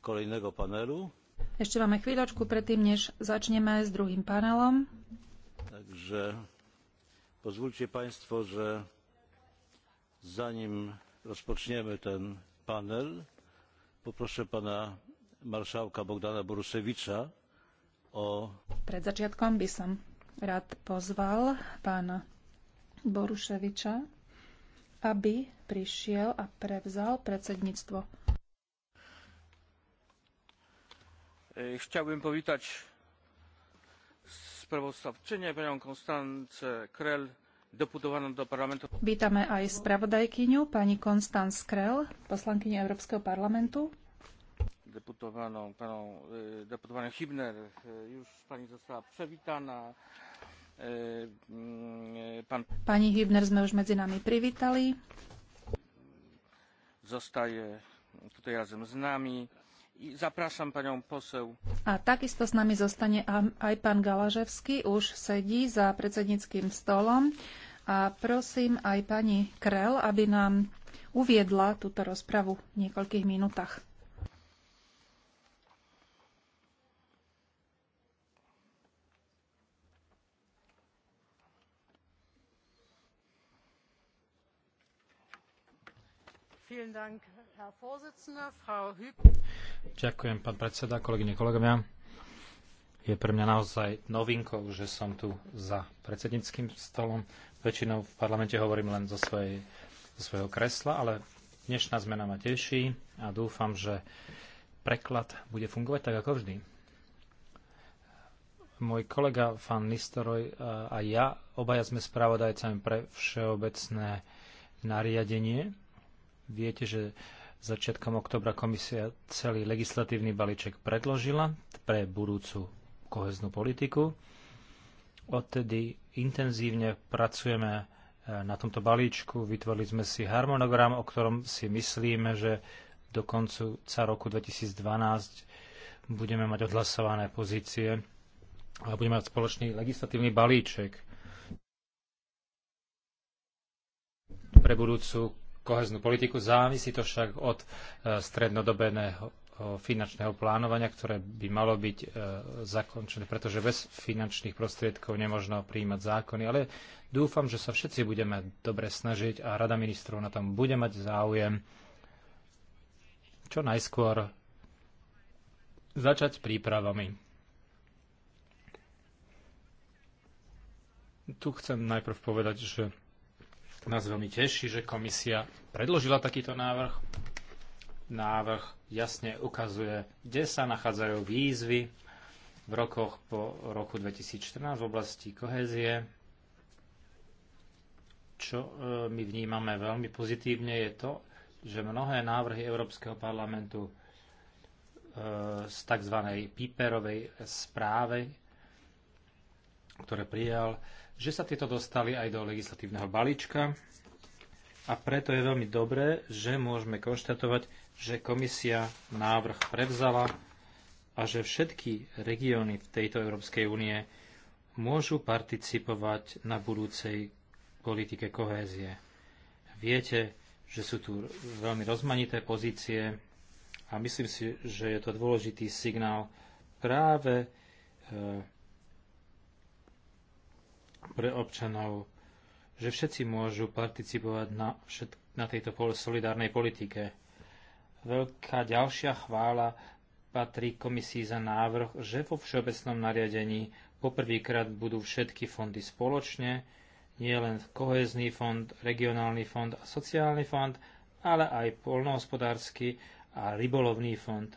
kolejnego panelu. Jeszcze mamy chwileczkę, przed tym, niż zaczniemy z drugim panelem. Także pozwólcie Państwo, że zanim rozpoczniemy ten panel, Poproszę pana marszałka Bogdana Borusewicza o... Pred začiatkom by som rád pozval pána Boruševiča, aby prišiel a prevzal predsedníctvo. E, chciałbym powitać sprawozdawczynię, panią Konstancę Krell, deputovanú do parlamentu. Vítame aj spravodajkyňu, pani Konstanz Krell, poslankyňu Európskeho parlamentu. Deputowaną, panią, e, deputowaną Hibner, już e, pani została przewitana. E, mm, pan... Pani Hibner sme už medzi nami privítali. Zostaje tutaj razem z nami Zapraszam panią poseł. A takisto s nami zostane aj pán Galaževský, už sedí za predsedníckým stolom. A prosím aj pani Krel, aby nám uviedla túto rozpravu v niekoľkých minútach. Vielen Dank, Ďakujem, pán predseda, kolegyne, kolegovia. Je pre mňa naozaj novinkou, že som tu za predsedníckým stolom. Väčšinou v parlamente hovorím len zo, svojej, zo svojho kresla, ale dnešná zmena ma teší a dúfam, že preklad bude fungovať tak ako vždy. Môj kolega Fan Nistoroj a ja, obaja sme spravodajcami pre všeobecné nariadenie. Viete, že Začiatkom oktobra komisia celý legislatívny balíček predložila pre budúcu koheznú politiku. Odtedy intenzívne pracujeme e, na tomto balíčku, vytvorili sme si harmonogram, o ktorom si myslíme, že do konca roku 2012 budeme mať odhlasované pozície a budeme mať spoločný legislatívny balíček pre budúcu koheznú politiku. Závisí to však od e, strednodobého e, finančného plánovania, ktoré by malo byť e, zakončené, pretože bez finančných prostriedkov nemožno prijímať zákony. Ale dúfam, že sa všetci budeme dobre snažiť a Rada ministrov na tom bude mať záujem čo najskôr začať s prípravami. Tu chcem najprv povedať, že nás veľmi teší, že komisia predložila takýto návrh. Návrh jasne ukazuje, kde sa nachádzajú výzvy v rokoch po roku 2014 v oblasti kohézie. Čo e, my vnímame veľmi pozitívne je to, že mnohé návrhy Európskeho parlamentu e, z tzv. Piperovej správy, ktoré prijal, že sa tieto dostali aj do legislatívneho balíčka a preto je veľmi dobré, že môžeme konštatovať, že komisia návrh prevzala a že všetky regióny v tejto Európskej únie môžu participovať na budúcej politike kohézie. Viete, že sú tu veľmi rozmanité pozície a myslím si, že je to dôležitý signál práve e, pre občanov, že všetci môžu participovať na, všet, na tejto solidárnej politike. Veľká ďalšia chvála patrí komisii za návrh, že vo všeobecnom nariadení poprvýkrát budú všetky fondy spoločne, nie len kohezný fond, regionálny fond a sociálny fond, ale aj polnohospodársky a rybolovný fond.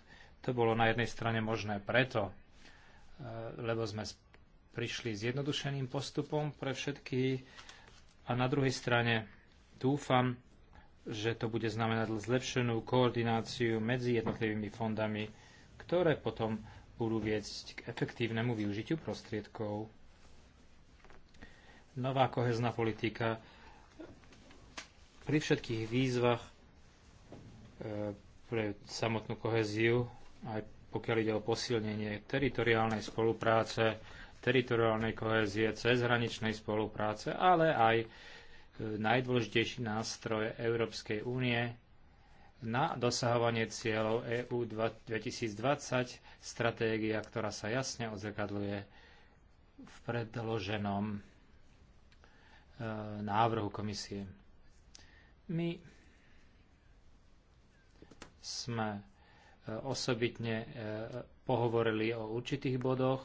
To bolo na jednej strane možné preto, eh, lebo sme prišli s jednodušeným postupom pre všetky a na druhej strane dúfam, že to bude znamenať zlepšenú koordináciu medzi jednotlivými fondami, ktoré potom budú viesť k efektívnemu využitiu prostriedkov. Nová kohezná politika pri všetkých výzvach e, pre samotnú koheziu, aj pokiaľ ide o posilnenie teritoriálnej spolupráce, teritoriálnej kohézie, cezhraničnej spolupráce, ale aj e, najdôležitejší nástroje Európskej únie na dosahovanie cieľov EÚ 2020, stratégia, ktorá sa jasne odzrkadluje v predloženom e, návrhu komisie. My sme e, osobitne pohovorili o určitých bodoch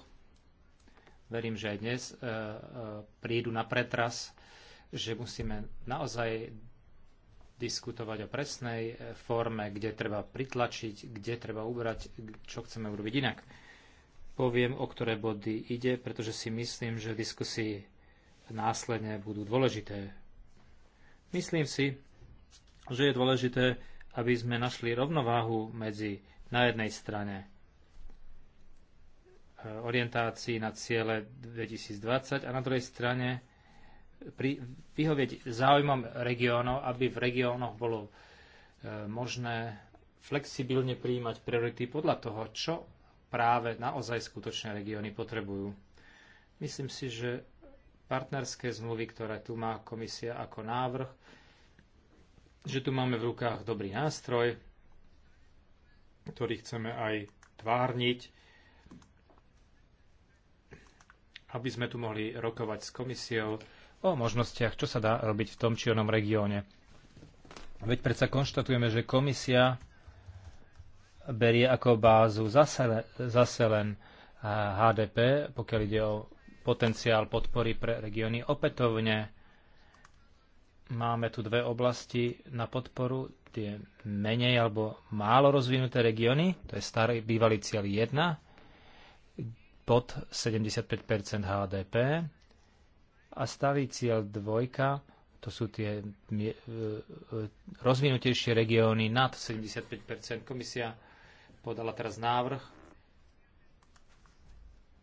verím, že aj dnes e, e, prídu na pretras, že musíme naozaj diskutovať o presnej e, forme, kde treba pritlačiť, kde treba ubrať, čo chceme urobiť inak. Poviem, o ktoré body ide, pretože si myslím, že diskusii následne budú dôležité. Myslím si, že je dôležité, aby sme našli rovnováhu medzi na jednej strane orientácii na ciele 2020 a na druhej strane pri, vyhovieť záujmom regiónov, aby v regiónoch bolo e, možné flexibilne prijímať priority podľa toho, čo práve naozaj skutočné regióny potrebujú. Myslím si, že partnerské zmluvy, ktoré tu má komisia ako návrh, že tu máme v rukách dobrý nástroj, ktorý chceme aj tvárniť aby sme tu mohli rokovať s komisiou o možnostiach, čo sa dá robiť v tom či onom regióne. Veď predsa konštatujeme, že komisia berie ako bázu zase, zase len HDP, pokiaľ ide o potenciál podpory pre regióny. Opätovne máme tu dve oblasti na podporu, tie menej alebo málo rozvinuté regióny, to je starý bývalý cieľ 1 pod 75 HDP a stavý cieľ dvojka, to sú tie e, e, rozvinutejšie regióny nad 75 Komisia podala teraz návrh,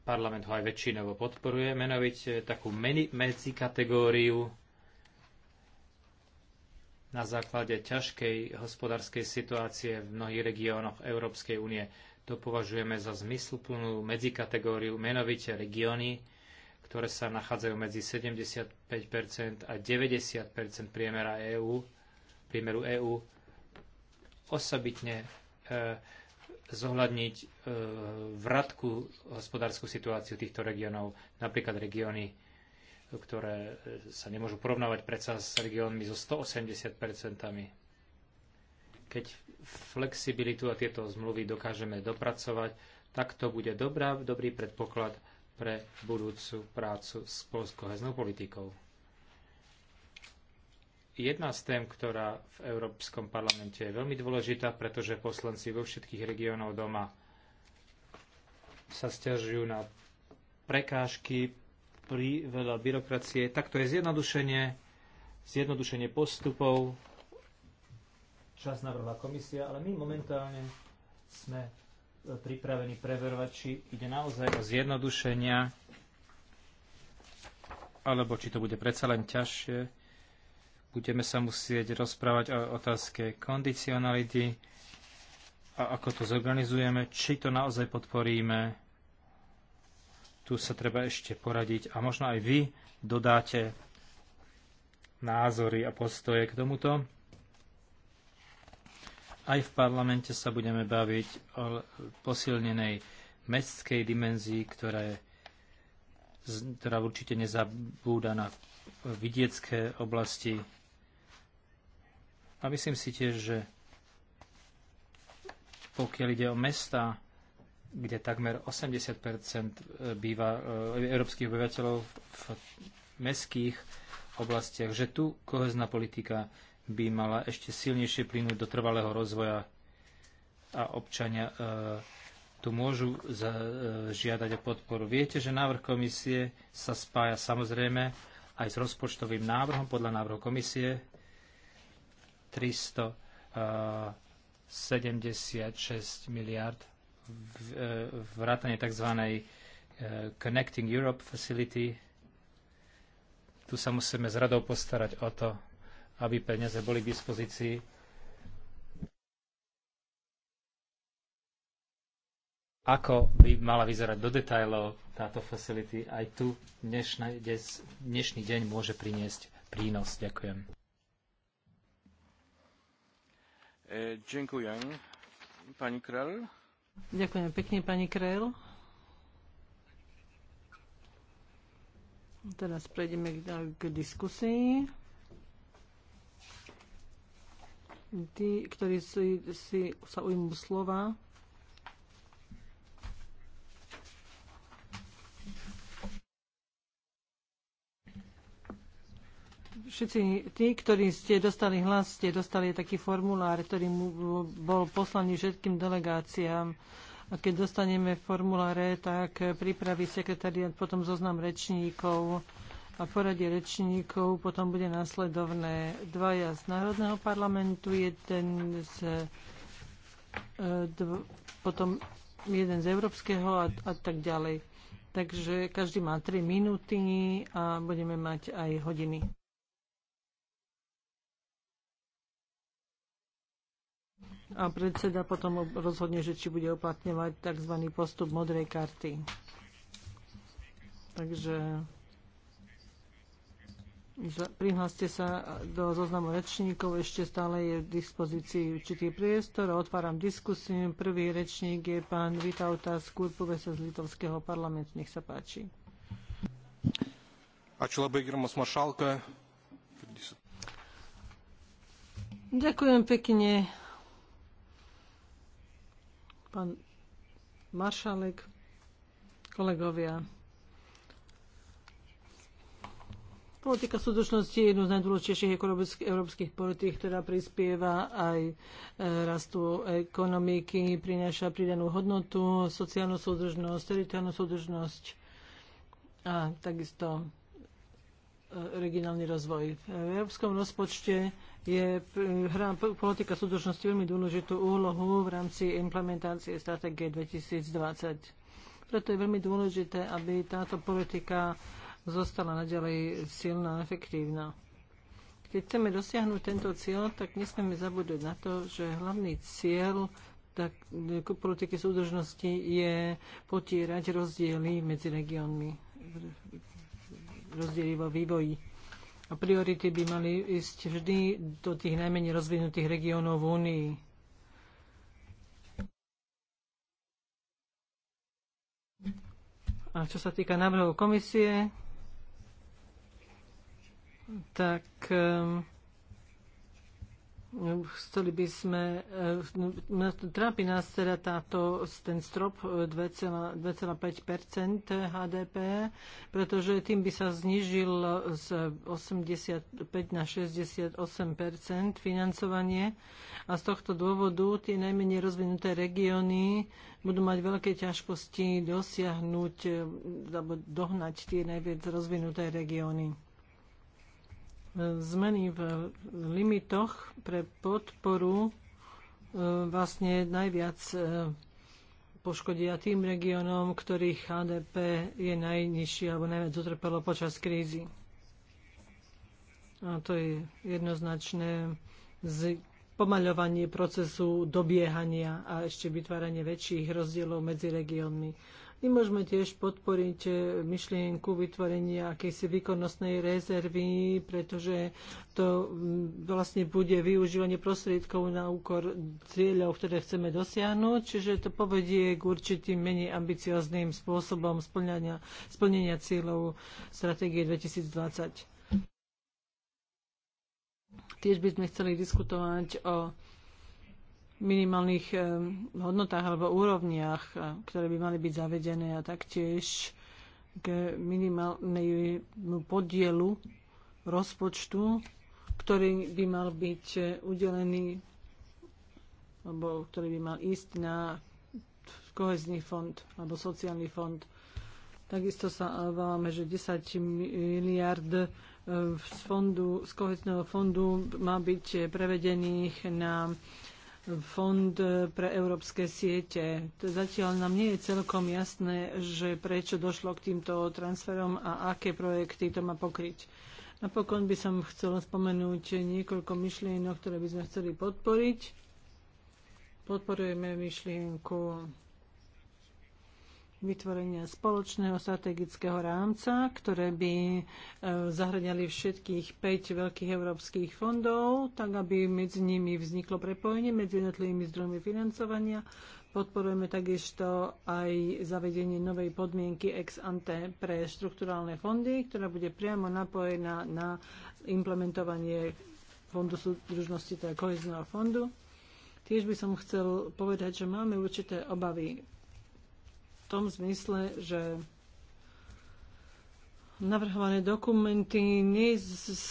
parlament ho aj väčšinovo podporuje, menovite takú medzikategóriu na základe ťažkej hospodárskej situácie v mnohých regiónoch Európskej únie to považujeme za zmysluplnú medzikategóriu, menovite regióny, ktoré sa nachádzajú medzi 75% a 90% priemera EÚ, priemeru EÚ, osobitne e, zohľadniť e, vratku hospodárskú situáciu týchto regiónov, napríklad regióny, ktoré e, sa nemôžu porovnávať predsa s regiónmi so 180%. Keď flexibilitu a tieto zmluvy dokážeme dopracovať, tak to bude dobrá, dobrý predpoklad pre budúcu prácu s heznou politikou. Jedna z tém, ktorá v Európskom parlamente je veľmi dôležitá, pretože poslanci vo všetkých regiónov doma sa stiažujú na prekážky, pri veľa byrokracie, tak to je zjednodušenie, zjednodušenie postupov, čas navrhla komisia, ale my momentálne sme e, pripravení preverovať, či ide naozaj o zjednodušenia, alebo či to bude predsa len ťažšie. Budeme sa musieť rozprávať o otázke kondicionality a ako to zorganizujeme, či to naozaj podporíme. Tu sa treba ešte poradiť a možno aj vy dodáte názory a postoje k tomuto. Aj v parlamente sa budeme baviť o posilnenej mestskej dimenzii, ktorá, je, ktorá určite nezabúda na vidiecké oblasti. A myslím si tiež, že pokiaľ ide o mesta, kde takmer 80 e, býva e, európskych obyvateľov v mestských oblastiach, že tu kohezná politika by mala ešte silnejšie plynúť do trvalého rozvoja a občania e, tu môžu za, e, žiadať o podporu. Viete, že návrh komisie sa spája samozrejme aj s rozpočtovým návrhom podľa návrhu komisie 376 e, miliard e, vrátane tzv. E, Connecting Europe Facility. Tu sa musíme s radou postarať o to, aby peniaze boli k dispozícii. Ako by mala vyzerať do detajlov táto facility, aj tu dnešný, dnešný deň môže priniesť prínos. Ďakujem. E, ďakujem. Pani Krell. Ďakujem pekne, pani Krell. Teraz prejdeme k, k diskusii. tí, ktorí si, si sa ujmú slova, všetci tí, ktorí ste dostali hlas, ste dostali taký formulár, ktorý mu bol poslaný všetkým delegáciám. A keď dostaneme formuláre, tak pripraví sekretariat potom zoznam rečníkov a poradie rečníkov potom bude následovné dvaja z Národného parlamentu, jeden z, e, dv, potom jeden z Európskeho a, a tak ďalej. Takže každý má 3 minúty a budeme mať aj hodiny. A predseda potom rozhodne, že či bude uplatňovať tzv. postup modrej karty. Takže Prihláste sa do zoznamu rečníkov, ešte stále je v dispozícii určitý priestor. Otváram diskusiu. Prvý rečník je pán Vitauta z Kurpovesa z Litovského parlamentu. Nech sa páči. Ačiū labai, gerbiamas maršalka. Ďakujem pekne, pán maršalek, kolegovia. Politika súdržnosti je jednou z najdôležitejších európskych politík, ktorá prispieva aj e, rastu ekonomiky, prináša pridanú hodnotu, sociálnu súdržnosť, teritoriálnu súdržnosť a takisto e, regionálny rozvoj. V európskom rozpočte je e, hra, politika súdržnosti veľmi dôležitú úlohu v rámci implementácie stratégie 2020. Preto je veľmi dôležité, aby táto politika zostala naďalej silná a efektívna. Keď chceme dosiahnuť tento cieľ, tak nesmieme zabúdať na to, že hlavný cieľ tak, eh, politiky súdržnosti je potierať rozdiely medzi regiónmi, rozdiely vo vývoji. A priority by mali ísť vždy do tých najmenej rozvinutých regiónov v Únii. A čo sa týka návrhov komisie, tak ehm, chceli by sme, ehm, trápi nás teda táto, ten strop 2,5 e, HDP, pretože tým by sa znižil z 85 na 68 financovanie a z tohto dôvodu tie najmenej rozvinuté regióny budú mať veľké ťažkosti dosiahnuť e, alebo dohnať tie najviac rozvinuté regióny zmeny v limitoch pre podporu e, vlastne najviac e, poškodia tým regiónom, ktorých HDP je najnižšie alebo najviac utrpelo počas krízy. A to je jednoznačné pomaľovanie procesu dobiehania a ešte vytváranie väčších rozdielov medzi regiónmi. My môžeme tiež podporiť eh, myšlienku vytvorenia akejsi výkonnostnej rezervy, pretože to mm, vlastne bude využívanie prostriedkov na úkor cieľov, ktoré chceme dosiahnuť, čiže to povedie k určitým menej ambiciozným spôsobom splňania, splnenia cieľov stratégie 2020. Tiež by sme chceli diskutovať o minimálnych eh, hodnotách alebo úrovniach, eh, ktoré by mali byť zavedené a taktiež k minimálnemu podielu rozpočtu, ktorý by mal byť eh, udelený alebo ktorý by mal ísť na kohezný fond alebo sociálny fond. Takisto sa obávame, že 10 miliard z, fondu, z kohezného fondu má byť prevedených na fond e, pre európske siete. Zatiaľ nám nie je celkom jasné, že prečo došlo k týmto transferom a aké projekty to má pokryť. Napokon by som chcela spomenúť niekoľko myšlienok, ktoré by sme chceli podporiť. Podporujeme myšlienku vytvorenia spoločného strategického rámca, ktoré by e, zahrňali všetkých 5 veľkých európskych fondov, tak aby medzi nimi vzniklo prepojenie medzi jednotlivými zdrojmi financovania. Podporujeme takisto aj zavedenie novej podmienky ex ante pre štrukturálne fondy, ktorá bude priamo napojená na implementovanie fondu súdružnosti, teda kohezného fondu. Tiež by som chcel povedať, že máme určité obavy v tom zmysle, že navrhované dokumenty nie z, z,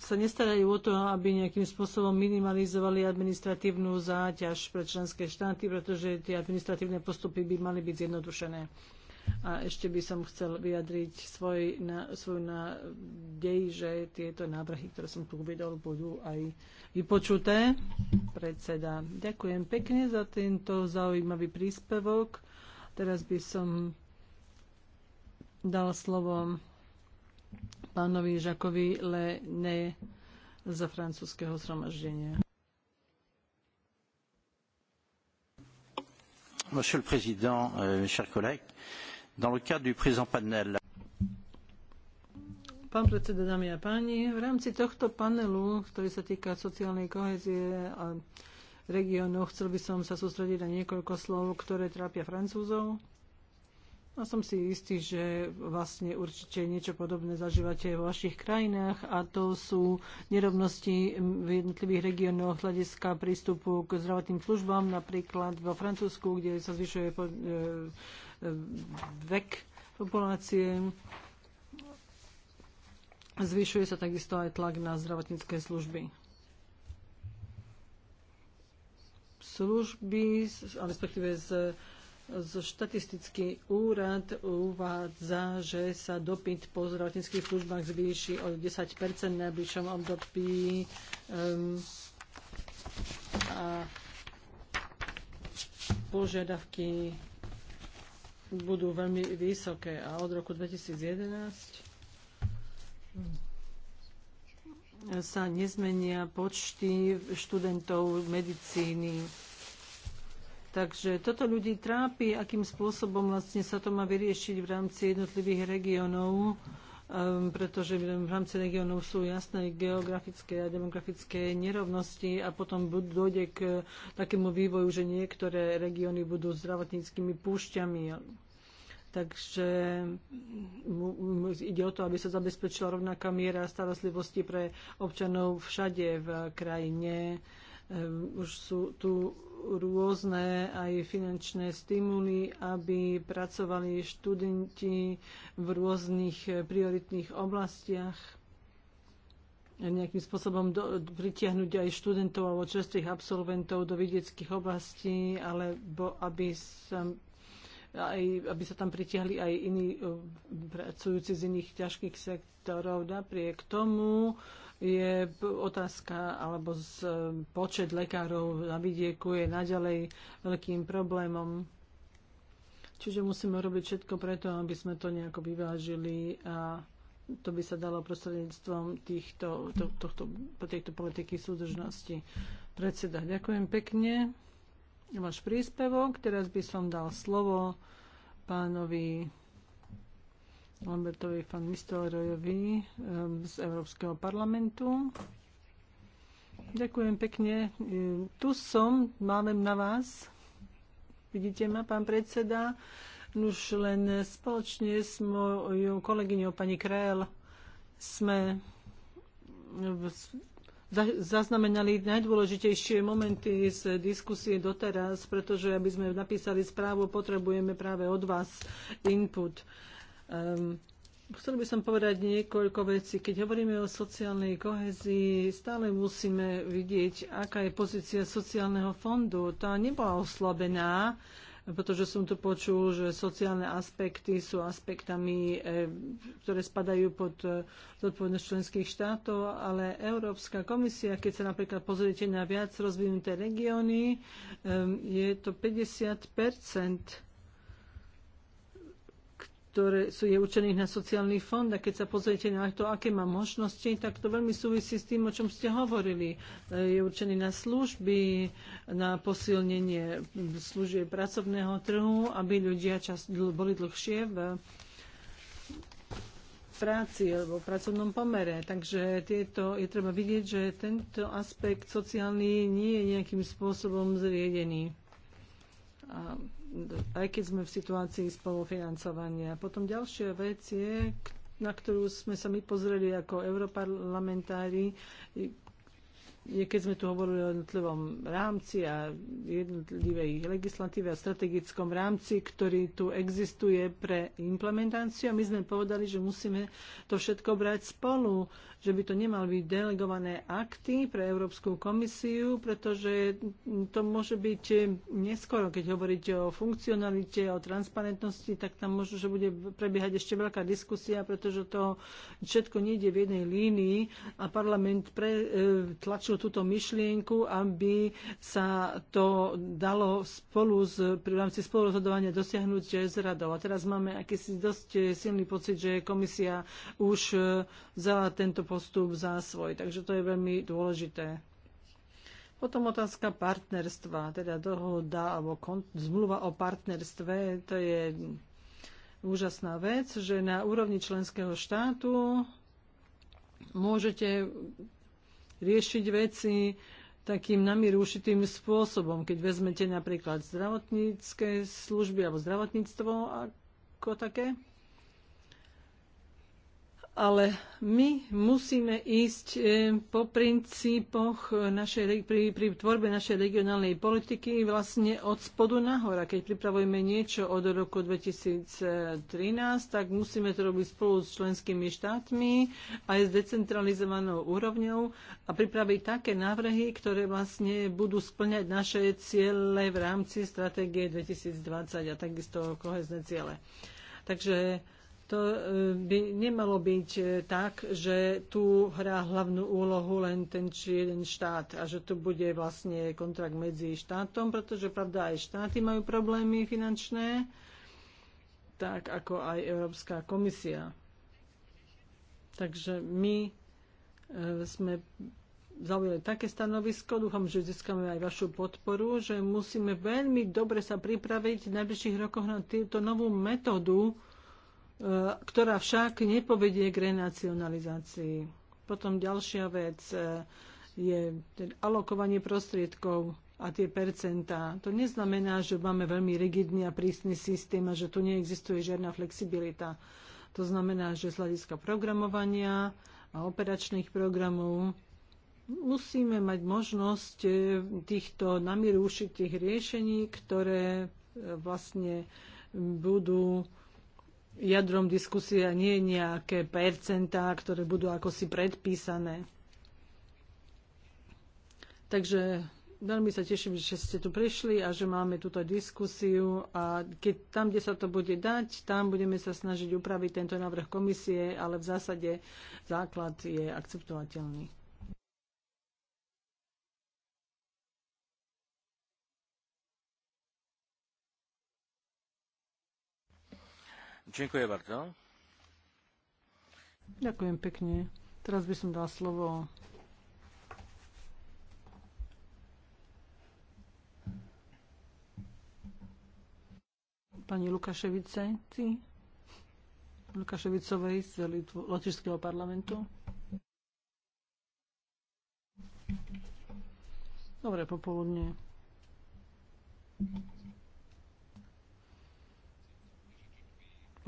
sa nestarajú o to, aby nejakým spôsobom minimalizovali administratívnu záťaž pre členské štáty, pretože tie administratívne postupy by mali byť zjednodušené. A ešte by som chcel vyjadriť svoj, na, svoju nádej, že tieto návrhy, ktoré som tu uvedol, budú aj vypočuté. Predseda, ďakujem pekne za tento zaujímavý príspevok. Teraz by som dal slovo pánovi Žakovi Le Ne za francúzského zhromaždenia. Monsieur le Président, euh, mes chers collègues, dans le cadre du présent panel. Pán predseda, dámy a páni, v rámci tohto panelu, ktorý sa týka sociálnej kohezie a regiónu. Chcel by som sa sústrediť na niekoľko slov, ktoré trápia Francúzov. A som si istý, že vlastne určite niečo podobné zažívate vo vašich krajinách a to sú nerovnosti v jednotlivých regiónoch hľadiska prístupu k zdravotným službám, napríklad vo Francúzsku, kde sa zvyšuje e, e, vek populácie. Zvyšuje sa takisto aj tlak na zdravotnícke služby. služby, respektíve z z štatistický úrad uvádza, že sa dopyt po zdravotníckých službách zvýši o 10 v najbližšom období. Um, a požiadavky budú veľmi vysoké a od roku 2011 sa nezmenia počty študentov medicíny. Takže toto ľudí trápi, akým spôsobom vlastne sa to má vyriešiť v rámci jednotlivých regiónov, um, pretože v rámci regiónov sú jasné geografické a demografické nerovnosti a potom dojde k takému vývoju, že niektoré regióny budú zdravotníckými púšťami Takže ide o to, aby sa zabezpečila rovnaká miera starostlivosti pre občanov všade v krajine. Ehm, už sú tu rôzne aj finančné stimuly, aby pracovali študenti v rôznych prioritných oblastiach nejakým spôsobom do, pritiahnuť aj študentov alebo čerstvých absolventov do vidieckých oblastí, alebo aby sa aj, aby sa tam pritiahli aj iní e, pracujúci z iných ťažkých sektorov. Napriek tomu je otázka alebo z, e, počet lekárov na vidieku je naďalej veľkým problémom. Čiže musíme robiť všetko preto, aby sme to nejako vyvážili a to by sa dalo prostredníctvom týchto, to, tohto, tejto politiky súdržnosti. Predseda, ďakujem pekne váš príspevok. Teraz by som dal slovo pánovi Lambertovi van Mistelrojovi ehm, z Európskeho parlamentu. Ďakujem pekne. Ehm, tu som, máme na vás. Vidíte ma, pán predseda. Už len spoločne s mojou kolegyňou pani Krell sme zaznamenali najdôležitejšie momenty z diskusie doteraz, pretože aby sme napísali správu, potrebujeme práve od vás input. Um, Chcel by som povedať niekoľko vecí. Keď hovoríme o sociálnej kohezii, stále musíme vidieť, aká je pozícia sociálneho fondu. Tá nebola oslabená pretože som tu počul, že sociálne aspekty sú aspektami, e, ktoré spadajú pod e, zodpovednosť členských štátov, ale Európska komisia, keď sa napríklad pozriete na viac rozvinuté regióny, e, je to 50 ktoré sú je určených na sociálny fond. A keď sa pozriete na to, aké má možnosti, tak to veľmi súvisí s tým, o čom ste hovorili. E, je určený na služby, na posilnenie služie pracovného trhu, aby ľudia čas, boli dlhšie v práci alebo v pracovnom pomere. Takže tieto, je treba vidieť, že tento aspekt sociálny nie je nejakým spôsobom zriedený. A aj keď sme v situácii spolufinancovania. Potom ďalšia vec je, na ktorú sme sa my pozreli ako europarlamentári, je keď sme tu hovorili o jednotlivom rámci a jednotlivej legislatíve a strategickom rámci, ktorý tu existuje pre implementáciu. A my sme povedali, že musíme to všetko brať spolu že by to nemal byť delegované akty pre Európsku komisiu, pretože to môže byť neskoro, keď hovoríte o funkcionalite, o transparentnosti, tak tam možno, že bude prebiehať ešte veľká diskusia, pretože to všetko nejde v jednej línii a parlament pre, tlačil túto myšlienku, aby sa to dalo spolu s, v rámci spolurozhodovania dosiahnuť s radou. A teraz máme akýsi dosť silný pocit, že komisia už vzala tento postup za svoj. Takže to je veľmi dôležité. Potom otázka partnerstva, teda dohoda alebo zmluva o partnerstve. To je úžasná vec, že na úrovni členského štátu môžete riešiť veci takým namieru spôsobom. Keď vezmete napríklad zdravotnícke služby alebo zdravotníctvo ako také, ale my musíme ísť eh, po princípoch našej, pri, pri tvorbe našej regionálnej politiky vlastne od spodu nahora. keď pripravujeme niečo od roku 2013, tak musíme to robiť spolu s členskými štátmi aj s decentralizovanou úrovňou a pripraviť také návrhy, ktoré vlastne budú splňať naše ciele v rámci stratégie 2020 a takisto kohezné ciele. Takže to eh, by nemalo byť eh, tak, že tu hrá hlavnú úlohu len ten či jeden štát a že tu bude vlastne kontrakt medzi štátom, pretože pravda aj štáty majú problémy finančné, tak ako aj Európska komisia. Takže my eh, sme zaujali také stanovisko, dúfam, že získame aj vašu podporu, že musíme veľmi dobre sa pripraviť v najbližších rokoch na túto novú metódu ktorá však nepovedie k renacionalizácii. Potom ďalšia vec e, je alokovanie prostriedkov a tie percentá. To neznamená, že máme veľmi rigidný a prísny systém a že tu neexistuje žiadna flexibilita. To znamená, že z hľadiska programovania a operačných programov musíme mať možnosť e, týchto namirúšiť tých riešení, ktoré e, vlastne budú jadrom diskusia nie nejaké percentá, ktoré budú ako si predpísané. Takže veľmi sa teším, že ste tu prišli a že máme túto diskusiu a keď tam, kde sa to bude dať, tam budeme sa snažiť upraviť tento návrh komisie, ale v zásade základ je akceptovateľný. Ďakujem pekne. Teraz by som dal slovo pani Lukaševice, Lukaševicovej z Litvo, Lotišského parlamentu. Dobre, popoludne.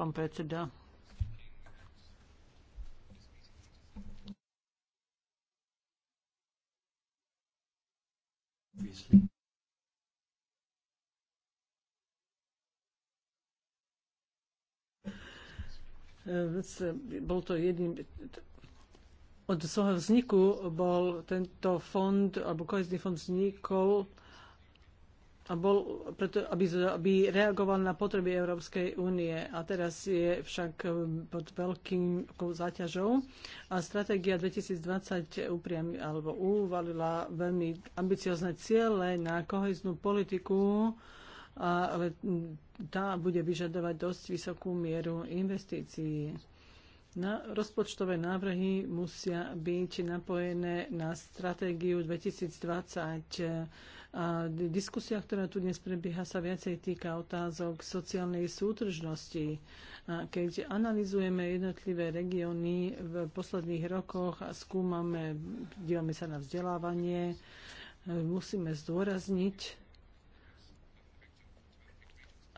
pán predseda. bol to jedný, od svojho vzniku bol tento fond, alebo kohezný fond vznikol a bol, preto, aby, aby reagoval na potreby Európskej únie. A teraz je však um, pod veľkým záťažou a stratégia 2020 upriam, alebo uvalila veľmi ambiciozne ciele na koheznú politiku, a, ale tá bude vyžadovať dosť vysokú mieru investícií. Na rozpočtové návrhy musia byť napojené na stratégiu 2020 a diskusia, ktorá tu dnes prebieha, sa viacej týka otázok sociálnej sútržnosti. A keď analizujeme jednotlivé regióny v posledných rokoch a skúmame, dívame sa na vzdelávanie, e, musíme zdôrazniť,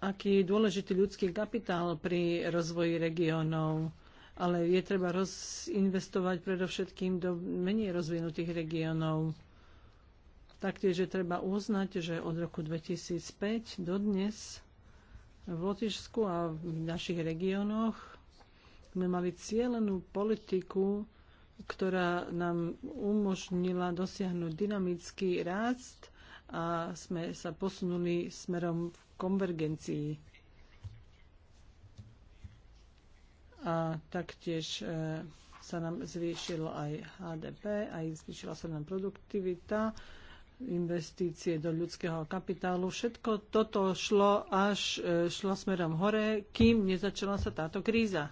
aký je dôležitý ľudský kapitál pri rozvoji regiónov, ale je treba rozinvestovať predovšetkým do menej rozvinutých regiónov. Taktiež je treba uznať, že od roku 2005 do dnes v Lotyšsku a v našich regiónoch sme mali cieľenú politiku, ktorá nám umožnila dosiahnuť dynamický rást a sme sa posunuli smerom v konvergencii. A taktiež e, sa nám zvýšilo aj HDP, aj zvýšila sa nám produktivita investície do ľudského kapitálu. Všetko toto šlo až e, šlo smerom hore, kým nezačala sa táto kríza.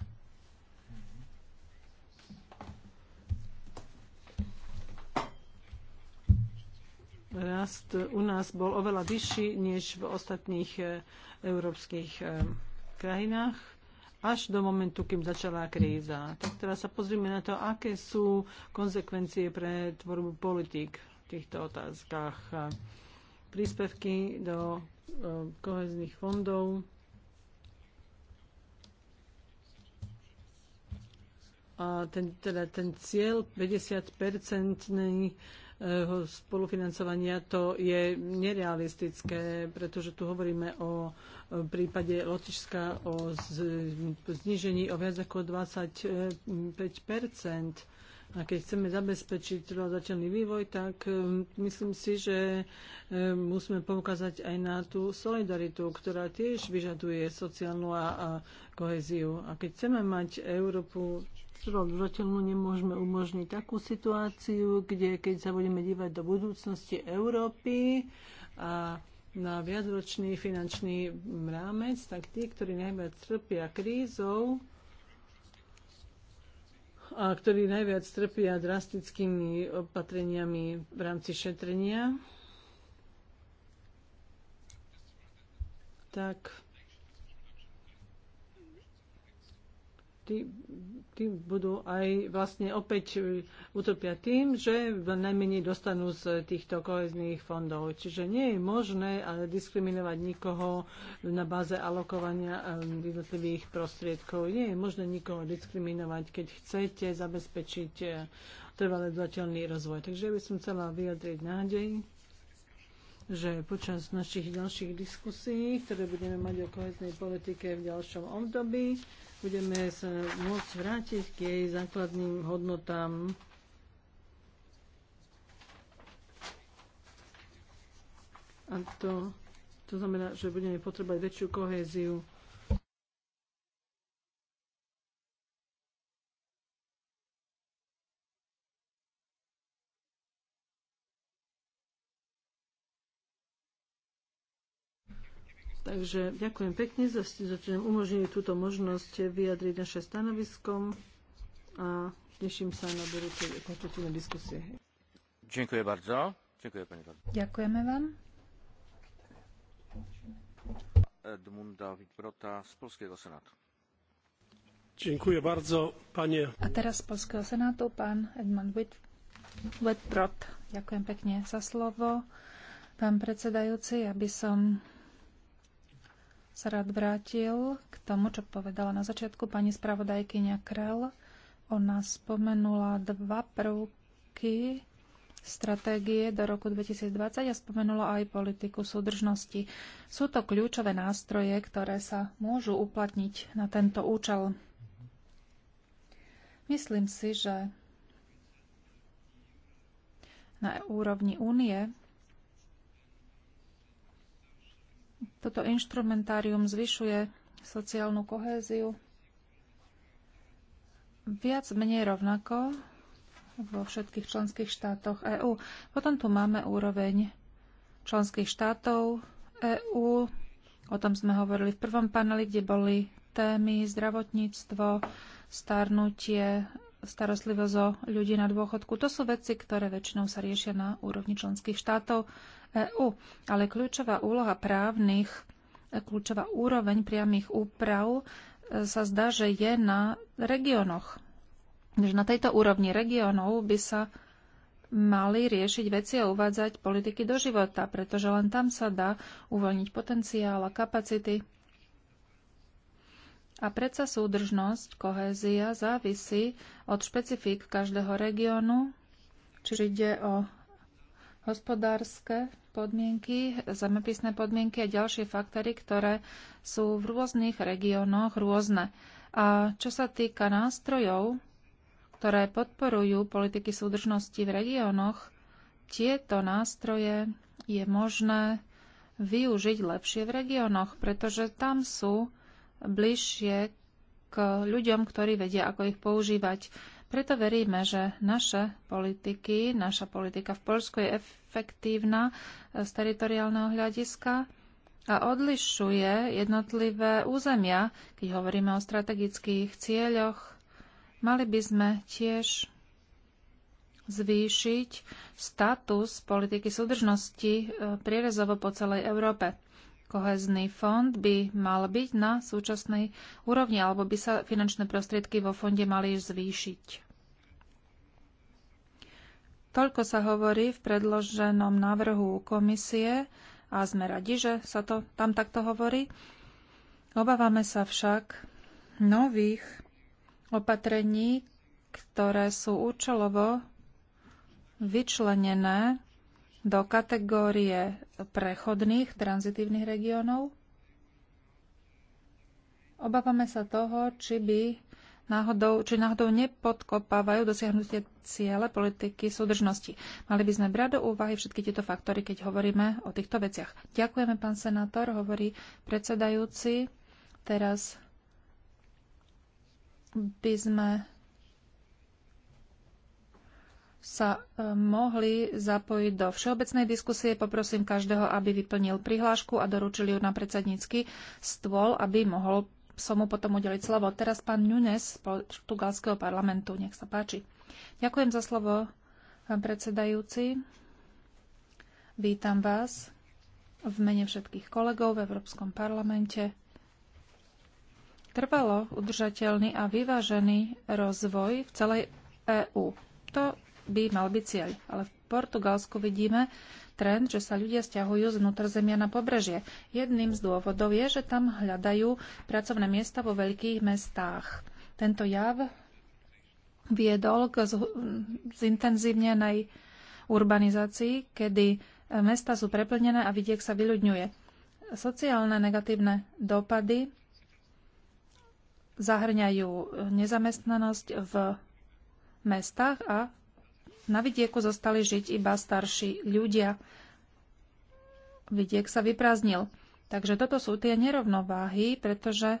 Rast u nás bol oveľa vyšší než v ostatných e, európskych e, krajinách až do momentu, kým začala kríza. Tak teraz sa pozrime na to, aké sú konsekvencie pre tvorbu politik týchto otázkach. Príspevky do eh, kohezných fondov a ten, teda ten cieľ 50 percentného eh, spolufinancovania to je nerealistické, pretože tu hovoríme o prípade Lotyšska o znížení o viac ako 25 a keď chceme zabezpečiť trvazateľný vývoj, tak um, myslím si, že um, musíme poukázať aj na tú solidaritu, ktorá tiež vyžaduje sociálnu a, a koheziu. A keď chceme mať Európu trvazateľnú, nemôžeme umožniť takú situáciu, kde keď sa budeme dívať do budúcnosti Európy a na viacročný finančný rámec, tak tí, ktorí najviac trpia krízou, a ktorí najviac trpia drastickými opatreniami v rámci šetrenia, tak tí, tí budú aj vlastne opäť e, utopia tým, že najmenej dostanú z týchto kohezných fondov. Čiže nie je možné diskriminovať nikoho na báze alokovania e, jednotlivých prostriedkov. Nie je možné nikoho diskriminovať, keď chcete zabezpečiť e, trvalý rozvoj. Takže ja by som chcela vyjadriť nádej, že počas našich ďalších diskusí, ktoré budeme mať o kohetnej politike v ďalšom období, budeme sa môcť vrátiť k jej základným hodnotám. A to, to znamená, že budeme potrebať väčšiu kohéziu Takže ďakujem pekne, za, ste čo nám umožnili túto možnosť vyjadriť naše stanoviskom a teším sa na budúce konštruktívne diskusie. Ďakujem bardzo. Ďakujem, pani bardzo. Ďakujeme vám. Edmunda Wibrota z Polského Senátu. Dziękuję bardzo, panie. A teraz z Polskiego Senátu pán Edmund Whitbrot. Ďakujem pekne za slovo. Pán predsedajúci, aby som sa rád vrátil k tomu, čo povedala na začiatku pani spravodajkyňa Krell. Ona spomenula dva prvky stratégie do roku 2020 a spomenula aj politiku súdržnosti. Sú to kľúčové nástroje, ktoré sa môžu uplatniť na tento účel. Myslím si, že na úrovni únie Toto inštrumentárium zvyšuje sociálnu kohéziu viac menej rovnako vo všetkých členských štátoch EÚ. Potom tu máme úroveň členských štátov EÚ. O tom sme hovorili v prvom paneli, kde boli témy zdravotníctvo, starnutie, starostlivosť o ľudí na dôchodku. To sú veci, ktoré väčšinou sa riešia na úrovni členských štátov EÚ. Ale kľúčová úloha právnych, e, kľúčová úroveň priamých úprav e, sa zdá, že je na regiónoch. Na tejto úrovni regiónov by sa mali riešiť veci a uvádzať politiky do života, pretože len tam sa dá uvoľniť potenciál a kapacity. A predsa súdržnosť, kohézia závisí od špecifík každého regiónu, čiže ide o hospodárske podmienky, zemepisné podmienky a ďalšie faktory, ktoré sú v rôznych regiónoch rôzne. A čo sa týka nástrojov, ktoré podporujú politiky súdržnosti v regiónoch, tieto nástroje je možné využiť lepšie v regiónoch, pretože tam sú bližšie k ľuďom, ktorí vedia, ako ich používať. Preto veríme, že naše politiky, naša politika v Polsku je efektívna e, z teritoriálneho hľadiska a odlišuje jednotlivé územia, keď hovoríme o strategických cieľoch. Mali by sme tiež zvýšiť status politiky súdržnosti e, prierezovo po celej Európe kohezný fond by mal byť na súčasnej úrovni, alebo by sa finančné prostriedky vo fonde mali zvýšiť. Toľko sa hovorí v predloženom návrhu komisie a sme radi, že sa to tam takto hovorí. Obávame sa však nových opatrení, ktoré sú účelovo vyčlenené do kategórie prechodných tranzitívnych regiónov? Obávame sa toho, či by náhodou, či náhodou nepodkopávajú dosiahnutie ciele politiky súdržnosti. Mali by sme brať do úvahy všetky tieto faktory, keď hovoríme o týchto veciach. Ďakujeme, pán senátor, hovorí predsedajúci. Teraz by sme sa e, mohli zapojiť do všeobecnej diskusie. Poprosím každého, aby vyplnil prihlášku a doručil ju na predsednícky stôl, aby mohol som mu potom udeliť slovo. Teraz pán Nunes z portugalského parlamentu. Nech sa páči. Ďakujem za slovo, pán predsedajúci. Vítam vás v mene všetkých kolegov v Európskom parlamente. Trvalo udržateľný a vyvážený rozvoj v celej EÚ. To by mal byť cieľ. Ale v Portugalsku vidíme trend, že sa ľudia stiahujú z vnútrzemia na pobrežie. Jedným z dôvodov je, že tam hľadajú pracovné miesta vo veľkých mestách. Tento jav viedol k zintenzívnenej urbanizácii, kedy mesta sú preplnené a vidiek sa vyľudňuje. Sociálne negatívne dopady zahrňajú nezamestnanosť v mestách a na vidieku zostali žiť iba starší ľudia. Vidiek sa vyprázdnil. Takže toto sú tie nerovnováhy, pretože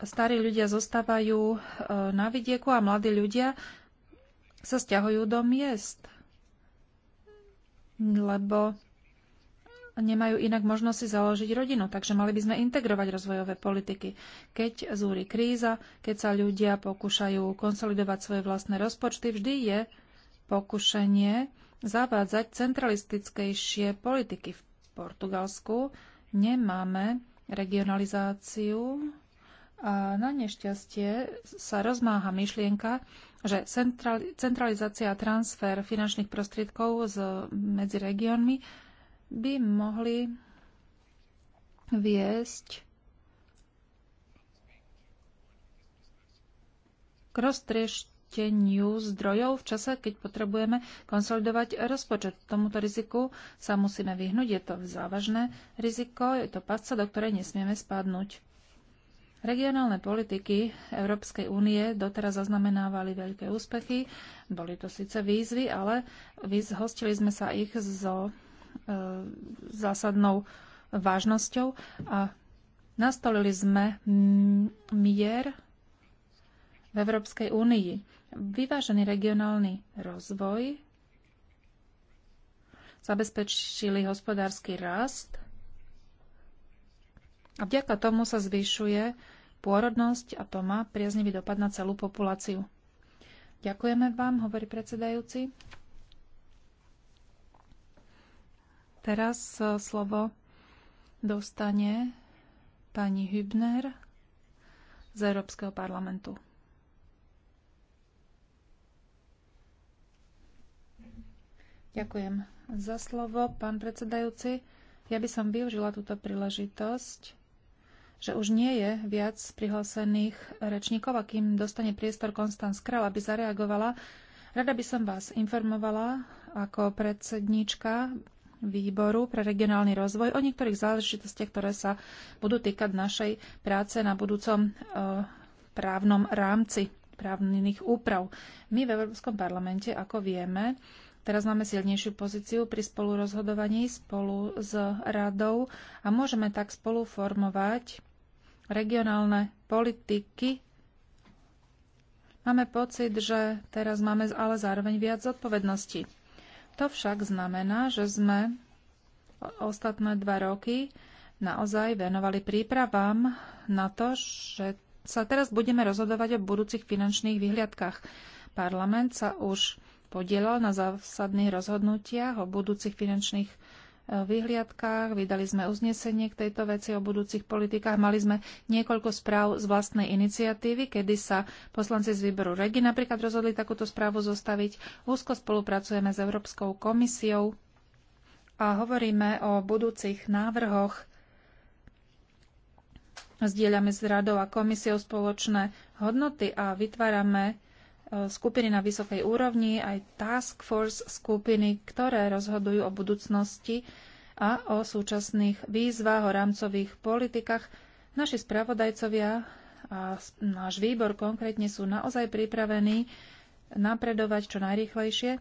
starí ľudia zostávajú e, na vidieku a mladí ľudia sa stiahujú do miest, lebo nemajú inak možnosť si založiť rodinu, takže mali by sme integrovať rozvojové politiky. Keď zúri kríza, keď sa ľudia pokúšajú konsolidovať svoje vlastné rozpočty, vždy je pokušenie zavádzať centralistickejšie politiky. V Portugalsku nemáme regionalizáciu a na nešťastie sa rozmáha myšlienka, že centralizácia a transfer finančných prostriedkov medzi regiónmi by mohli viesť k roztriešteniu zdrojov v čase, keď potrebujeme konsolidovať rozpočet. Tomuto riziku sa musíme vyhnúť. Je to závažné riziko, je to pasca, do ktorej nesmieme spadnúť. Regionálne politiky Európskej únie doteraz zaznamenávali veľké úspechy. Boli to síce výzvy, ale zhostili sme sa ich zo E, zásadnou vážnosťou a nastolili sme mier v Európskej únii. Vyvážený regionálny rozvoj zabezpečili hospodársky rast a vďaka tomu sa zvyšuje pôrodnosť a to má priaznivý dopad na celú populáciu. Ďakujeme vám, hovorí predsedajúci. Teraz e, slovo dostane pani Hübner z Európskeho parlamentu. Ďakujem za slovo, pán predsedajúci. Ja by som využila túto príležitosť, že už nie je viac prihlásených rečníkov akým dostane priestor Konstanz Král, aby zareagovala, rada by som vás informovala ako predsedníčka výboru pre regionálny rozvoj o niektorých záležitostiach, ktoré sa budú týkať našej práce na budúcom e, právnom rámci právnych úprav. My v Európskom parlamente, ako vieme, teraz máme silnejšiu pozíciu pri spolurozhodovaní spolu s radou a môžeme tak spolu formovať regionálne politiky. Máme pocit, že teraz máme ale zároveň viac zodpovedností. To však znamená, že sme ostatné dva roky naozaj venovali prípravám na to, že sa teraz budeme rozhodovať o budúcich finančných vyhliadkách. Parlament sa už podielal na zásadných rozhodnutiach o budúcich finančných vyhliadkách, vydali sme uznesenie k tejto veci o budúcich politikách, mali sme niekoľko správ z vlastnej iniciatívy, kedy sa poslanci z výboru REGI napríklad rozhodli takúto správu zostaviť. Úzko spolupracujeme s Európskou komisiou a hovoríme o budúcich návrhoch. Zdieľame s radou a komisiou spoločné hodnoty a vytvárame skupiny na vysokej úrovni, aj task force skupiny, ktoré rozhodujú o budúcnosti a o súčasných výzvach o rámcových politikách. Naši spravodajcovia a náš výbor konkrétne sú naozaj pripravení napredovať čo najrýchlejšie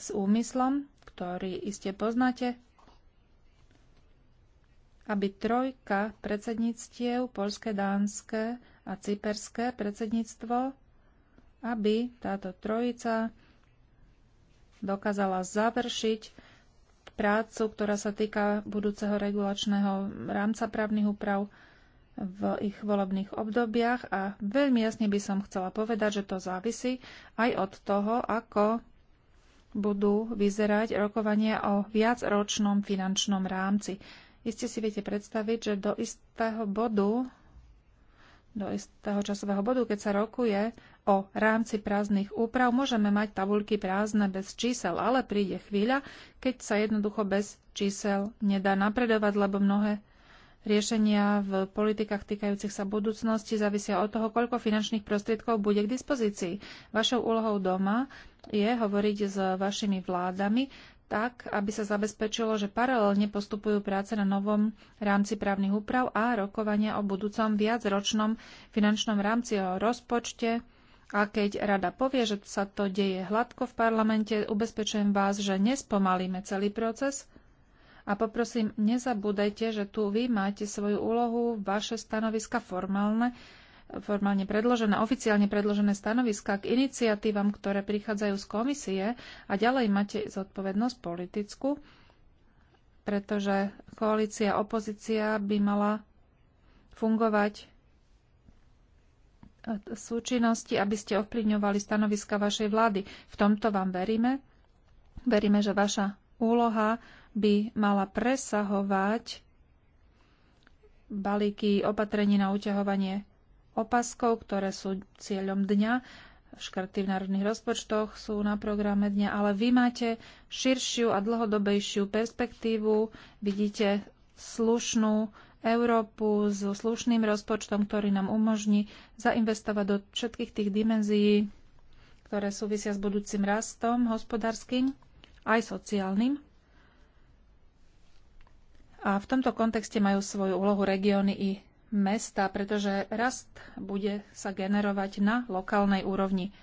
s úmyslom, ktorý iste poznáte, aby trojka predsedníctiev, polské, dánske a cyperské predsedníctvo aby táto trojica dokázala završiť prácu, ktorá sa týka budúceho regulačného rámca právnych úprav v ich volebných obdobiach a veľmi jasne by som chcela povedať, že to závisí aj od toho, ako budú vyzerať rokovania o viacročnom finančnom rámci. Iste si viete predstaviť, že do istého bodu do istého časového bodu, keď sa rokuje o rámci prázdnych úprav, môžeme mať tabulky prázdne bez čísel, ale príde chvíľa, keď sa jednoducho bez čísel nedá napredovať, lebo mnohé riešenia v politikách týkajúcich sa budúcnosti závisia od toho, koľko finančných prostriedkov bude k dispozícii. Vašou úlohou doma je hovoriť s vašimi vládami tak, aby sa zabezpečilo, že paralelne postupujú práce na novom rámci právnych úprav a rokovania o budúcom viacročnom finančnom rámci o rozpočte. A keď rada povie, že sa to deje hladko v parlamente, ubezpečujem vás, že nespomalíme celý proces. A poprosím, nezabúdajte, že tu vy máte svoju úlohu, vaše stanoviska formálne formálne predložené, oficiálne predložené stanoviska k iniciatívam, ktoré prichádzajú z komisie a ďalej máte zodpovednosť politickú, pretože koalícia, opozícia by mala fungovať súčinnosti, aby ste ovplyvňovali stanoviska vašej vlády. V tomto vám veríme. Veríme, že vaša úloha by mala presahovať balíky opatrení na uťahovanie opaskov, ktoré sú cieľom dňa. Škrty v národných rozpočtoch sú na programe dňa, ale vy máte širšiu a dlhodobejšiu perspektívu. Vidíte slušnú Európu so slušným rozpočtom, ktorý nám umožní zainvestovať do všetkých tých dimenzií, ktoré súvisia s budúcim rastom hospodárskym aj sociálnym. A v tomto kontexte majú svoju úlohu regióny i mesta, pretože rast bude sa generovať na lokálnej úrovni.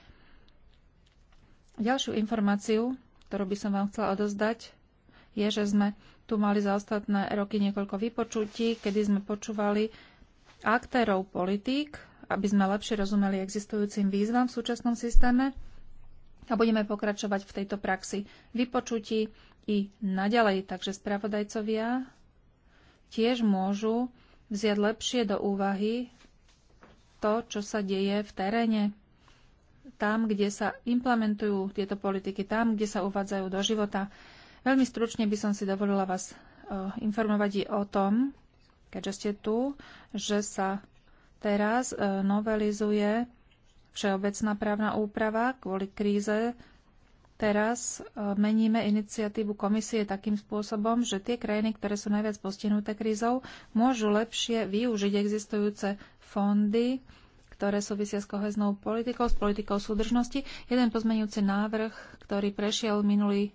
Ďalšiu informáciu, ktorú by som vám chcela odozdať, je, že sme tu mali za ostatné roky niekoľko vypočutí, kedy sme počúvali aktérov politík, aby sme lepšie rozumeli existujúcim výzvam v súčasnom systéme a budeme pokračovať v tejto praxi vypočutí i naďalej. Takže spravodajcovia tiež môžu vziať lepšie do úvahy to, čo sa deje v teréne, tam, kde sa implementujú tieto politiky, tam, kde sa uvádzajú do života. Veľmi stručne by som si dovolila vás e, informovať o tom, keďže ste tu, že sa teraz e, novelizuje všeobecná právna úprava kvôli kríze Teraz e, meníme iniciatívu komisie takým spôsobom, že tie krajiny, ktoré sú najviac postihnuté krízou, môžu lepšie využiť existujúce fondy, ktoré súvisia s koheznou politikou, s politikou súdržnosti. Jeden pozmenujúci návrh, ktorý prešiel minulý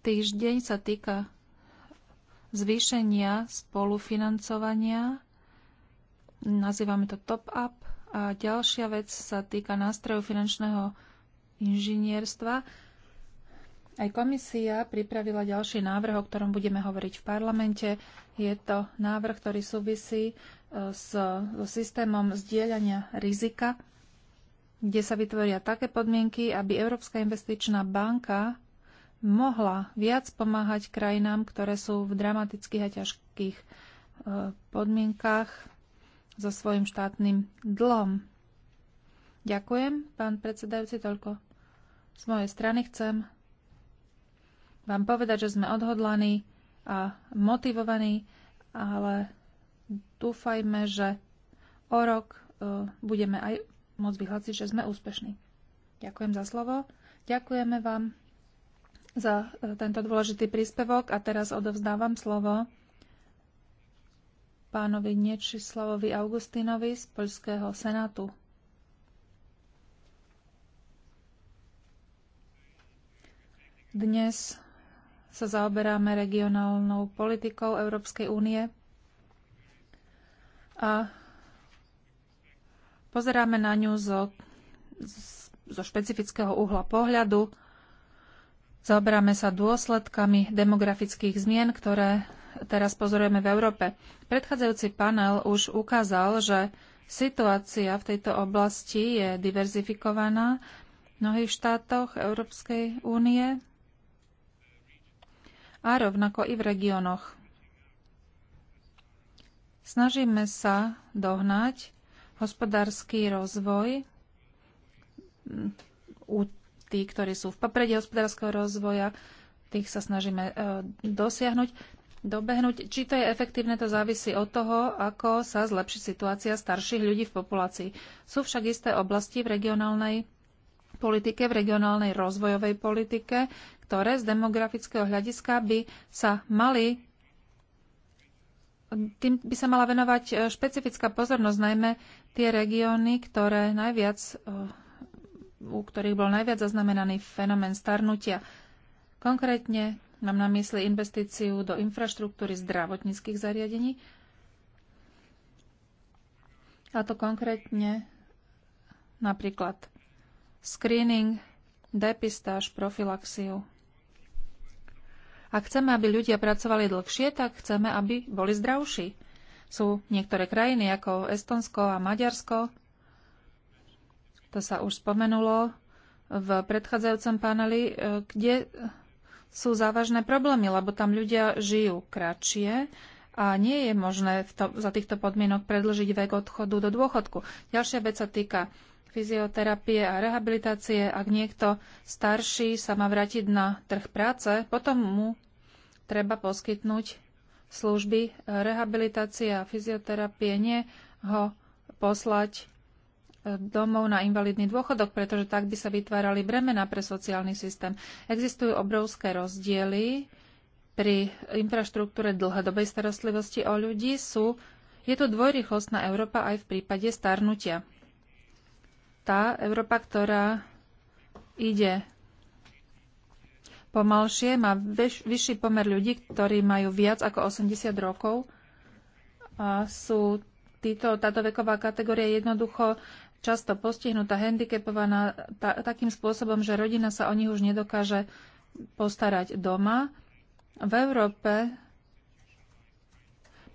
týždeň, sa týka zvýšenia spolufinancovania. Nazývame to top-up. A ďalšia vec sa týka nástrojov finančného inžinierstva. Aj komisia pripravila ďalší návrh, o ktorom budeme hovoriť v parlamente. Je to návrh, ktorý súvisí e, s, so systémom zdieľania rizika, kde sa vytvoria také podmienky, aby Európska investičná banka mohla viac pomáhať krajinám, ktoré sú v dramatických a ťažkých e, podmienkách so svojim štátnym dlhom. Ďakujem, pán predsedajúci, toľko z mojej strany chcem vám povedať, že sme odhodlaní a motivovaní, ale dúfajme, že o rok e, budeme aj môcť vyhlásiť, že sme úspešní. Ďakujem za slovo. Ďakujeme vám za e, tento dôležitý príspevok a teraz odovzdávam slovo pánovi Niečislavovi Augustinovi z Poľského senátu. Dnes sa zaoberáme regionálnou politikou Európskej únie a pozeráme na ňu zo, zo špecifického uhla pohľadu. Zaoberáme sa dôsledkami demografických zmien, ktoré teraz pozorujeme v Európe. Predchádzajúci panel už ukázal, že situácia v tejto oblasti je diverzifikovaná v mnohých štátoch Európskej únie a rovnako i v regiónoch. Snažíme sa dohnať hospodársky rozvoj u tých, ktorí sú v popredí hospodárskeho rozvoja, tých sa snažíme e, dosiahnuť, dobehnúť. Či to je efektívne, to závisí od toho, ako sa zlepší situácia starších ľudí v populácii. Sú však isté oblasti v regionálnej politike, v regionálnej rozvojovej politike, ktoré z demografického hľadiska by sa mali tým by sa mala venovať e, špecifická pozornosť, najmä tie regióny, ktoré najviac, e, u ktorých bol najviac zaznamenaný fenomén starnutia. Konkrétne mám na mysli investíciu do infraštruktúry zdravotníckých zariadení, a to konkrétne napríklad screening, depistáž, profilaxiu. Ak chceme, aby ľudia pracovali dlhšie, tak chceme, aby boli zdravší. Sú niektoré krajiny ako Estonsko a Maďarsko, to sa už spomenulo v predchádzajúcom paneli, e, kde sú závažné problémy, lebo tam ľudia žijú kratšie a nie je možné v to, za týchto podmienok predlžiť vek odchodu do dôchodku. Ďalšia vec sa týka fyzioterapie a rehabilitácie, ak niekto starší sa má vrátiť na trh práce, potom mu treba poskytnúť služby rehabilitácie a fyzioterapie, nie ho poslať e, domov na invalidný dôchodok, pretože tak by sa vytvárali bremena pre sociálny systém. Existujú obrovské rozdiely pri infraštruktúre dlhodobej starostlivosti o ľudí. Sú, je tu dvojrychlostná Európa aj v prípade starnutia tá Európa, ktorá ide pomalšie, má vyš, vyšší pomer ľudí, ktorí majú viac ako 80 rokov a sú títo, táto veková kategória jednoducho často postihnutá, handicapovaná ta, takým spôsobom, že rodina sa o nich už nedokáže postarať doma. V Európe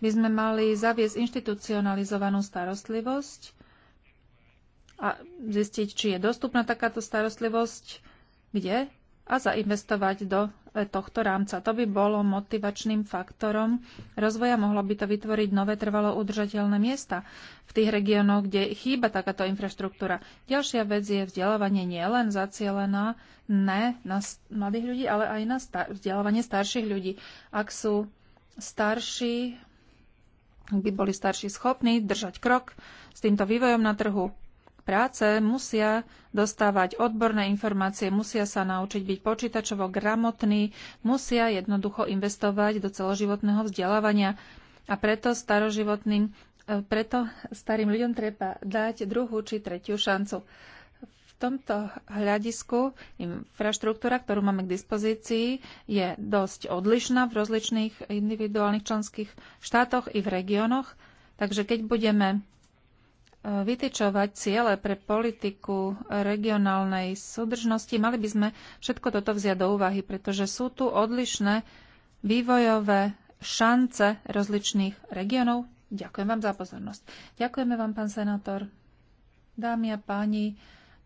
by sme mali zaviesť inštitucionalizovanú starostlivosť, a zistiť, či je dostupná takáto starostlivosť, kde a zainvestovať do e, tohto rámca. To by bolo motivačným faktorom rozvoja. Mohlo by to vytvoriť nové trvalo udržateľné miesta v tých regiónoch, kde chýba takáto infraštruktúra. Ďalšia vec je vzdelávanie nielen zacielená ne na mladých ľudí, ale aj na star- vzdelávanie starších ľudí. Ak sú starší, ak by boli starší schopní držať krok s týmto vývojom na trhu práce musia dostávať odborné informácie, musia sa naučiť byť počítačovo gramotní, musia jednoducho investovať do celoživotného vzdelávania. A preto staroživotným, e, preto starým ľuďom treba dať druhú či tretiu šancu. V tomto hľadisku infraštruktúra, ktorú máme k dispozícii, je dosť odlišná v rozličných individuálnych členských štátoch i v regiónoch. Takže keď budeme vytyčovať ciele pre politiku regionálnej súdržnosti, mali by sme všetko toto vziať do úvahy, pretože sú tu odlišné vývojové šance rozličných regionov. Ďakujem vám za pozornosť. Ďakujeme vám, pán senátor. Dámy a páni,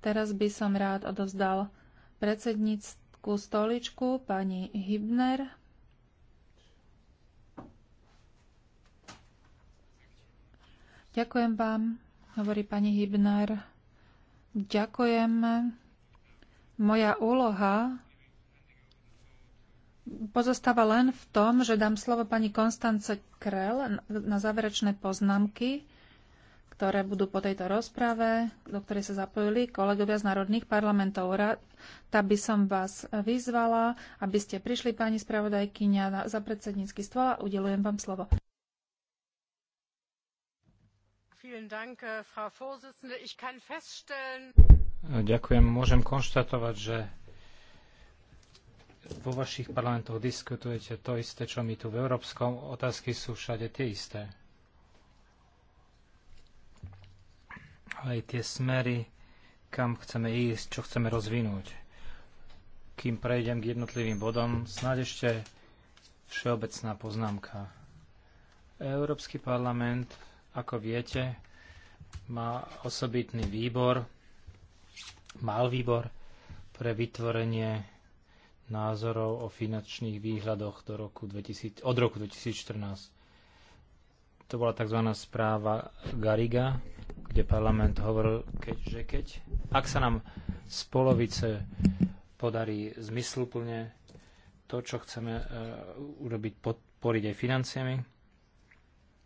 teraz by som rád odovzdal predsednícku stoličku pani Hibner. Ďakujem vám hovorí pani Hybner. Ďakujem. Moja úloha pozostáva len v tom, že dám slovo pani Konstance Krell na záverečné poznámky, ktoré budú po tejto rozprave, do ktorej sa zapojili kolegovia z národných parlamentov. Tá by som vás vyzvala, aby ste prišli, pani spravodajkyňa, za predsednícky stôl a udelujem vám slovo. Äh, ďakujem. Môžem konštatovať, že vo vašich parlamentoch diskutujete to isté, čo my tu v Európskom. Otázky sú všade tie isté. Aj tie smery, kam chceme ísť, čo chceme rozvinúť. Kým prejdem k jednotlivým bodom, snáď ešte všeobecná poznámka. Európsky parlament ako viete, má osobitný výbor, mal výbor pre vytvorenie názorov o finančných výhľadoch do roku 2000, od roku 2014. To bola tzv. správa Gariga, kde parlament hovoril, keď, že keď, ak sa nám z polovice podarí zmysluplne to, čo chceme e, urobiť, podporiť aj financiami,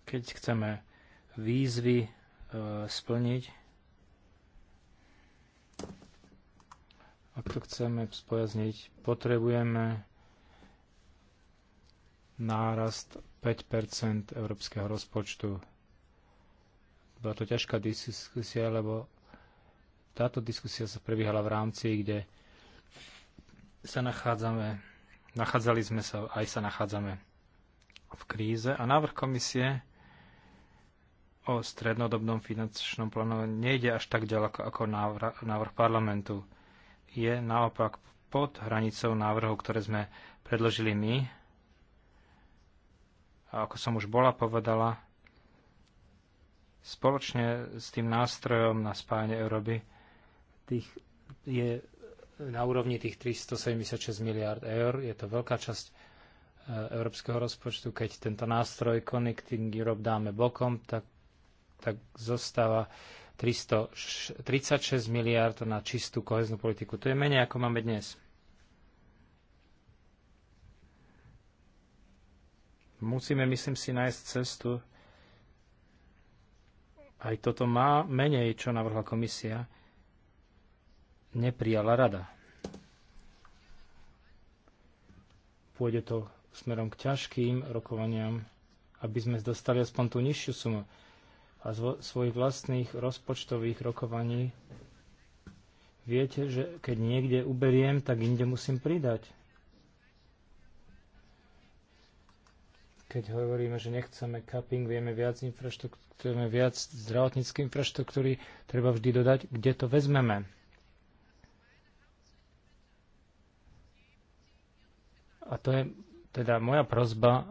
keď chceme výzvy e, splniť. Ak to chceme spojazniť, potrebujeme nárast 5 európskeho rozpočtu. Bola to ťažká diskusia, lebo táto diskusia sa prebiehala v rámci, kde sa nachádzame, nachádzali sme sa, aj sa nachádzame v kríze a návrh komisie o strednodobnom finančnom plánovaní nejde až tak ďaleko ako návrh parlamentu. Je naopak pod hranicou návrhov, ktoré sme predložili my. A ako som už bola povedala, spoločne s tým nástrojom na spájanie Európy tých je na úrovni tých 376 miliard eur. Je to veľká časť e, európskeho rozpočtu. Keď tento nástroj Connecting Europe dáme bokom, tak tak zostáva 336 miliárd na čistú koheznú politiku. To je menej, ako máme dnes. Musíme, myslím si, nájsť cestu. Aj toto má menej, čo navrhla komisia. Neprijala rada. Pôjde to smerom k ťažkým rokovaniam, aby sme dostali aspoň tú nižšiu sumu a svojich vlastných rozpočtových rokovaní, viete, že keď niekde uberiem, tak inde musím pridať. Keď hovoríme, že nechceme cupping, vieme viac infraštruktúry, viac zdravotníckej infraštruktúry, treba vždy dodať, kde to vezmeme. A to je teda moja prozba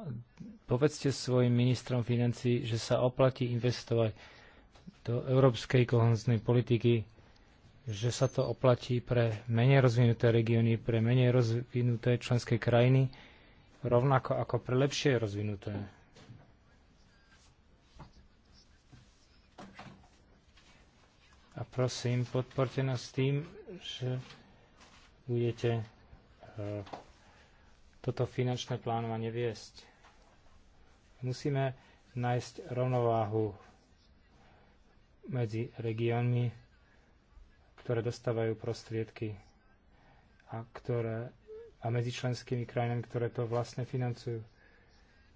Povedzte svojim ministrom financí, že sa oplatí investovať do európskej kohonznej politiky, že sa to oplatí pre menej rozvinuté regióny, pre menej rozvinuté členské krajiny, rovnako ako pre lepšie rozvinuté. A prosím, podporte nás tým, že budete eh, toto finančné plánovanie viesť. Musíme nájsť rovnováhu medzi regiónmi, ktoré dostávajú prostriedky a, ktoré, a medzi členskými krajinami, ktoré to vlastne financujú.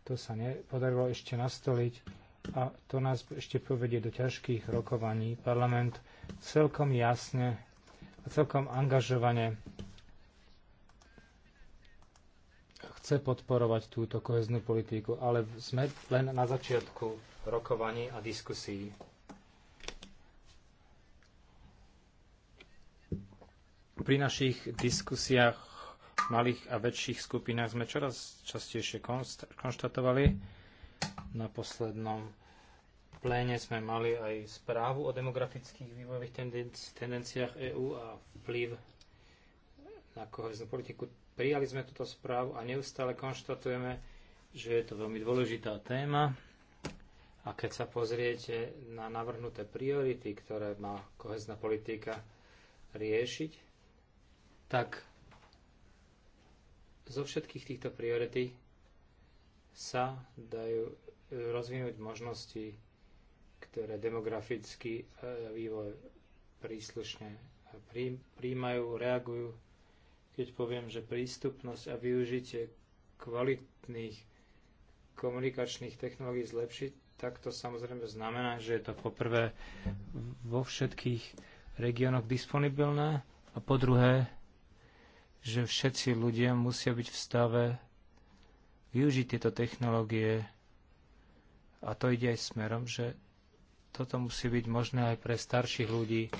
To sa nepodarilo ešte nastoliť a to nás ešte povedie do ťažkých rokovaní. Parlament celkom jasne a celkom angažovane chce podporovať túto koheznú politiku, ale sme len na začiatku rokovaní a diskusí. Pri našich diskusiách v malých a väčších skupinách sme čoraz častejšie konštatovali. Na poslednom pléne sme mali aj správu o demografických vývojových tendenciách EÚ a vplyv na koheznú politiku Prijali sme túto správu a neustále konštatujeme, že je to veľmi dôležitá téma. A keď sa pozriete na navrhnuté priority, ktoré má kohezná politika riešiť, tak zo všetkých týchto priority sa dajú e, rozvinúť možnosti, ktoré demografický e, vývoj príslušne príjmajú, reagujú keď poviem, že prístupnosť a využitie kvalitných komunikačných technológií zlepšiť, tak to samozrejme znamená, že je to poprvé vo všetkých regiónoch disponibilné a po druhé, že všetci ľudia musia byť v stave využiť tieto technológie a to ide aj smerom, že toto musí byť možné aj pre starších ľudí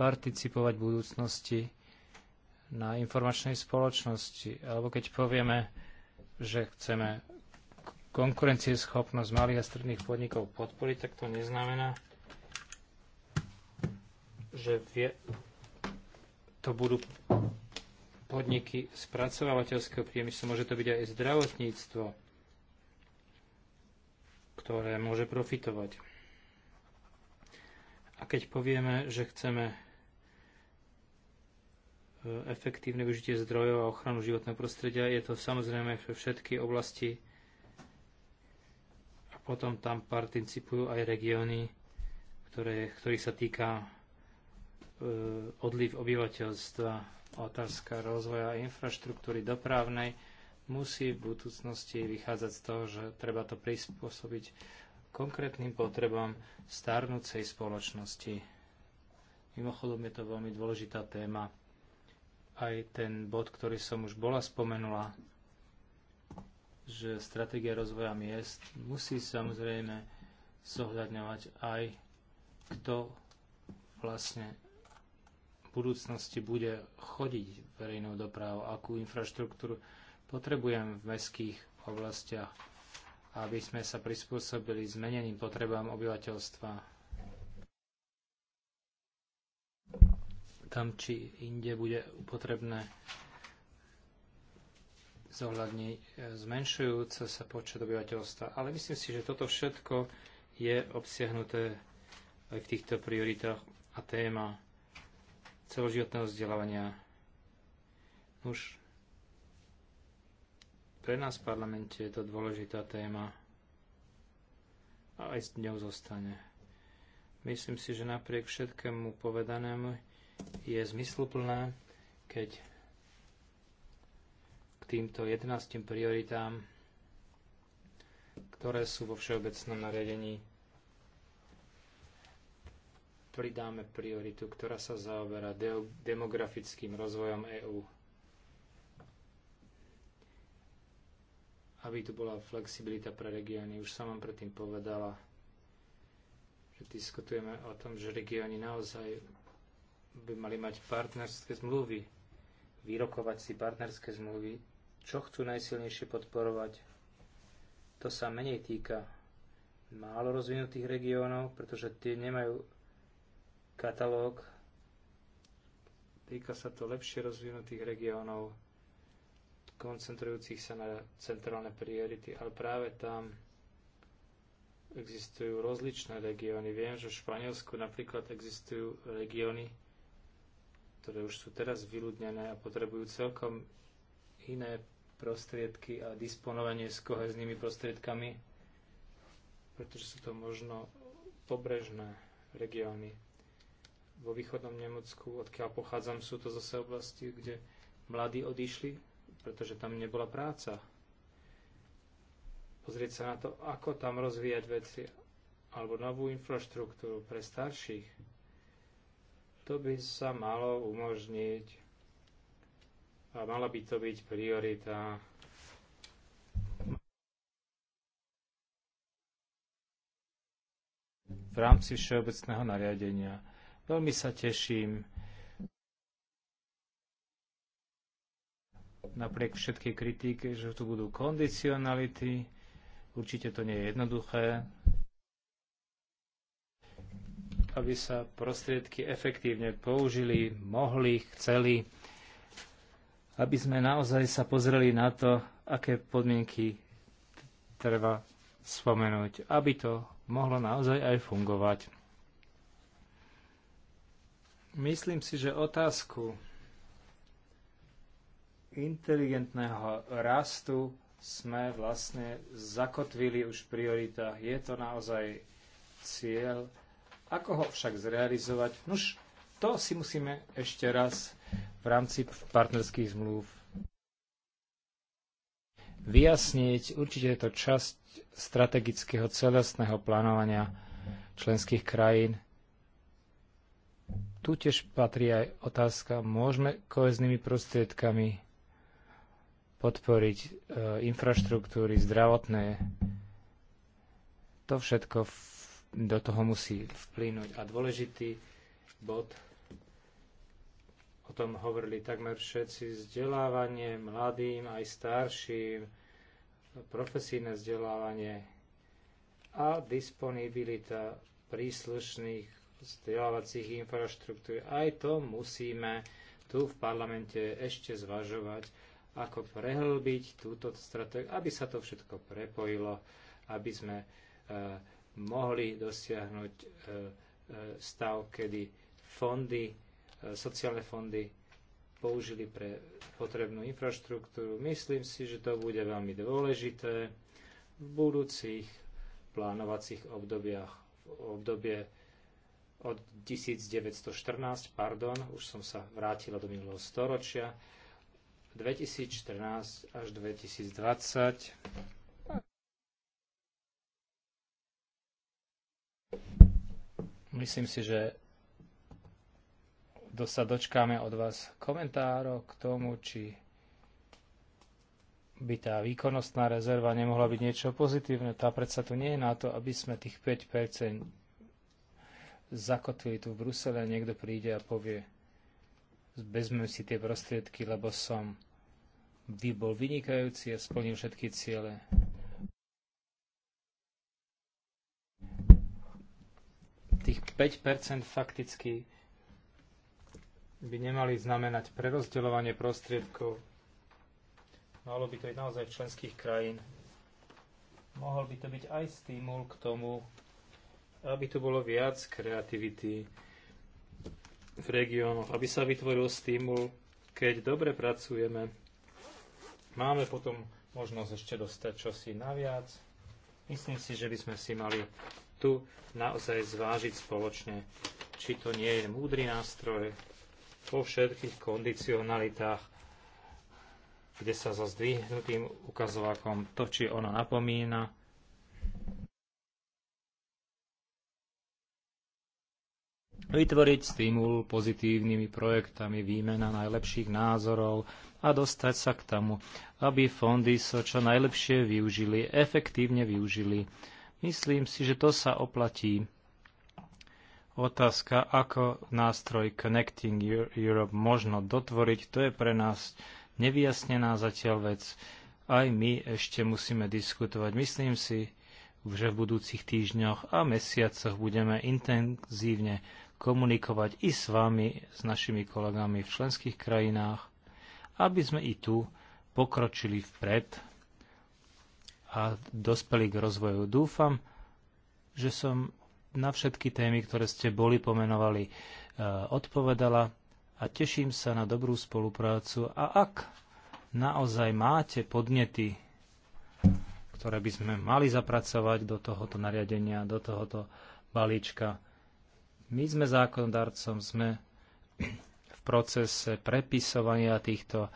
participovať v budúcnosti na informačnej spoločnosti. Alebo keď povieme, že chceme konkurencieschopnosť malých a stredných podnikov podporiť, tak to neznamená, že vie, to budú podniky spracovávateľského priemyslu, môže to byť aj zdravotníctvo, ktoré môže profitovať. A keď povieme, že chceme efektívne využitie zdrojov a ochranu životného prostredia. Je to samozrejme pre všetky oblasti a potom tam participujú aj regióny, ktoré, ktorých sa týka e, odliv obyvateľstva, otázka rozvoja infraštruktúry dopravnej musí v budúcnosti vychádzať z toho, že treba to prispôsobiť konkrétnym potrebám starnúcej spoločnosti. Mimochodom je to veľmi dôležitá téma aj ten bod, ktorý som už bola spomenula, že stratégia rozvoja miest musí samozrejme zohľadňovať aj kto vlastne v budúcnosti bude chodiť verejnou dopravou, akú infraštruktúru potrebujem v mestských oblastiach, aby sme sa prispôsobili zmeneným potrebám obyvateľstva. tam či inde bude potrebné zohľadniť e, zmenšujúce sa počet obyvateľstva. Ale myslím si, že toto všetko je obsiahnuté aj v týchto prioritách a téma celoživotného vzdelávania. Už pre nás v parlamente je to dôležitá téma a aj s ňou zostane. Myslím si, že napriek všetkému povedanému je zmysluplné, keď k týmto 11 prioritám, ktoré sú vo všeobecnom nariadení, pridáme prioritu, ktorá sa zaoberá de- demografickým rozvojom EÚ. Aby tu bola flexibilita pre regióny, už som vám predtým povedala, že diskutujeme o tom, že regióny naozaj by mali mať partnerské zmluvy, vyrokovať si partnerské zmluvy, čo chcú najsilnejšie podporovať. To sa menej týka málo rozvinutých regiónov, pretože tie nemajú katalóg. Týka sa to lepšie rozvinutých regiónov, koncentrujúcich sa na centrálne priority, ale práve tam existujú rozličné regióny. Viem, že v Španielsku napríklad existujú regióny, ktoré už sú teraz vyľudnené a potrebujú celkom iné prostriedky a disponovanie s koheznými prostriedkami, pretože sú to možno pobrežné regióny. Vo východnom Nemecku, odkiaľ pochádzam, sú to zase oblasti, kde mladí odišli, pretože tam nebola práca. Pozrieť sa na to, ako tam rozvíjať veci, alebo novú infraštruktúru pre starších to by sa malo umožniť a mala by to byť priorita v rámci všeobecného nariadenia. Veľmi sa teším napriek všetkej kritike, že tu budú kondicionality. Určite to nie je jednoduché aby sa prostriedky efektívne použili, mohli, chceli, aby sme naozaj sa pozreli na to, aké podmienky treba spomenúť, aby to mohlo naozaj aj fungovať. Myslím si, že otázku inteligentného rastu sme vlastne zakotvili už v prioritách. Je to naozaj cieľ, ako ho však zrealizovať? Nuž, to si musíme ešte raz v rámci partnerských zmluv vyjasniť. Určite je to časť strategického celostného plánovania členských krajín. Tu tiež patrí aj otázka, môžeme koheznými prostriedkami podporiť e, infraštruktúry zdravotné. To všetko do toho musí vplynúť. A dôležitý bod, o tom hovorili takmer všetci, vzdelávanie mladým aj starším, profesijné vzdelávanie a disponibilita príslušných vzdelávacích infraštruktúr. Aj to musíme tu v parlamente ešte zvažovať, ako prehlbiť túto stratégiu, aby sa to všetko prepojilo, aby sme uh, mohli dosiahnuť e, e, stav, kedy fondy, e, sociálne fondy použili pre potrebnú infraštruktúru. Myslím si, že to bude veľmi dôležité v budúcich plánovacích obdobiach, v obdobie od 1914, pardon, už som sa vrátila do minulého storočia, 2014 až 2020 Myslím si, že sa dočkáme od vás komentárov k tomu, či by tá výkonnostná rezerva nemohla byť niečo pozitívne. Tá predsa tu nie je na to, aby sme tých 5% zakotvili tu v Brusele a niekto príde a povie, vezmem si tie prostriedky, lebo som bol vynikajúci a splnil všetky ciele. 5 fakticky by nemali znamenať prerozdeľovanie prostriedkov. Malo by to byť naozaj členských krajín. Mohol by to byť aj stimul k tomu, aby tu bolo viac kreativity v regiónoch, aby sa vytvoril stimul, keď dobre pracujeme. Máme potom možnosť ešte dostať čosi naviac. Myslím si, že by sme si mali tu naozaj zvážiť spoločne, či to nie je múdry nástroj po všetkých kondicionalitách, kde sa so zdvihnutým ukazovakom to, či ono napomína, vytvoriť stimul pozitívnymi projektami, výmena najlepších názorov a dostať sa k tomu, aby fondy sa so čo najlepšie využili, efektívne využili Myslím si, že to sa oplatí. Otázka, ako nástroj Connecting Europe možno dotvoriť, to je pre nás nevyjasnená zatiaľ vec. Aj my ešte musíme diskutovať. Myslím si, že v budúcich týždňoch a mesiacoch budeme intenzívne komunikovať i s vami, s našimi kolegami v členských krajinách, aby sme i tu pokročili vpred a dospeli k rozvoju. Dúfam, že som na všetky témy, ktoré ste boli pomenovali, e, odpovedala a teším sa na dobrú spoluprácu. A ak naozaj máte podnety, ktoré by sme mali zapracovať do tohoto nariadenia, do tohoto balíčka, my sme zákonodarcom, sme v procese prepisovania týchto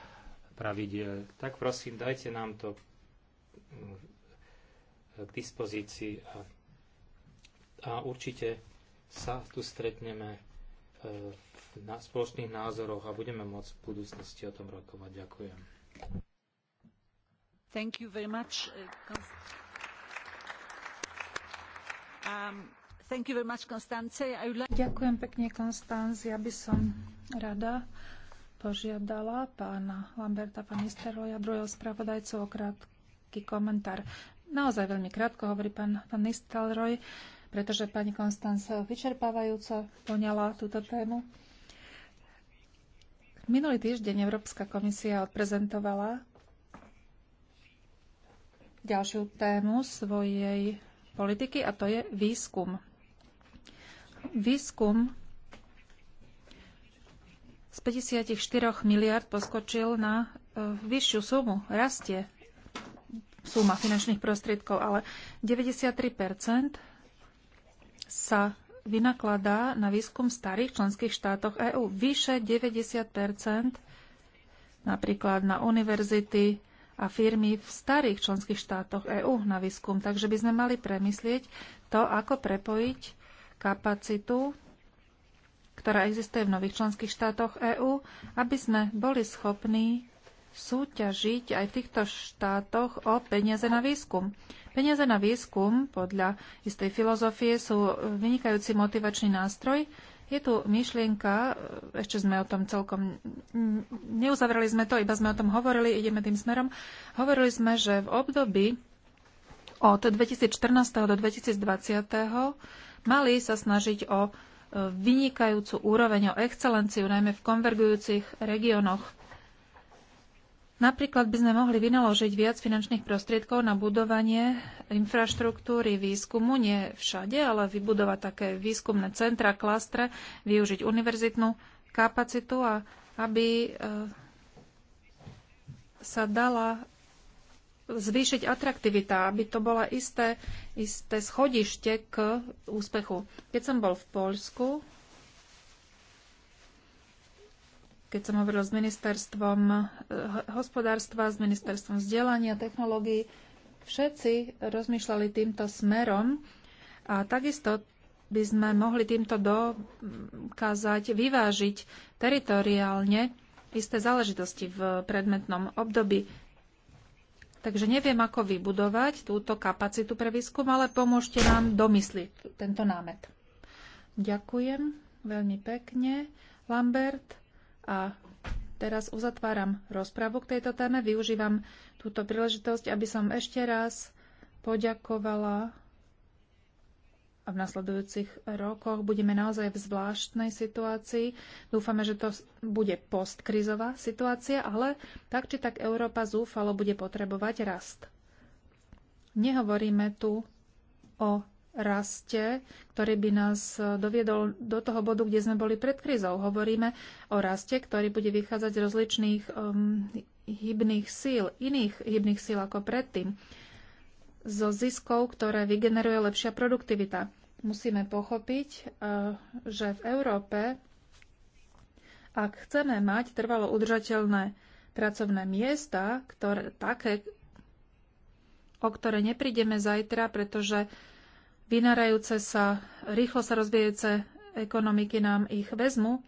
pravidiel. Tak prosím, dajte nám to k dispozícii a, a určite sa tu stretneme e, na spoločných názoroch a budeme môcť v budúcnosti o tom rokovať. Ďakujem. Thank you very much. E, um, thank you very much, Constance. I would like... Ďakujem pekne, Konstanz. Ja by som rada požiadala pána Lamberta, pán a druhého spravodajcu o krátku krátky komentár. Naozaj veľmi krátko, hovorí pán, pán Nistelroj, pretože pani Konstanca vyčerpávajúco poňala túto tému. Minulý týždeň Európska komisia odprezentovala ďalšiu tému svojej politiky a to je výskum. Výskum z 54 miliard poskočil na e, vyššiu sumu, rastie suma finančných prostriedkov, ale 93% sa vynakladá na výskum starých členských štátoch EÚ. Vyše 90 napríklad na univerzity a firmy v starých členských štátoch EÚ na výskum. Takže by sme mali premyslieť to, ako prepojiť kapacitu, ktorá existuje v nových členských štátoch EÚ, aby sme boli schopní súťažiť aj v týchto štátoch o peniaze na výskum. Peniaze na výskum podľa istej filozofie sú vynikajúci motivačný nástroj. Je tu myšlienka, ešte sme o tom celkom, neuzavreli sme to, iba sme o tom hovorili, ideme tým smerom. Hovorili sme, že v období od 2014. do 2020. mali sa snažiť o vynikajúcu úroveň, o excelenciu, najmä v konvergujúcich regiónoch Napríklad by sme mohli vynaložiť viac finančných prostriedkov na budovanie infraštruktúry výskumu, nie všade, ale vybudovať také výskumné centra, klastre, využiť univerzitnú kapacitu a aby e, sa dala zvýšiť atraktivita, aby to bola isté, isté schodište k úspechu. Keď som bol v Poľsku, keď som hovoril s ministerstvom eh, hospodárstva, s ministerstvom vzdelania, technológií, všetci rozmýšľali týmto smerom a takisto by sme mohli týmto dokázať vyvážiť teritoriálne isté záležitosti v predmetnom období. Takže neviem, ako vybudovať túto kapacitu pre výskum, ale pomôžte nám domysliť tento námet. Ďakujem veľmi pekne, Lambert. A teraz uzatváram rozpravu k tejto téme. Využívam túto príležitosť, aby som ešte raz poďakovala a v nasledujúcich rokoch budeme naozaj v zvláštnej situácii. Dúfame, že to bude postkrizová situácia, ale tak či tak Európa zúfalo bude potrebovať rast. Nehovoríme tu o raste, ktorý by nás eh, doviedol do toho bodu, kde sme boli pred krizou. Hovoríme o raste, ktorý bude vychádzať z rozličných um, hybných síl, iných hybných síl ako predtým, zo ziskov, ktoré vygeneruje lepšia produktivita. Musíme pochopiť, uh, že v Európe, ak chceme mať trvalo udržateľné pracovné miesta, ktoré, také, o ktoré neprídeme zajtra, pretože uh, vynárajúce sa, rýchlo sa rozvíjajúce ekonomiky nám ich vezmu,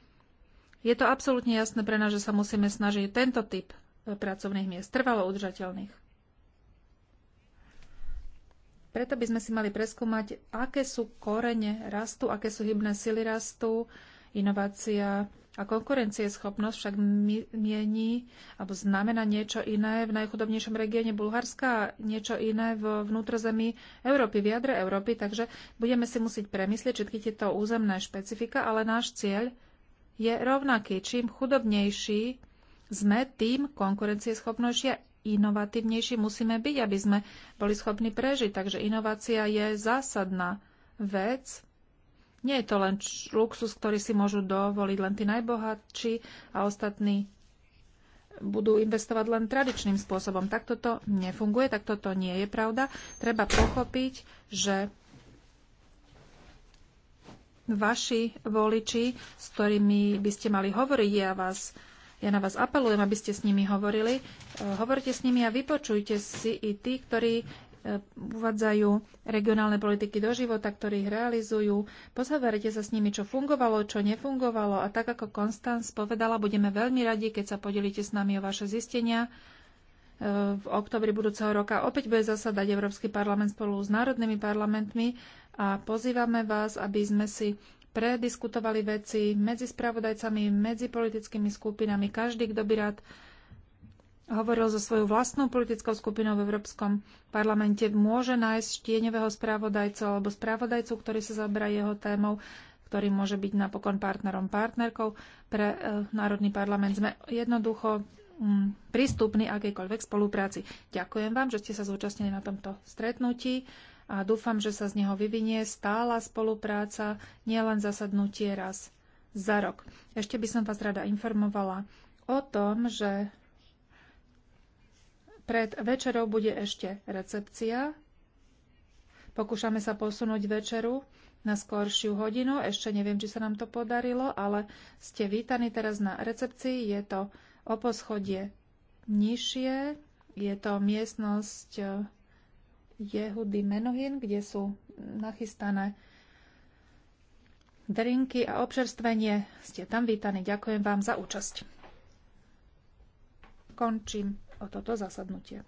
je to absolútne jasné pre nás, že sa musíme snažiť tento typ pracovných miest, trvalo udržateľných. Preto by sme si mali preskúmať, aké sú korene rastu, aké sú hybné sily rastu, inovácia, a konkurencieschopnosť však mieni alebo znamená niečo iné v najchudobnejšom regióne Bulharska a niečo iné v vnútrozemí Európy, v jadre Európy, takže budeme si musieť premyslieť všetky tieto územné špecifika, ale náš cieľ je rovnaký. Čím chudobnejší sme, tým konkurencieschopnejšie inovatívnejší musíme byť, aby sme boli schopní prežiť. Takže inovácia je zásadná vec nie je to len luxus, ktorý si môžu dovoliť len tí najbohatší a ostatní budú investovať len tradičným spôsobom. Tak toto nefunguje, tak toto nie je pravda. Treba pochopiť, že vaši voliči, s ktorými by ste mali hovoriť, ja, vás, ja na vás apelujem, aby ste s nimi hovorili. E, Hovorte s nimi a vypočujte si i tí, ktorí uvádzajú regionálne politiky do života, ktorí ich realizujú. Pozhoverte sa s nimi, čo fungovalo, čo nefungovalo a tak ako Konstanz povedala, budeme veľmi radi, keď sa podelíte s nami o vaše zistenia. E, v oktobri budúceho roka opäť bude zasadať Európsky parlament spolu s národnými parlamentmi a pozývame vás, aby sme si prediskutovali veci medzi spravodajcami, medzi politickými skupinami. Každý, kto by rád hovoril so svojou vlastnou politickou skupinou v Európskom parlamente, môže nájsť tieňového správodajcu alebo správodajcu, ktorý sa zaberá jeho témou, ktorý môže byť napokon partnerom, partnerkou pre e, Národný parlament. Sme jednoducho m, mm, prístupní akejkoľvek spolupráci. Ďakujem vám, že ste sa zúčastnili na tomto stretnutí a dúfam, že sa z neho vyvinie stála spolupráca, nielen zasadnutie raz za rok. Ešte by som vás rada informovala o tom, že pred večerou bude ešte recepcia. Pokúšame sa posunúť večeru na skoršiu hodinu. Ešte neviem, či sa nám to podarilo, ale ste vítaní teraz na recepcii. Je to o poschodie nižšie. Je to miestnosť eh, Jehudy Menohin, kde sú nachystané drinky a občerstvenie. Ste tam vítaní. Ďakujem vám za účasť. Končím o toto zasadnutie.